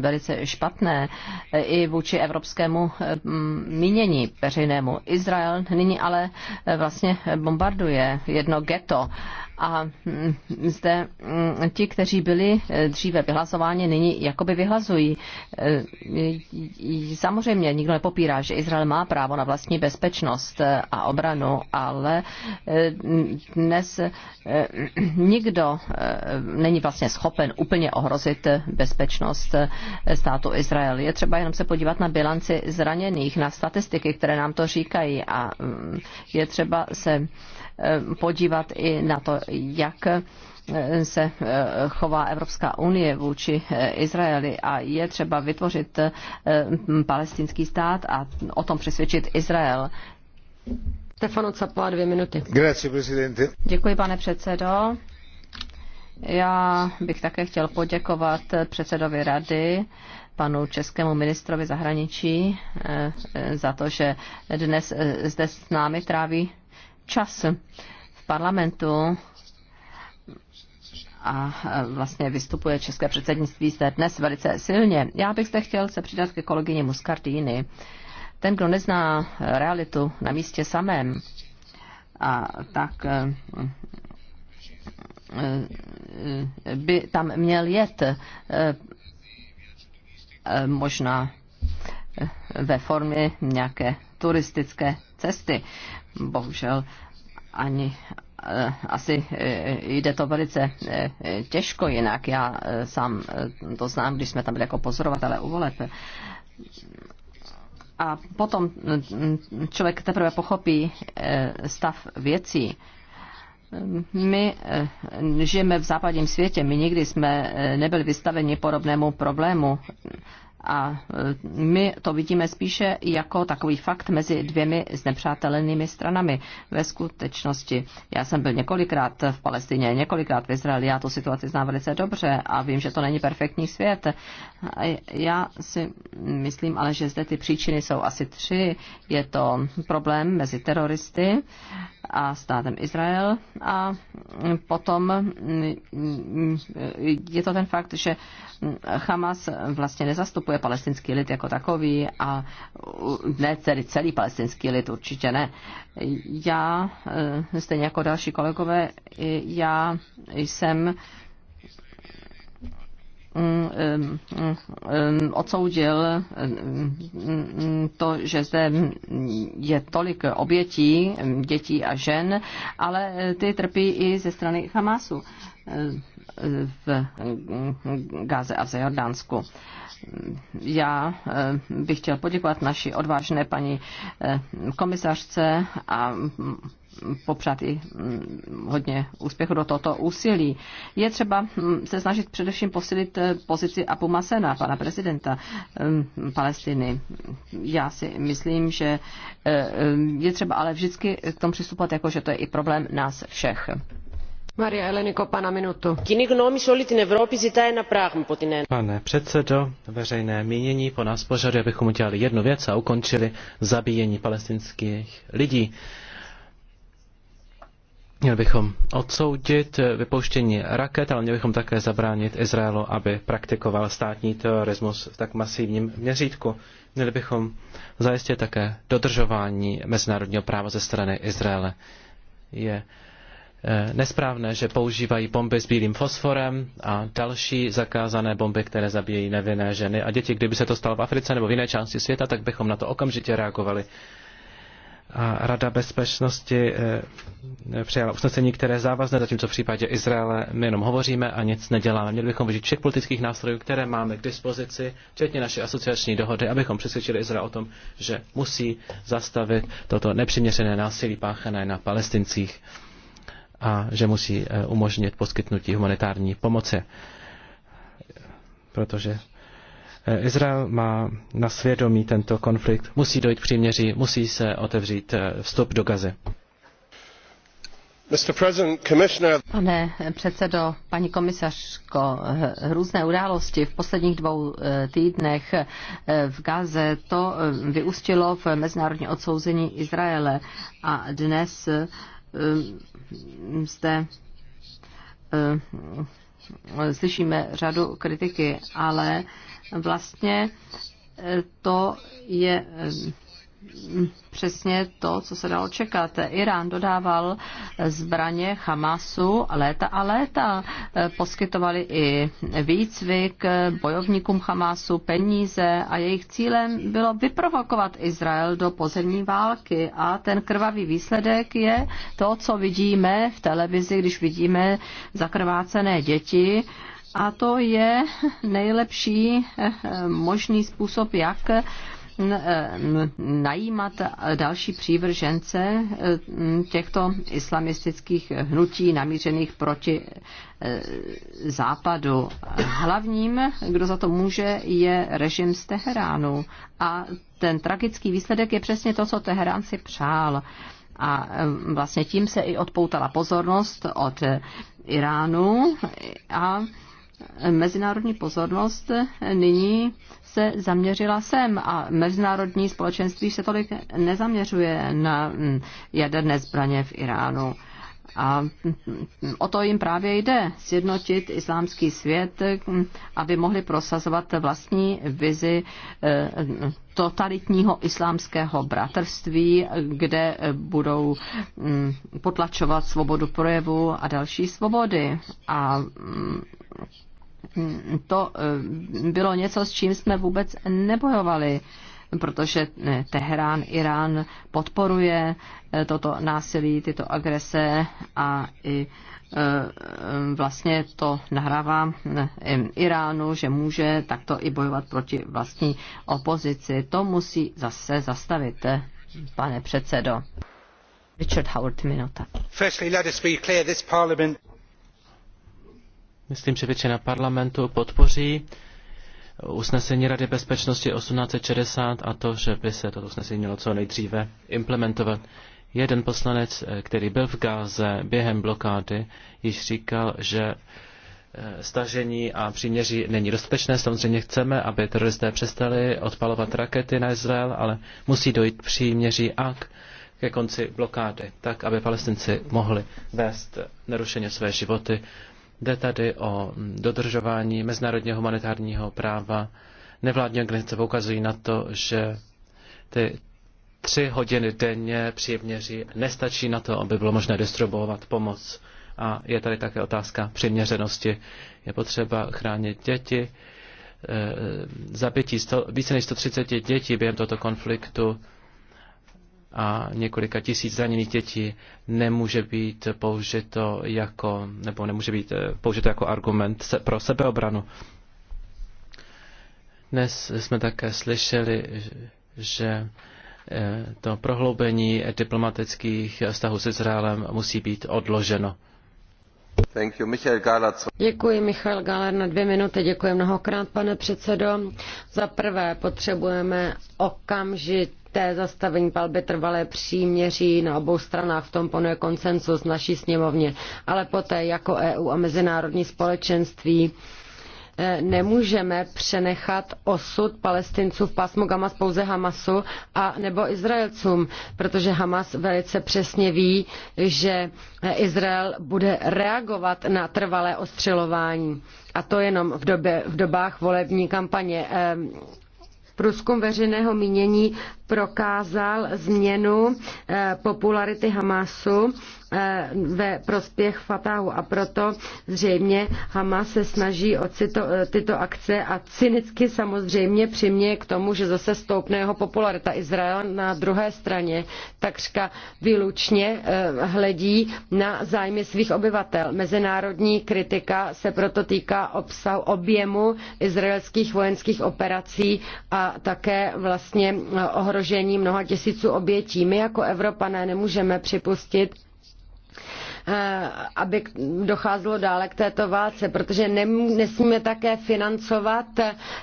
velice špatné i vůči evropskému mm, mínění veřejnému. Izrael nyní ale eh, vlastně bombarduje jedno ghetto a hm, zde hm, ti, kteří byli eh, dříve vyhlasováni, nyní jakoby vyhlazují. Eh, samozřejmě nikdo nepopírá, že Izrael má právo na vlastní bezpečnost eh, a obranu, ale dnes nikdo není vlastně schopen úplně ohrozit bezpečnost státu Izrael. Je třeba jenom se podívat na bilanci zraněných, na statistiky, které nám to říkají a hm, je třeba se Eh, podívat i na to, jak eh, se eh, chová Evropská unie vůči Izraeli a je třeba vytvořit palestinský stát a o tom přesvědčit Izrael. Stefano Capua, dvě minuty. Děkuji, pane předsedo. Já bych také chtěl poděkovat předsedovi rady, panu českému ministrovi zahraničí, za to, že dnes zde s námi tráví čas v parlamentu a e, vlastně vystupuje české předsednictví zde dnes velice silně. Já bych zde chtěl se přidat ke kolegyně Muscardini. Ten, kdo nezná realitu na místě samém, a tak e, e, by tam měl jet možná ve formě nějaké turistické cesty bohužel ani eh, asi eh, jde to velice eh, těžko jinak. Já sám to znám, když jsme tam byli jako pozorovatelé u voleb. A potom mm, člověk teprve pochopí stav věcí. My žijeme v západním světě, my nikdy jsme nebyli vystaveni podobnému problému a e, my to vidíme spíše jako takový fakt mezi dvěmi znepřátelenými stranami. Ve skutečnosti, já jsem byl několikrát v Palestině, několikrát v Izraeli, já tu situaci znám velice dobře a vím, že to není perfektní svět. Já si myslím ale, že zde ty příčiny jsou asi tři. Je to problém mezi teroristy a státem Izrael a potom mm, mm, je to ten fakt, že Hamas vlastně nezastupuje zastupuje palestinský lid jako takový a ne tedy celý palestinský lid, určitě ne. Já, eh, stejně jako další kolegové, já jsem mm, odsoudil mm, mm, to, že zde je tolik obětí dětí a žen, ale ty trpí i ze strany Hamasu eh, v Gáze a v Jordánsku já eh, bych chtěl poděkovat naší odvážné paní eh, komisařce a mm, popřát i mm, hodně úspěchu do tohoto úsilí. Je třeba mm, se snažit především posilit eh, pozici Abu Masena, pana prezidenta Palestiny. Já si myslím, že je třeba ale vždycky k tomu přistupovat jako, že to je i problém nás všech. Pane předsedo, veřejné mínění po nás požaduje, abychom udělali jednu věc a ukončili zabíjení palestinských lidí. Měli bychom odsoudit vypouštění raket, ale měli bychom také zabránit Izraelu, aby praktikoval státní terorismus v tak masivním měřítku. Měli bychom zajistit také dodržování mezinárodního práva ze strany Izraele. Je Eh, nesprávné, že používají bomby s bílým fosforem a další zakázané bomby, které zabíjejí nevinné ženy a děti. Kdyby se to stalo v Africe nebo v jiné části světa, tak bychom na to okamžitě reagovali. A Rada bezpečnosti eh, přijala usnesení, které je závazné, zatímco v případě Izraele my jenom hovoříme a nic neděláme. Měli bychom využít všech politických nástrojů, které máme k dispozici, včetně naší asociační dohody, abychom přesvědčili Izrael o tom, že musí zastavit toto nepřiměřené násilí páchané na palestincích a že musí eh, umožnit poskytnutí humanitární pomoci. Protože eh, Izrael má na svědomí tento konflikt, musí dojít k příměří, musí se otevřít eh, vstup do Gazy. Pane předsedo, paní komisařko, různé události v posledních dvou týdnech v Gaze to vyústilo v mezinárodní odsouzení Izraele a dnes Ehm, zde ehm, slyšíme řadu kritiky, ale vlastně eh, to je ehm, přesně to, co se dalo čekat. Irán dodával zbraně Hamasu léta a léta. Poskytovali i výcvik bojovníkům Hamasu, peníze a jejich cílem bylo vyprovokovat Izrael do pozemní války a ten krvavý výsledek je to, co vidíme v televizi, když vidíme zakrvácené děti, a to je nejlepší možný způsob, jak E, najímat další přívržence e, těchto islamistických hnutí namířených proti e, západu. Hlavním, kdo za to může, je režim z Teheránu. A ten tragický výsledek je přesně to, co Teherán si přál. A vlastně tím se i odpoutala pozornost od Iránu a mezinárodní pozornost nyní se zaměřila sem a mezinárodní společenství se tolik nezaměřuje na mm, jaderné zbraně v Iránu. A mm, o to jim právě jde, sjednotit islámský svět, mm, aby mohli prosazovat vlastní vizi eh, totalitního islámského bratrství, kde eh, budou potlačovat svobodu projevu a další svobody. A to eh, bylo něco, s čím jsme vůbec nebojovali, protože eh, Teherán, Irán podporuje eh, toto násilí, tyto agrese a i vlastně to nahrává Iránu, že může takto i bojovat proti vlastní opozici. To musí zase zastavit, pane předsedo. Richard Howard, minuta. Myslím, že většina parlamentu podpoří usnesení Rady bezpečnosti 1860 a to, že by se toto usnesení mělo co nejdříve implementovat. Jeden poslanec, eh, který byl v Gáze během blokády, již říkal, že eh, stažení a příměří není dostatečné. Samozřejmě chceme, aby teroristé přestali odpalovat rakety na Izrael, ale musí dojít příměří a ke konci blokády, tak aby palestinci mohli vést eh, nerušeně své životy Jde tady o dodržování mezinárodního humanitárního práva. Nevládní organizace poukazují na to, že ty tři hodiny denně příměří nestačí na to, aby bylo možné distribuovat pomoc. A je tady také otázka přiměřenosti. Je potřeba chránit děti. Eh, zabití sto, více než 130 dětí během tohoto konfliktu a několika tisíc zraněných dětí nemůže být použito jako, nebo nemůže být eh, použito jako argument pro sebeobranu. Dnes jsme také slyšeli, že eh, to prohloubení diplomatických vztahů s Izraelem musí být odloženo. Thank you, Michael Galler. Děkuji, Michal Galer, na dvě minuty. Děkuji mnohokrát, pane předsedo. Za prvé potřebujeme okamžitě té zastavení palby trvalé příměří na obou stranách, v tom panuje konsensus naší sněmovně, ale poté jako EU a mezinárodní společenství eh, nemůžeme přenechat osud palestinců v pásmu Hamas pouze Hamasu a nebo Izraelcům, protože Hamas velice přesně ví, že eh, Izrael bude reagovat na trvalé ostřelování. A to jenom v, době, v dobách volební kampaně. Eh, průzkum veřejného mínění prokázal změnu eh, popularity Hamasu eh, ve prospěch Fatahu a proto zřejmě Hamas se snaží o tyto, eh, tyto akce a cynicky samozřejmě přiměje k tomu, že zase stoupne jeho popularita. Izrael na druhé straně takřka výlučně hledí na zájmy svých obyvatel. Mezinárodní kritika se proto týká obsahu objemu izraelských vojenských operací a také vlastně ohrožení ohrožení mnoha tisíců obětí. My jako Evropané nemůžeme připustit, Eh, aby docházelo dále k této válce, protože nesmíme také financovat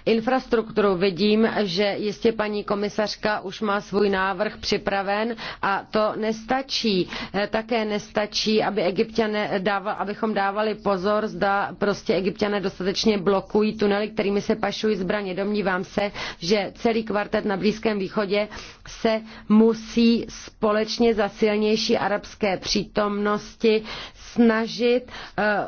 infrastrukturu. Vidím, že jistě paní komisařka už má svůj návrh připraven a to nestačí. Eh, také nestačí, aby egyptiané dáva, abychom dávali pozor, zda prostě egyptiané dostatečně blokují tunely, kterými se pašují zbraně. Domnívám se, že celý kvartet na Blízkém východě se musí společně za silnější arabské přítomnosti budoucnosti snažit eh,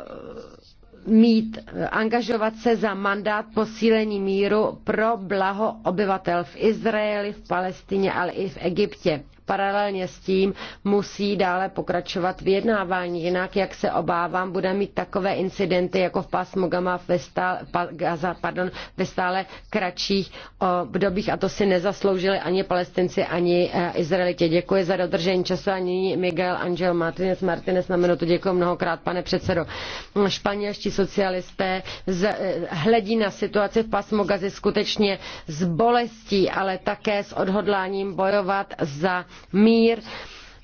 mít, eh, angažovat se za mandát posílení míru pro blaho obyvatel v Izraeli, v Palestině, ale i v Egyptě paralelně s tím musí dále pokračovat vyjednávání. Jinak, jak se obávám, bude mít takové incidenty jako v pásmu Gama ve stále, Gaza, pardon, ve stále kratších obdobích a to si nezasloužili ani palestinci, ani eh, Izraelitě. Děkuji za dodržení času a nyní Miguel Angel Martinez Martinez na minutu. Děkuji mnohokrát, pane předsedo. Španělští socialisté z, eh, hledí na situaci v pásmu Gazy skutečně s bolestí, ale také s odhodláním bojovat za mír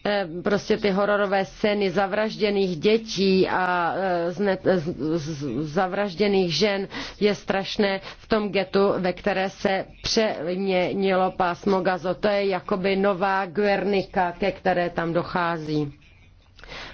eh, prostě ty hororové scény zavražděných dětí a eh, zne, z, z, zavražděných žen je strašné v tom getu, ve které se přeměnilo pásmo Gazo. To je jakoby nová Guernica, ke které tam dochází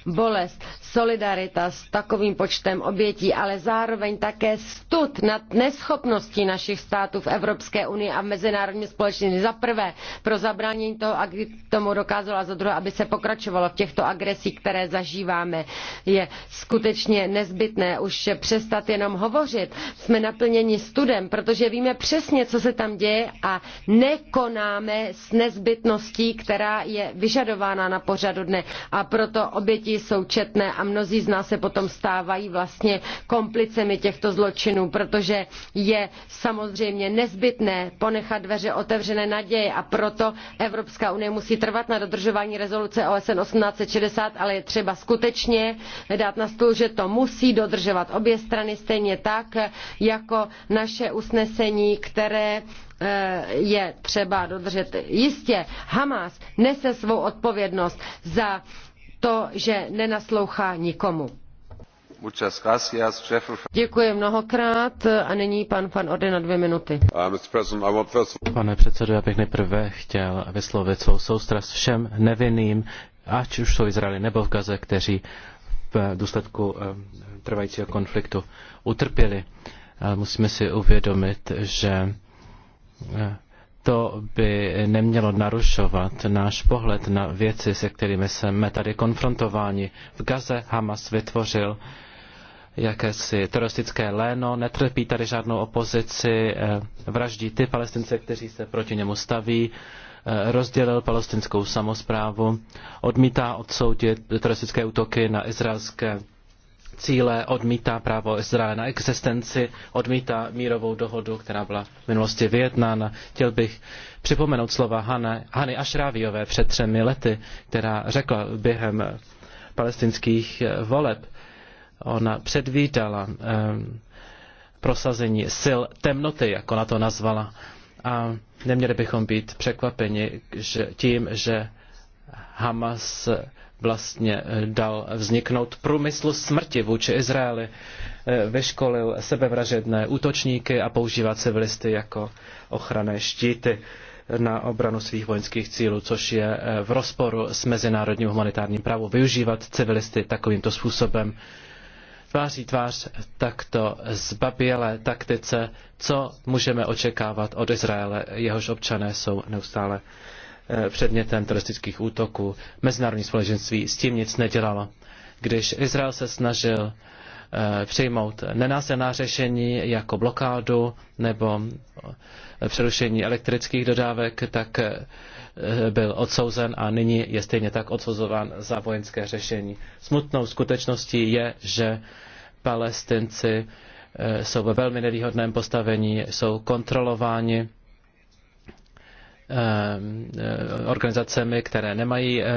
bolest, solidarita s takovým počtem obětí, ale zároveň také stud nad neschopností našich států v Evropské unii a v mezinárodní společnosti. Za prvé pro zabránění toho, aby tomu dokázala, a za druhé, aby se pokračovalo v těchto agresích, které zažíváme. Je skutečně nezbytné už přestat jenom hovořit. Jsme naplněni studem, protože víme přesně, co se tam děje a nekonáme s nezbytností, která je vyžadována na pořadu dne. A proto oběti jsou četné a mnozí z nás se potom stávají vlastně komplicemi těchto zločinů, protože je samozřejmě nezbytné ponechat dveře otevřené naděje a proto Evropská unie musí trvat na dodržování rezoluce OSN 1860, ale je třeba skutečně dát na stůl, že to musí dodržovat obě strany stejně tak, jako naše usnesení, které eh, je třeba dodržet. Jistě, Hamas nese svou odpovědnost za to, že nenaslouchá nikomu. Děkuji mnohokrát a nyní pan Van Orde na dvě minuty. Uh, Pane předsedo, já bych nejprve chtěl vyslovit svou soustrast všem nevinným, ať už jsou Izraeli nebo v Gaze, kteří v důsledku eh, trvajícího konfliktu utrpěli. Eh, musíme si uvědomit, že eh, to by nemělo narušovat náš pohled na věci, se kterými jsme tady konfrontováni. V Gaze Hamas vytvořil jakési teroristické léno, netrpí tady žádnou opozici, eh, vraždí ty palestince, kteří se proti němu staví, eh, rozdělil palestinskou samozprávu, odmítá odsoudit teroristické útoky na izraelské cíle, odmítá právo Izraele na existenci, odmítá mírovou dohodu, která byla v minulosti vyjednána. Chtěl bych připomenout slova Hany, Hany Ašráviové před třemi lety, která řekla během palestinských eh, voleb. Ona předvídala um, prosazení sil temnoty, jak ona to nazvala. A neměli bychom být překvapeni že, tím, že Hamas vlastně eh, dal vzniknout průmysl smrti vůči Izraeli, eh, vyškolil sebevražedné útočníky a používá civilisty jako ochranné štíty na obranu svých vojenských cílů, což je eh, v rozporu s mezinárodním humanitárním právem. Využívat civilisty takovýmto způsobem tváří tvář takto zbabělé taktice, co můžeme očekávat od Izraele, jehož občané jsou neustále Eh, předmětem teroristických útoků. Mezinárodní společenství s tím nic nedělalo. Když Izrael se snažil eh, přijmout nenásilná řešení jako blokádu nebo eh, přerušení elektrických dodávek, tak byl odsouzen a nyní je stejně tak odsouzován za vojenské řešení. Smutnou skutečností je, že palestinci jsou ve velmi nevýhodném postavení, jsou kontrolováni Eh, eh, organizacemi, které nemají eh,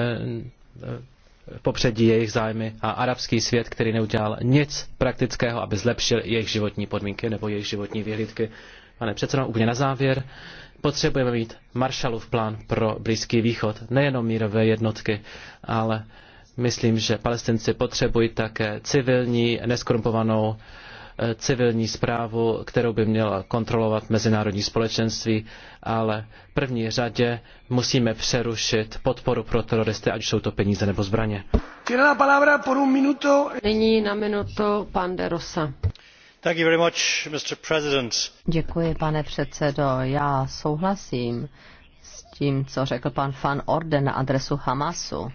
popředí jejich zájmy a arabský svět, který neudělal nic praktického, aby zlepšil jejich životní podmínky nebo jejich životní vyhlídky. Pane předsedo, úplně na závěr. Potřebujeme mít Marshallův plán pro Blízký východ, nejenom mírové jednotky, ale myslím, že palestinci potřebují také civilní, neskorumpovanou Eh, civilní zprávu, kterou by měla kontrolovat mezinárodní společenství, ale v první řadě musíme přerušit podporu pro teroristy, ať jsou to peníze nebo zbraně. Nyní na minutu pan de Rosa. Much, Děkuji, pane předsedo. Já souhlasím s tím, co řekl pan Van Orden na adresu Hamasu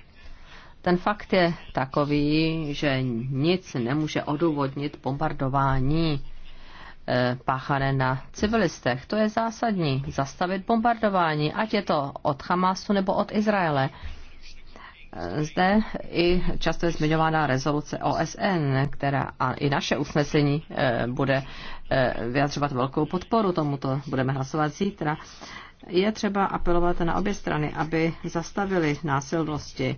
ten fakt je takový, že nic nemůže odůvodnit bombardování eh, páchané na civilistech. To je zásadní. Zastavit bombardování, ať je to od Hamasu nebo od Izraele. Eh, zde i často je zmiňována rezoluce OSN, která a i naše usnesení eh, bude vyjadřovat velkou podporu tomuto. Budeme hlasovat zítra je třeba apelovat na obě strany, aby zastavili násilnosti,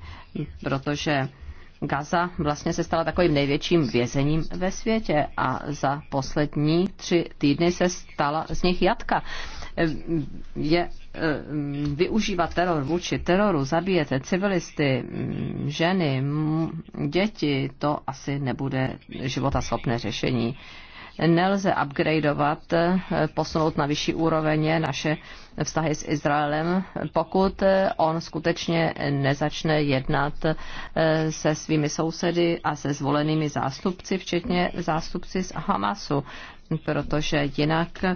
protože Gaza vlastně se stala takovým největším vězením ve světě a za poslední tři týdny se stala z nich jatka. Je eh, využívat teror vůči teroru, zabíjet civilisty, mm, ženy, děti, to asi nebude životaschopné řešení nelze upgradeovat, posunout na vyšší úroveň naše vztahy s Izraelem, pokud on skutečně nezačne jednat eh, se svými sousedy a se zvolenými zástupci, včetně zástupci z Hamasu, protože jinak eh,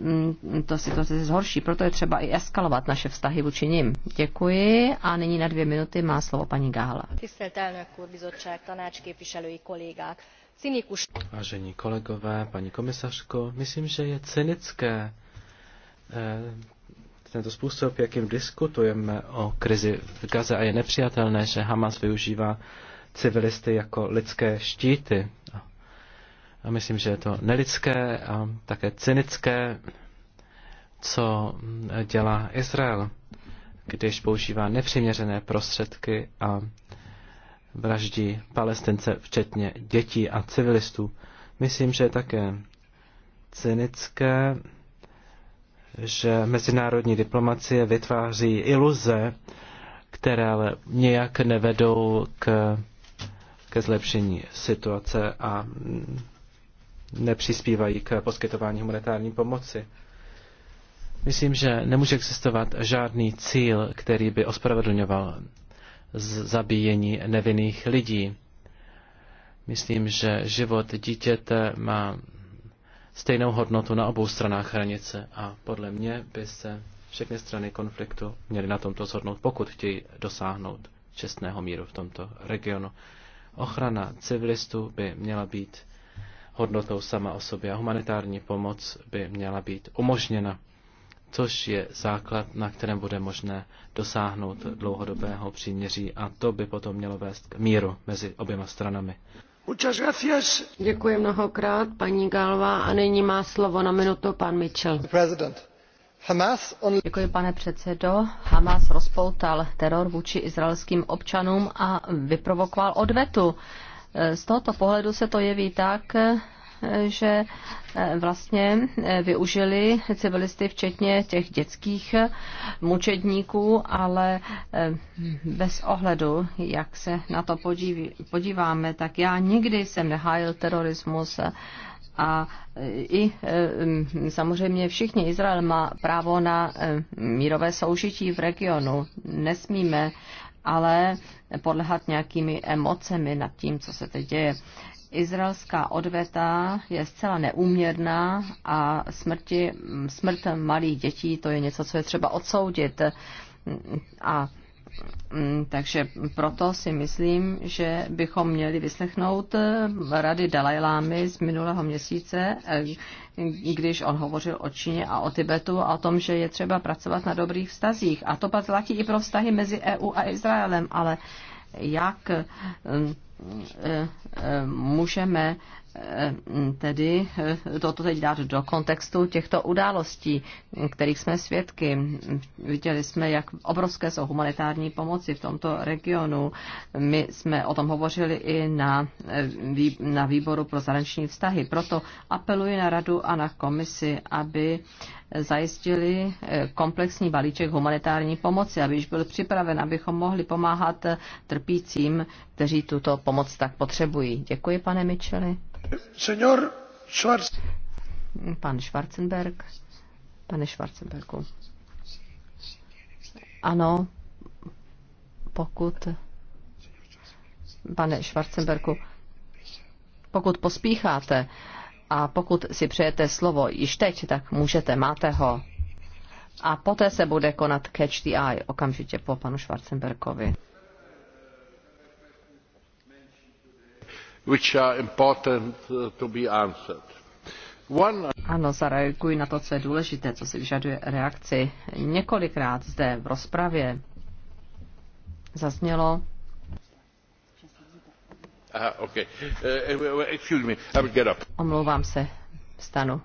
mm, to situace se zhorší. Proto je třeba i eskalovat naše vztahy vůči nim. Děkuji a nyní na dvě minuty má slovo paní Gála. Tisztelt elnök úr, bizottság, tanácsképviselői kollégák! Vážení kolegové, paní komisařko, myslím, že je cynické eh, tento způsob, jakým diskutujeme o krizi v Gaze a je nepřijatelné, že Hamas využívá civilisty jako lidské štíty. A myslím, že je to nelidské a také cynické, co dělá Izrael, když používá nepřiměřené prostředky a vraždí palestince, včetně dětí a civilistů. Myslím, že je také cynické, že mezinárodní diplomacie vytváří iluze, které ale nějak nevedou k, ke zlepšení situace a nepřispívají k poskytování humanitární pomoci. Myslím, že nemůže existovat žádný cíl, který by ospravedlňoval z zabíjení nevinných lidí. Myslím, že život dítěte má stejnou hodnotu na obou stranách hranice a podle mě by se všechny strany konfliktu měly na tomto shodnout, pokud chtějí dosáhnout čestného míru v tomto regionu. Ochrana civilistů by měla být hodnotou sama o sobě a humanitární pomoc by měla být umožněna což je základ, na kterém bude možné dosáhnout dlouhodobého příměří a to by potom mělo vést k míru mezi oběma stranami. Děkuji mnohokrát, paní Galva. A nyní má slovo na minutu pan Mitchell. Děkuji, pane předsedo. Hamas rozpoutal teror vůči izraelským občanům a vyprovokoval odvetu. Z tohoto pohledu se to jeví tak, že eh, vlastně eh, využili civilisty, včetně těch dětských eh, mučedníků, ale bez ohledu, jak se na to podíváme, tak já nikdy jsem nehájil terorismus a i mm, samozřejmě všichni Izrael má právo na mírové soužití v regionu. Nesmíme ale podlehat nějakými emocemi nad tím, co se teď děje izraelská odveta je zcela neúměrná a smrti, smrt malých dětí to je něco, co je třeba odsoudit. A mm, takže proto si myslím, že bychom měli vyslechnout rady Dalajlámy z minulého měsíce, eh, když on hovořil o Číně a o Tibetu a o tom, že je třeba pracovat na dobrých vztazích. A to platí i pro vztahy mezi EU a Izraelem, ale jak mm, E, e, můžeme Eh, tedy eh, toto teď dát do kontextu těchto událostí, kterých jsme svědky. Viděli jsme, jak obrovské jsou humanitární pomoci v tomto regionu. My jsme o tom hovořili i na, eh, na výboru pro zahraniční vztahy. Proto apeluji na radu a na komisi, aby zajistili komplexní balíček humanitární pomoci, aby již byl připraven, abychom mohli pomáhat trpícím, kteří tuto pomoc tak potřebují. Děkuji, pane Micheli. Pan Schwarzenberg. Pane Schwarzenbergu. Ano, pokud... Pane Schwarzenbergu, pokud pospícháte a pokud si přejete slovo již teď, tak můžete, máte ho. A poté se bude konat catch the eye okamžitě po panu Schwarzenbergovi. which are important uh, to be answered. Ano, zareaguji na to, co je důležité, co si vyžaduje reakci. Několikrát zde v rozpravě zaznělo, Aha, uh, okay. Uh, excuse me, I will get up. Omlouvám se, stanu.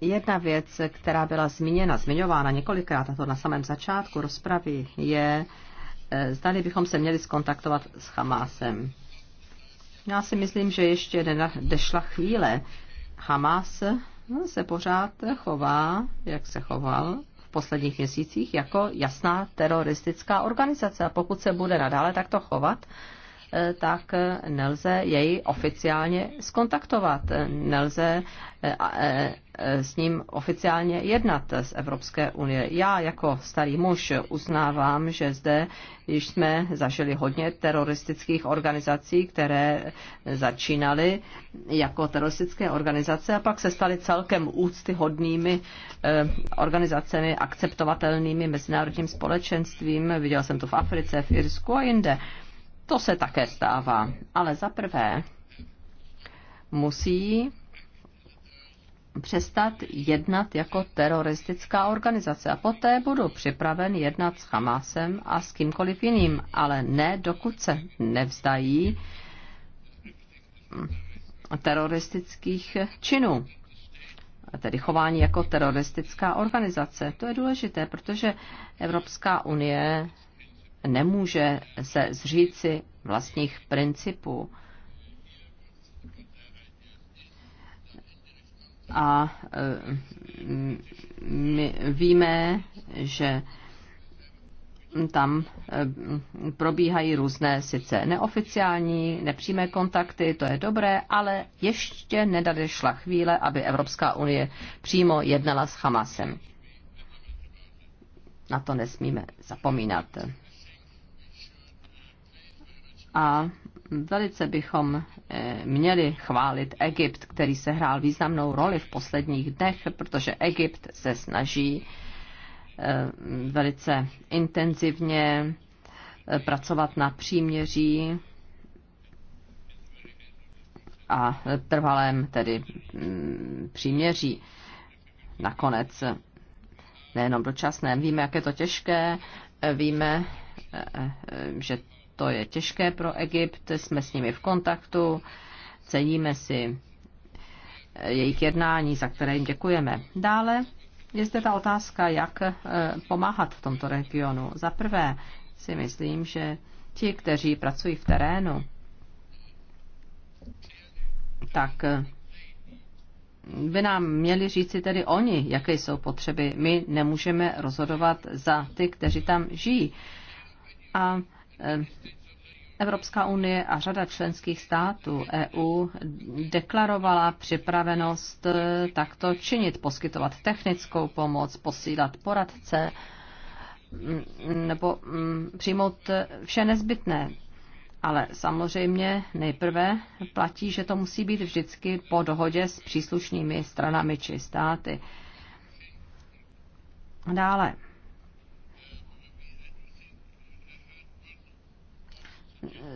Jedna věc, která byla zmíněna, zmiňována několikrát, a to na samém začátku rozpravy, je Eh, zdali bychom se měli skontaktovat s Hamásem. Já si myslím, že ještě nedešla chvíle. Hamas no, se pořád chová, jak se choval v posledních měsících, jako jasná teroristická organizace. A pokud se bude nadále takto chovat, Eh, tak eh, nelze jej oficiálně skontaktovat, nelze eh, s ním oficiálně jednat z Evropské unie. Já jako starý muž uznávám, že zde již jsme zažili hodně teroristických organizací, které začínaly jako teroristické organizace a pak se staly celkem úctyhodnými organizacemi, akceptovatelnými mezinárodním společenstvím. Viděl jsem to v Africe, v Irsku a jinde. To se také stává. Ale za prvé musí přestat jednat jako teroristická organizace a poté budu připraven jednat s Hamasem a s kýmkoliv jiným, ale ne dokud se nevzdají teroristických činů, tedy chování jako teroristická organizace. To je důležité, protože Evropská unie nemůže se zříci vlastních principů. A eh, my víme, že tam eh, probíhají různé sice neoficiální, nepřímé kontakty, to je dobré, ale ještě nedadešla chvíle, aby Evropská unie přímo jednala s Hamasem. Na to nesmíme zapomínat. A velice bychom eh, měli chválit Egypt, který se hrál významnou roli v posledních dnech, protože Egypt se snaží eh, velice intenzivně eh, pracovat na příměří a trvalém tedy mm, příměří. Nakonec nejenom dočasném. Víme, jak je to těžké, víme, že to je těžké pro Egypt, jsme s nimi v kontaktu, ceníme si eh, jejich jednání, za které jim děkujeme. Dále je zde ta otázka, jak eh, pomáhat v tomto regionu. Za prvé si myslím, že ti, kteří pracují v terénu, tak eh, by nám měli říci tedy oni, jaké jsou potřeby. My nemůžeme rozhodovat za ty, kteří tam žijí. A Evropská unie a řada členských států EU deklarovala připravenost eh, takto činit, poskytovat technickou pomoc, posílat poradce mm, nebo mm, přijmout eh, vše nezbytné. Ale samozřejmě nejprve platí, že to musí být vždycky po dohodě s příslušnými stranami či státy. Dále.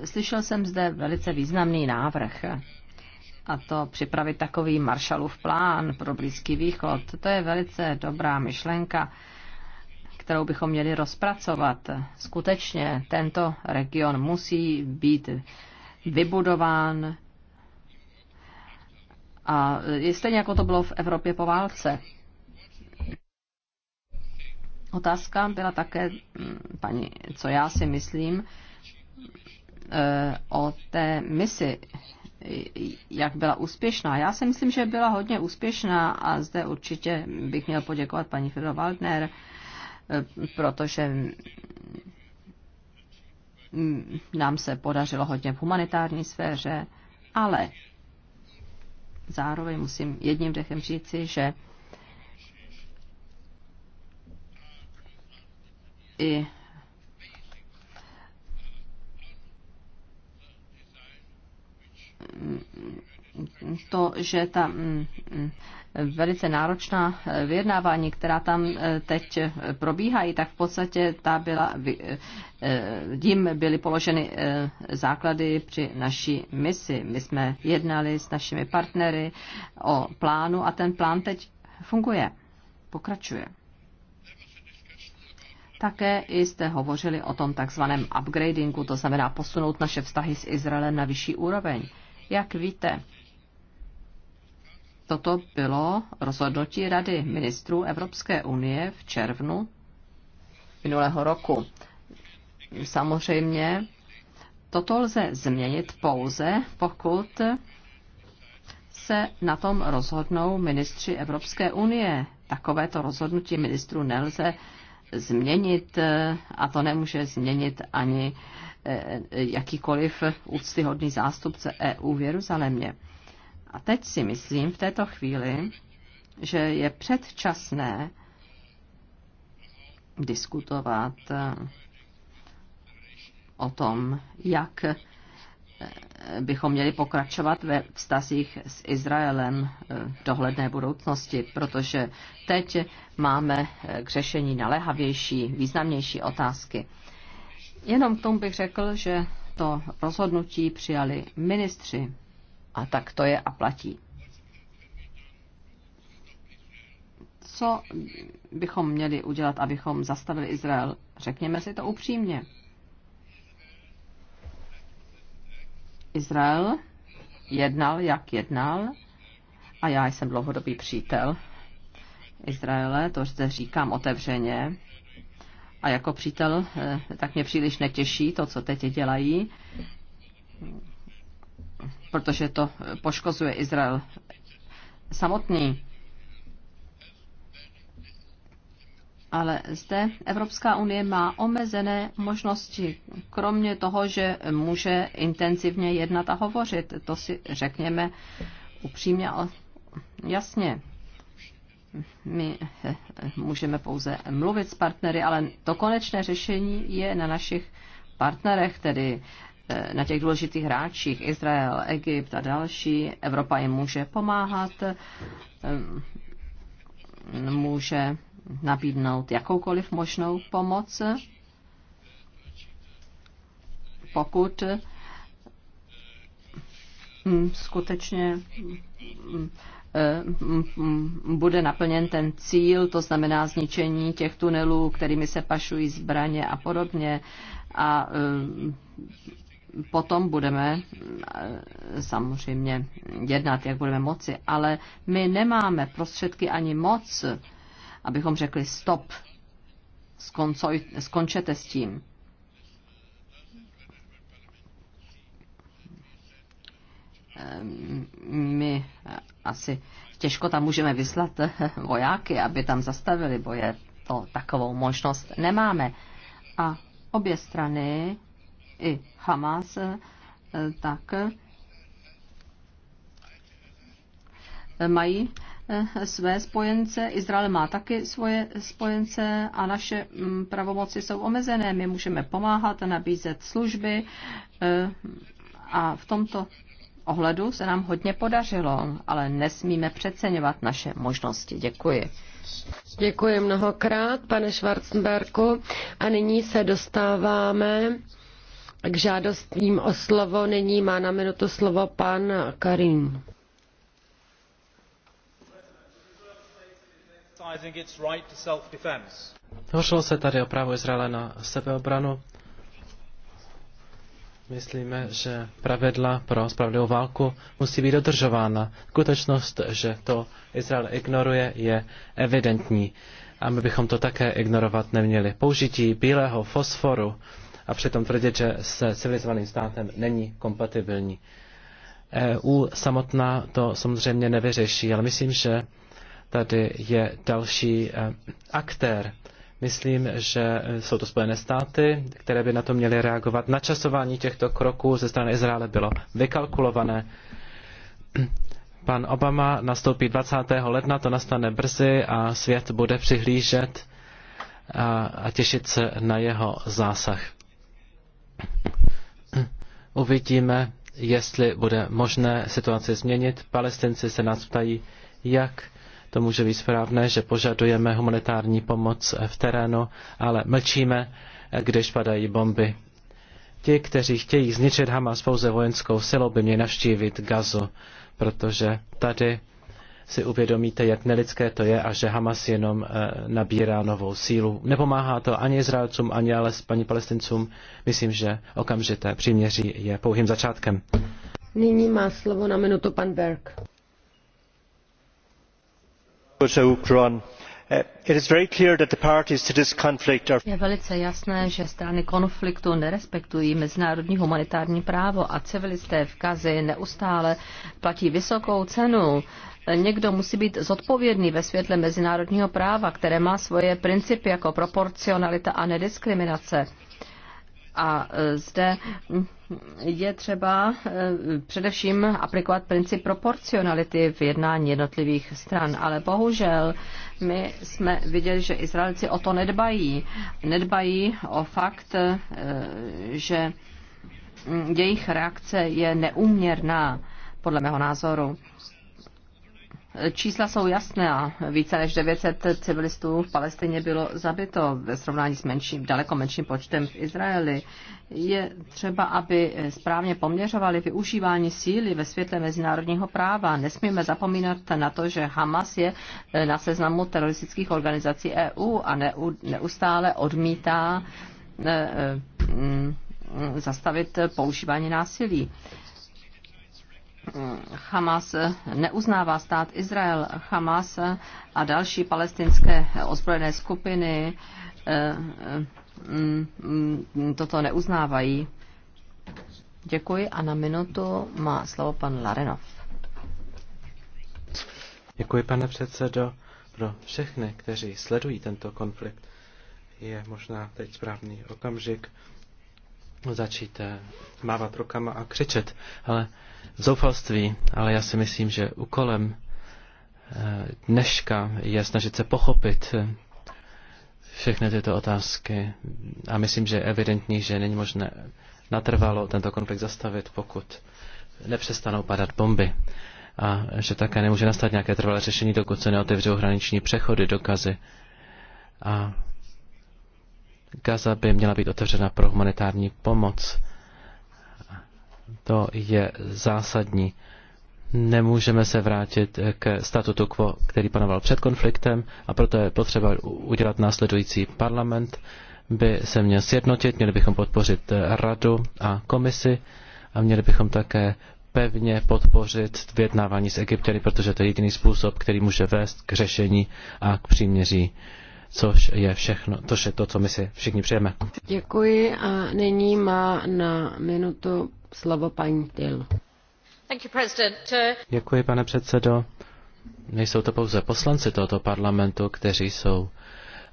slyšel jsem zde velice významný návrh a to připravit takový Marshallův plán pro Blízký východ. To je velice dobrá myšlenka, kterou bychom měli rozpracovat. Skutečně tento region musí být vybudován a je stejně jako to bylo v Evropě po válce. Otázka byla také, mm, paní, co já si myslím, o té misi, jak byla úspěšná. Já si myslím, že byla hodně úspěšná a zde určitě bych měl poděkovat paní Fido Waldner, protože nám se podařilo hodně v humanitární sféře, ale zároveň musím jedním dechem říci, že i to, že ta mm, mm, velice náročná eh, vyjednávání, která tam eh, teď eh, probíhají, tak v podstatě ta byla, tím byly položeny základy při naší misi. My jsme jednali s našimi partnery o plánu a ten plán teď funguje, pokračuje. Také jste hovořili o tom takzvaném upgradingu, to znamená posunout naše vztahy s Izraelem na vyšší úroveň. Jak víte, toto bylo rozhodnutí Rady ministrů Evropské unie v červnu minulého roku. Samozřejmě toto lze změnit pouze, pokud se na tom rozhodnou ministři Evropské unie. Takovéto rozhodnutí ministrů nelze změnit a to nemůže změnit ani Eh, eh, jakýkoliv úctyhodný zástupce EU v Jeruzalémě. A teď si myslím v této chvíli, že je předčasné diskutovat eh, o tom, jak bychom měli pokračovat ve vztazích s Izraelem v dohledné budoucnosti, protože teď máme k řešení naléhavější, významnější otázky. Jenom k tomu bych řekl, že to rozhodnutí přijali ministři. A tak to je a platí. Co bychom měli udělat, abychom zastavili Izrael? Řekněme si to upřímně. Izrael jednal, jak jednal, a já jsem dlouhodobý přítel Izraele, to zde říkám otevřeně, a jako přítel, eh, tak mě příliš netěší to, co teď dělají, protože to poškozuje Izrael samotný. Ale zde Evropská unie má omezené možnosti, kromě toho, že může intenzivně jednat a hovořit. To si řekněme upřímně a jasně my eh, můžeme pouze mluvit s partnery, ale to konečné řešení je na našich partnerech, tedy eh, na těch důležitých hráčích, Izrael, Egypt a další. Evropa jim může pomáhat, eh, může nabídnout jakoukoliv možnou pomoc, pokud mm, skutečně mm, Eh, bude naplněn ten cíl, to znamená zničení těch tunelů, kterými se pašují zbraně a podobně. A eh, potom budeme eh, samozřejmě jednat, jak budeme moci, ale my nemáme prostředky ani moc, abychom řekli stop, skoncoj, skončete s tím. My asi těžko tam můžeme vyslat eh, vojáky, aby tam zastavili boje. To takovou možnost nemáme. A obě strany, i Hamas, eh, tak eh, mají své spojence, Izrael má taky svoje spojence a naše mm, pravomoci jsou omezené. My můžeme pomáhat, nabízet služby a v tomto ohledu se nám hodně podařilo, ale nesmíme přeceňovat naše možnosti. Děkuji. Děkuji mnohokrát, pane Schwarzenberku. A nyní se dostáváme k žádostím o slovo. Nyní má na minutu slovo pan Karim. Hovořilo se tady o právu Izraela na sebeobranu Myslíme, že pravidla pro spravedlivou válku musí být dodržována. Skutečnost, že to Izrael ignoruje, je evidentní. A my bychom to také ignorovat neměli. Použití bílého fosforu a přitom tvrdit, že se civilizovaným státem není kompatibilní. EU samotná to samozřejmě nevyřeší, ale myslím, že tady je další e, aktér, Myslím, že eh, jsou to Spojené státy, které by na to měly reagovat. Načasování těchto kroků ze strany Izraele bylo vykalkulované. Pan Obama nastoupí 20. ledna, to nastane brzy a svět bude přihlížet a, a těšit se na jeho zásah. Uvidíme, jestli bude možné situaci změnit. Palestinci se nás ptají, jak to může být správné, že požadujeme humanitární pomoc v terénu, ale mlčíme, když padají bomby. Ti, kteří chtějí zničit Hamas pouze vojenskou silou, by měli navštívit Gazu, protože tady si uvědomíte, jak nelidské to je a že Hamas jenom eh, nabírá novou sílu. Nepomáhá to ani Izraelcům, ani ale paní palestincům. Myslím, že okamžité příměří je pouhým začátkem. Nyní má slovo na minutu pan Berg. Je velice jasné, že strany konfliktu nerespektují mezinárodní humanitární právo a civilisté v gaze neustále platí vysokou cenu. Někdo musí být zodpovědný ve světle mezinárodního práva, které má svoje principy jako proporcionalita a nediskriminace. A e, zde je třeba e, především aplikovat princip proporcionality v jednání jednotlivých stran, ale bohužel my jsme viděli, že Izraelci o to nedbají. Nedbají o fakt, e, že jejich reakce je neuměrná, podle mého názoru. Čísla jsou jasné a Více než 900 civilistů v Palestině bylo zabito ve srovnání s menším, daleko menším počtem v Izraeli. Je třeba, aby správně poměřovali využívání síly ve světle mezinárodního práva. Nesmíme zapomínat na to, že Hamas je na seznamu teroristických organizací EU a neustále odmítá eh, eh, mm, zastavit používání násilí. Hamas neuznává stát Izrael. Hamas a další palestinské ozbrojené skupiny eh, eh, mm, toto neuznávají. Děkuji a na minutu má slovo pan Larenov. Děkuji, pane předsedo. Pro všechny, kteří sledují tento konflikt, je možná teď správný okamžik začít eh, mávat rukama a křičet, ale zoufalství, ale já si myslím, že úkolem eh, dneška je snažit se pochopit eh, všechny tyto otázky. A myslím, že je evidentní, že není možné natrvalo tento konflikt zastavit, pokud nepřestanou padat bomby. A že také nemůže nastat nějaké trvalé řešení, dokud se neotevřou hraniční přechody do Gazy. A Gaza by měla být otevřena pro humanitární pomoc. To je zásadní. Nemůžeme se vrátit k statutu quo, který panoval před konfliktem a proto je potřeba udělat následující parlament by se měl sjednotit, měli bychom podpořit radu a komisi a měli bychom také pevně podpořit vyjednávání s Egyptěny, protože to je jediný způsob, který může vést k řešení a k příměří což je všechno, to je to, co my si všichni přejeme. Děkuji a nyní má na minutu slovo paní Till. Děkuji, pane předsedo. Nejsou to pouze poslanci tohoto parlamentu, kteří jsou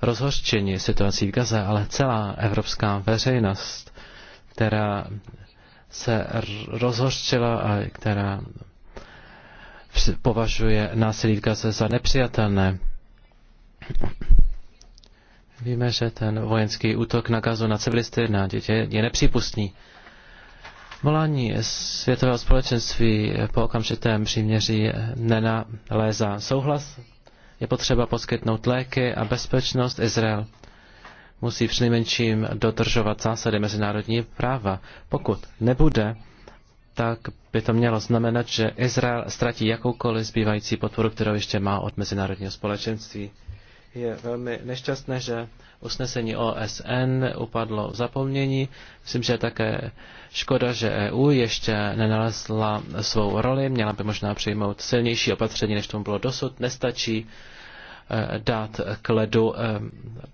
rozhořčeni situací v Gaze, ale celá evropská veřejnost, která se rozhořčila a která považuje násilí v Gaze za nepřijatelné. Víme, že ten vojenský útok na gazu na civilisty, na děti je nepřípustný. Volání světového společenství po okamžitém příměří nenalézá souhlas. Je potřeba poskytnout léky a bezpečnost Izrael. Musí přinejmenším dodržovat zásady mezinárodní práva. Pokud nebude, tak by to mělo znamenat, že Izrael ztratí jakoukoliv zbývající podporu, kterou ještě má od mezinárodního společenství. Je velmi nešťastné, že usnesení OSN upadlo v zapomnění. Myslím, že je také škoda, že EU ještě nenalezla svou roli. Měla by možná přijmout silnější opatření, než tomu bylo dosud. Nestačí eh, dát k ledu eh,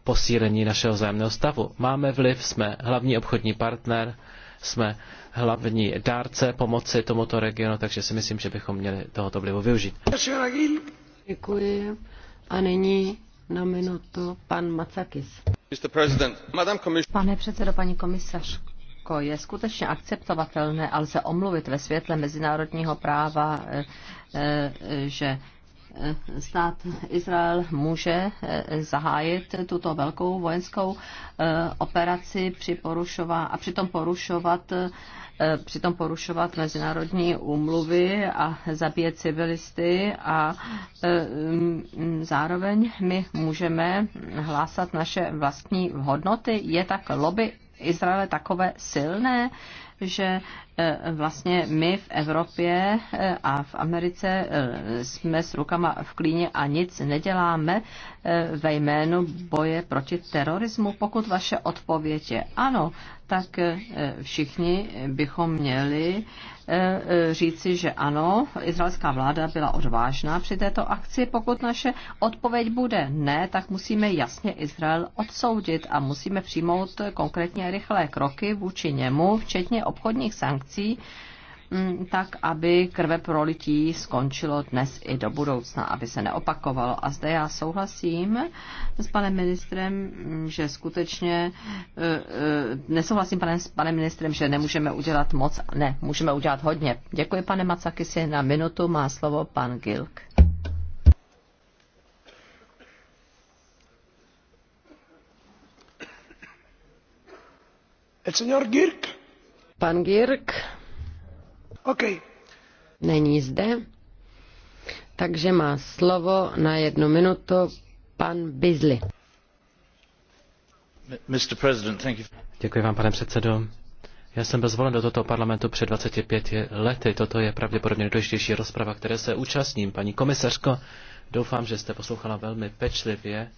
posílení našeho zájemného stavu. Máme vliv, jsme hlavní obchodní partner, jsme hlavní dárce pomoci tomuto regionu, takže si myslím, že bychom měli tohoto vlivu využít. Děkuji. A nyní na minutu Pane předsedo, paní komisařko, je skutečně akceptovatelné a lze omluvit ve světle mezinárodního práva, eh, eh, že Eh, stát Izrael může eh, zahájit tuto velkou vojenskou eh, operaci při a přitom porušovat, přitom porušovat mezinárodní úmluvy a zabíjet civilisty a mm, zároveň my můžeme hlásat naše vlastní hodnoty. Je tak lobby Izraele takové silné, že eh, vlastně my v Evropě eh, a v Americe eh, jsme s rukama v klíně a nic neděláme ve jménu boje proti terorismu. Pokud vaše odpověď je ano, tak všichni bychom měli E, e, říci, že ano, izraelská vláda byla odvážná při této akci. Pokud naše odpověď bude ne, tak musíme jasně Izrael odsoudit a musíme přijmout konkrétně rychlé kroky vůči němu, včetně obchodních sankcí, Mm, tak aby krve prolití skončilo dnes i do budoucna, aby se neopakovalo. A zde já souhlasím s panem ministrem, mm, že skutečně e, e, nesouhlasím panem, s panem ministrem, že nemůžeme udělat moc. Ne, můžeme udělat hodně. Děkuji, pane Macakisi. Na minutu má slovo pan Gilk. pan girk Okay. Není zde. Takže má slovo na jednu minutu pan Bizli. Děkuji vám, pane předsedo. Já jsem byl zvolen do tohoto parlamentu před 25 lety. Toto je pravděpodobně nejdůležitější rozprava, které se účastním. Paní komisařko, doufám, že jste poslouchala velmi pečlivě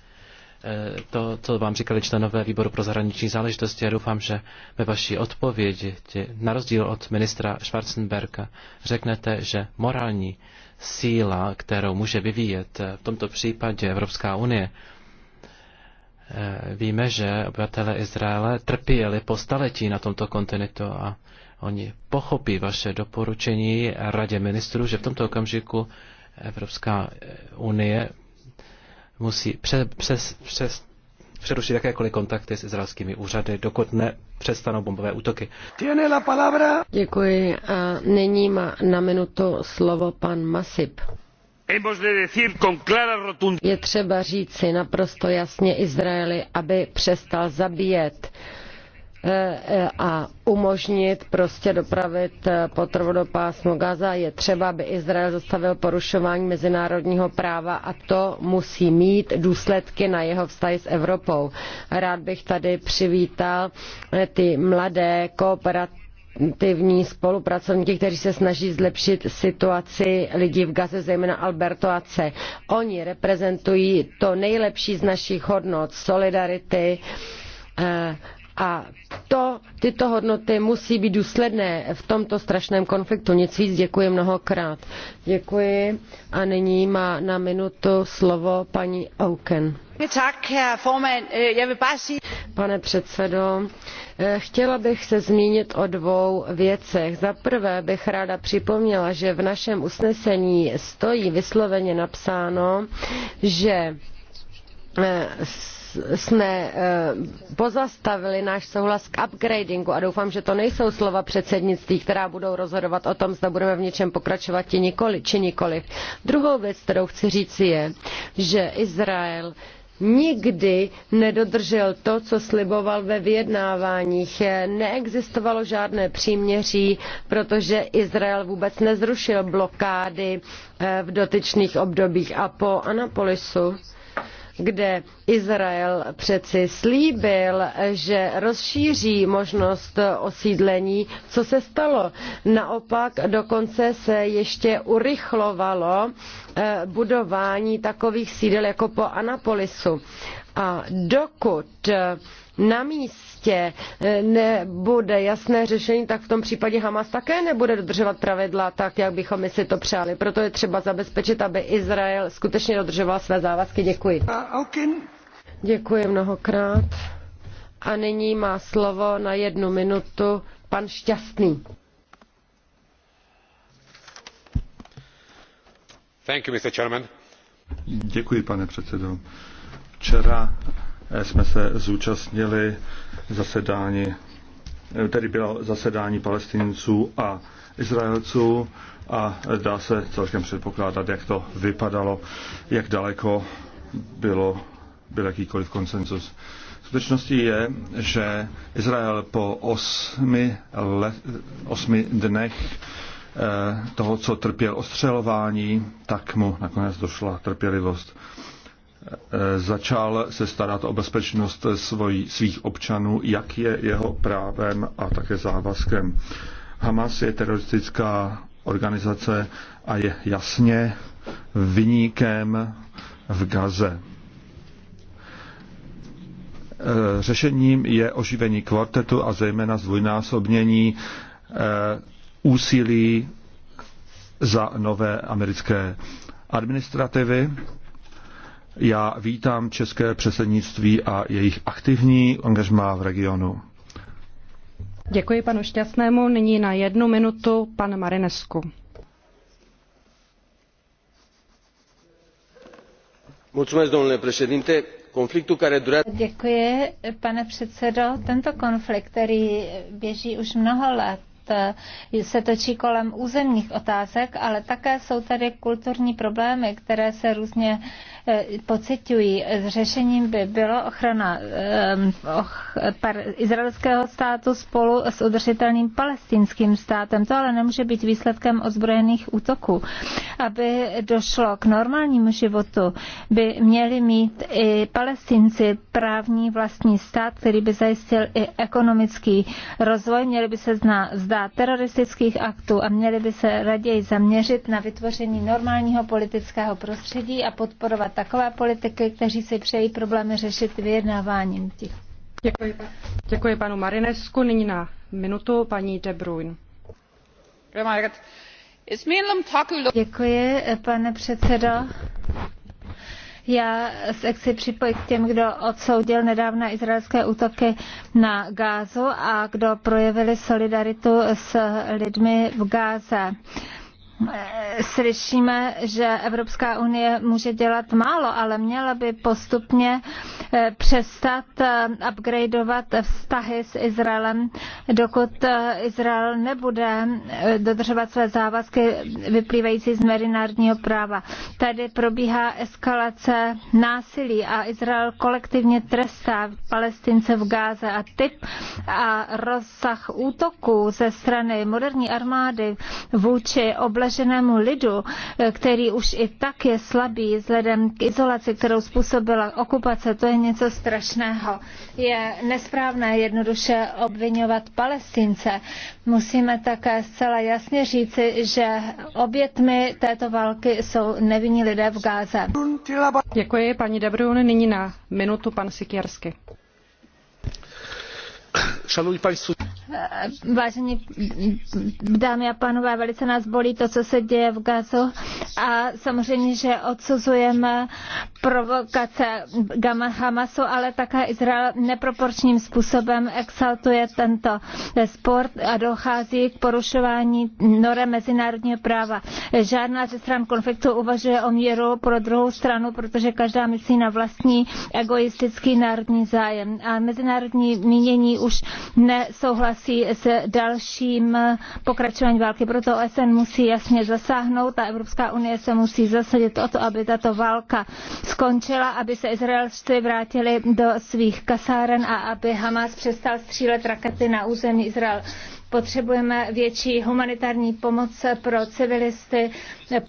to, co vám říkali členové výboru pro zahraniční záležitosti. Já doufám, že ve vaší odpovědi, na rozdíl od ministra Schwarzenberga, řeknete, že morální síla, kterou může vyvíjet eh, v tomto případě Evropská unie, eh, víme, že obyvatele Izraele trpěli po staletí na tomto kontinentu a oni pochopí vaše doporučení radě ministrů, že v tomto okamžiku Evropská eh, unie musí přes, přes, přes, přerušit jakékoliv kontakty s izraelskými úřady, dokud nepřestanou bombové útoky. palabra. Děkuji. A nyní má na minutu slovo pan Masip. Je třeba říci naprosto jasně Izraeli, aby přestal zabíjet Eh, eh, a umožnit prostě dopravit eh, potrvu do pásmu Gaza, je třeba, aby Izrael zastavil porušování mezinárodního práva a to musí mít důsledky na jeho vztahy s Evropou. Rád bych tady přivítal ty mladé kooperativní aktivní spolupracovníky, kteří se snaží zlepšit situaci lidí v Gaze, zejména Albertoace. Oni reprezentují to nejlepší z našich hodnot, solidarity, a to, tyto hodnoty musí být důsledné v tomto strašném konfliktu. Nic víc, děkuji mnohokrát. Děkuji a nyní má na minutu slovo paní Auken. Øh, Pane předsedo, eh, chtěla bych se zmínit o dvou věcech. Za prvé bych ráda připomněla, že v našem usnesení stojí vysloveně napsáno, že eh, jsme eh, pozastavili náš souhlas k upgradingu a doufám, že to nejsou slova předsednictví, která budou rozhodovat o tom, zda budeme v něčem pokračovat či nikoli. Či nikoli. Druhou věc, kterou chci říci je, že Izrael nikdy nedodržel to, co sliboval ve vyjednáváních. Neexistovalo žádné příměří, protože Izrael vůbec nezrušil blokády eh, v dotyčných obdobích a po Anapolisu kde Izrael přeci slíbil, že rozšíří možnost osídlení, co se stalo. Naopak dokonce se ještě urychlovalo eh, budování takových sídel jako po Anapolisu. A dokud eh, na místě e, nebude jasné řešení, tak v tom případě Hamas také nebude dodržovat pravidla tak, jak bychom my si to přáli. Proto je třeba zabezpečit, aby Izrael skutečně dodržoval své závazky. Děkuji. Děkuji mnohokrát. A nyní má slovo na jednu minutu pan Šťastný. Thank you, Mr. Chairman. Děkuji, pane předsedo. Včera jsme se zúčastnili zasedání, tedy bylo zasedání palestinců a Izraelců a dá se celkem předpokládat, jak to vypadalo, jak daleko bylo, byl jakýkoliv konsenzus. Skutečností je, že Izrael po osmi, let, osmi dnech eh, toho, co trpěl ostřelování, tak mu nakonec došla trpělivost začal se starat o bezpečnost svojí, svých občanů, jak je jeho právem a také závazkem. Hamas je teroristická organizace a je jasně vyníkem v Gaze. Eh, řešením je oživení kvartetu a zejména zdvojnásobnění eh, úsilí za nové americké administrativy já vítám české předsednictví a jejich aktivní angažmá v regionu. Děkuji panu Šťastnému. Nyní na jednu minutu pan Marinesku. konfliktu, Děkuji, pane předsedo. Tento konflikt, který běží už mnoho let, se točí kolem územních otázek, ale také jsou tady kulturní problémy, které se různě Eh, pocitují. Řešením by bylo ochrana izraelského státu spolu s udržitelným palestinským státem. To ale nemůže být výsledkem ozbrojených útoků. Aby došlo k normálnímu životu, by měli mít i palestinci právní vlastní stát, který by zajistil i ekonomický rozvoj. Měli by se zná, zdát teroristických aktů a měli by se raději zaměřit na vytvoření normálního politického prostředí a podporovat takové politiky, kteří si přejí problémy řešit vyjednáváním. Děkuji, děkuji panu Marinesku. Nyní na minutu paní De Bruyne. Děkuji, pane předsedo. Já se chci připojit k těm, kdo odsoudil nedávné izraelské útoky na Gázu a kdo projevili solidaritu s lidmi v Gáze Eh, slyšíme, že Evropská unie může dělat málo, ale měla by postupně eh, přestat eh, upgradeovat vztahy s Izraelem, dokud Izrael nebude dodržovat své závazky vyplývající z mezinárodního práva. Tady probíhá eskalace násilí a Izrael kolektivně trestá palestince v Gáze a typ a rozsah útoků ze strany moderní armády vůči obleženým zasaženému lidu, který už i tak je slabý vzhledem k izolaci, kterou způsobila okupace, to je něco strašného. Je nesprávné jednoduše obvinovat palestince. Musíme také zcela jasně říci, že obětmi této války jsou nevinní lidé v Gáze. Děkuji paní Debrun. Nyní na minutu pan Sikiersky. Vážené Vážení dámy a pánové, velice nás bolí to, co se děje v Gazu a samozřejmě, že odsuzujeme provokace Hamasu, ale také Izrael neproporčním způsobem exaltuje tento sport a dochází k porušování norem mezinárodního práva. Žádná ze stran konfliktu uvažuje o míru pro druhou stranu, protože každá myslí na vlastní egoistický národní zájem. A mezinárodní mínění už nesouhlasí s dalším pokračováním války. Proto OSN musí jasně zasáhnout a Evropská unie se musí zasadit o to, aby tato válka skončila, aby se Izraelci vrátili do svých kasáren a aby Hamas přestal střílet rakety na území Izrael. Potřebujeme větší humanitární pomoc pro civilisty,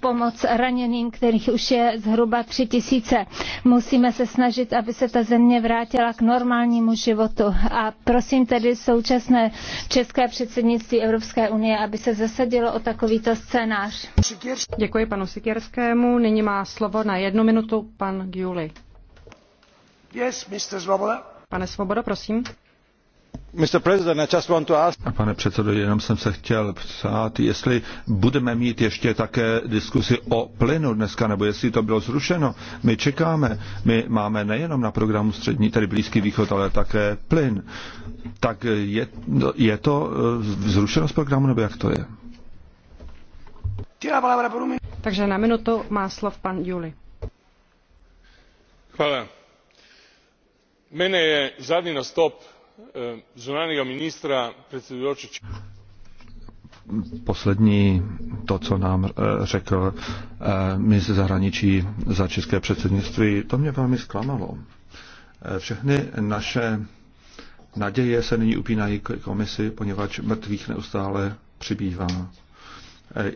pomoc raněným, kterých už je zhruba tři tisíce. Musíme se snažit, aby se ta země vrátila k normálnímu životu. A prosím tedy současné české předsednictví Evropské unie, aby se zasadilo o takovýto scénář. Děkuji panu Sikierskému. Nyní má slovo na jednu minutu pan Giuli. Yes, Mr. Svoboda. Pane Svobodo, prosím. Pane předsedo, jenom jsem se chtěl ptát, jestli budeme mít ještě také diskusi o plynu dneska, nebo jestli to bylo zrušeno. My čekáme, my máme nejenom na programu střední, tedy Blízký východ, ale také plyn. Tak je, je to eh, zrušeno z programu, nebo jak to je? Takže na minutu má slov pan Juli. Hvala. Mene je zadnji nastop zunanjega ministra predsedujoči poslední to, co nám eh, řekl eh, ministr zahraničí za české předsednictví, to mě velmi zklamalo. Eh, všechny naše naděje se nyní upínají k komisi, poněvadž mrtvých neustále přibývá.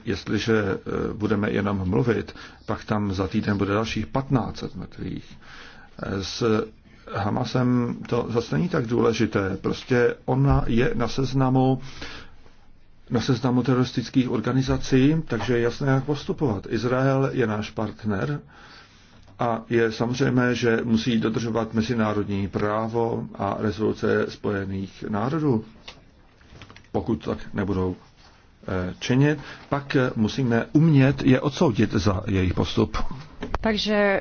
Jestliže budeme jenom mluvit, pak tam za týden bude dalších patnáct mrtvých. Z Hamasem to zase není tak důležité. Prostě ona je na seznamu na seznamu teroristických organizací, takže je jasné, jak postupovat. Izrael je náš partner a je samozřejmé, že musí dodržovat mezinárodní právo a rezoluce Spojených národů. Pokud tak nebudou eh, činit, pak eh, musíme umět je odsoudit za jejich postup. Takže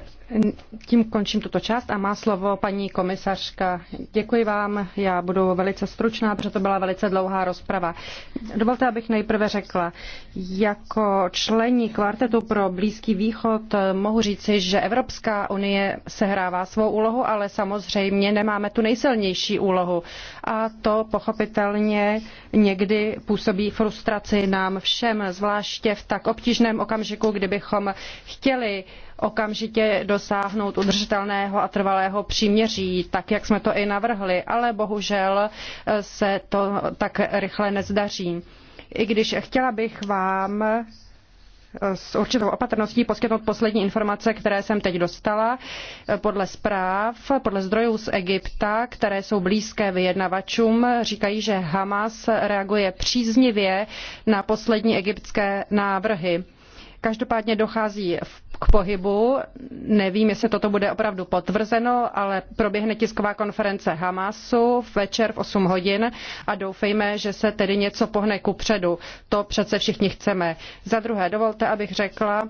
tím končím tuto část a má slovo paní komisařka. Děkuji vám, já budu velice stručná, protože to byla velice dlouhá rozprava. Dovolte, abych nejprve řekla, jako člení kvartetu pro Blízký východ mohu říci, že Evropská unie sehrává svou úlohu, ale samozřejmě nemáme tu nejsilnější úlohu. A to pochopitelně někdy působí frustraci nám všem, zvláště v tak obtížném okamžiku, kdybychom chtěli okamžitě do dosáhnout udržitelného a trvalého příměří, tak jak jsme to i navrhli, ale bohužel eh, se to tak rychle nezdaří. I když chtěla bych vám eh, s určitou opatrností poskytnout poslední informace, které jsem teď dostala eh, podle zpráv, podle zdrojů z Egypta, které jsou blízké vyjednavačům, říkají, že Hamas reaguje příznivě na poslední egyptské návrhy. Každopádně dochází v k pohybu. Nevím, jestli toto bude opravdu potvrzeno, ale proběhne tisková konference Hamasu večer v 8 hodin a doufejme, že se tedy něco pohne ku předu. To přece všichni chceme. Za druhé, dovolte, abych řekla,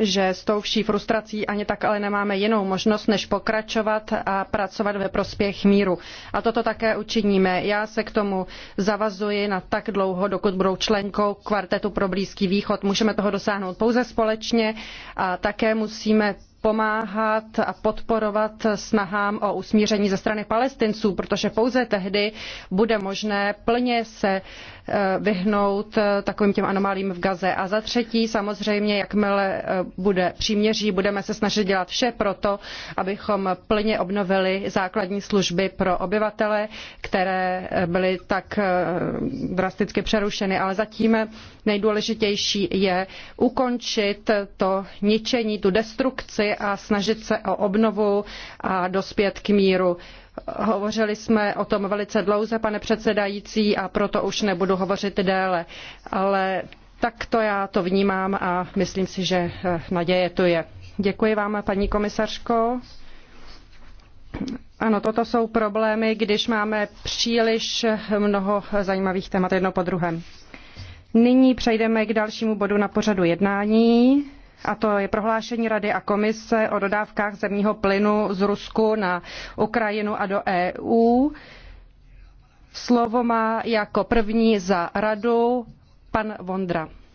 že s tou vší frustrací ani tak ale nemáme jinou možnost, než pokračovat a pracovat ve prospěch míru. A toto také učiníme. Já se k tomu zavazuji na tak dlouho, dokud budou členkou kvartetu pro Blízký východ. Můžeme toho dosáhnout pouze společně a také musíme pomáhat a podporovat snahám o usmíření ze strany palestinců, protože pouze tehdy bude možné plně se Eh, vyhnout eh, takovým těm anomálím v Gaze. A za třetí, samozřejmě, jakmile eh, bude příměří, budeme se snažit dělat vše pro to, abychom plně obnovili základní služby pro obyvatele, které byly tak drasticky přerušeny. Ale zatím nejdůležitější je ukončit to ničení, tu destrukci a snažit se o obnovu a dospět k míru. Hovořili jsme o tom velice dlouze, pane předsedající, a proto už nebudu hovořit déle. Ale takto já to vnímám a myslím si, že eh, naděje tu je. Děkuji vám, paní komisařko. Ano, toto jsou problémy, když máme příliš mnoho zajímavých témat jedno po druhém. Nyní přejdeme k dalšímu bodu na pořadu jednání a to je prohlášení Rady a komise o dodávkách zemního plynu z Rusku na Ukrajinu a do EU. Slovo má jako první za radu pan Vondra.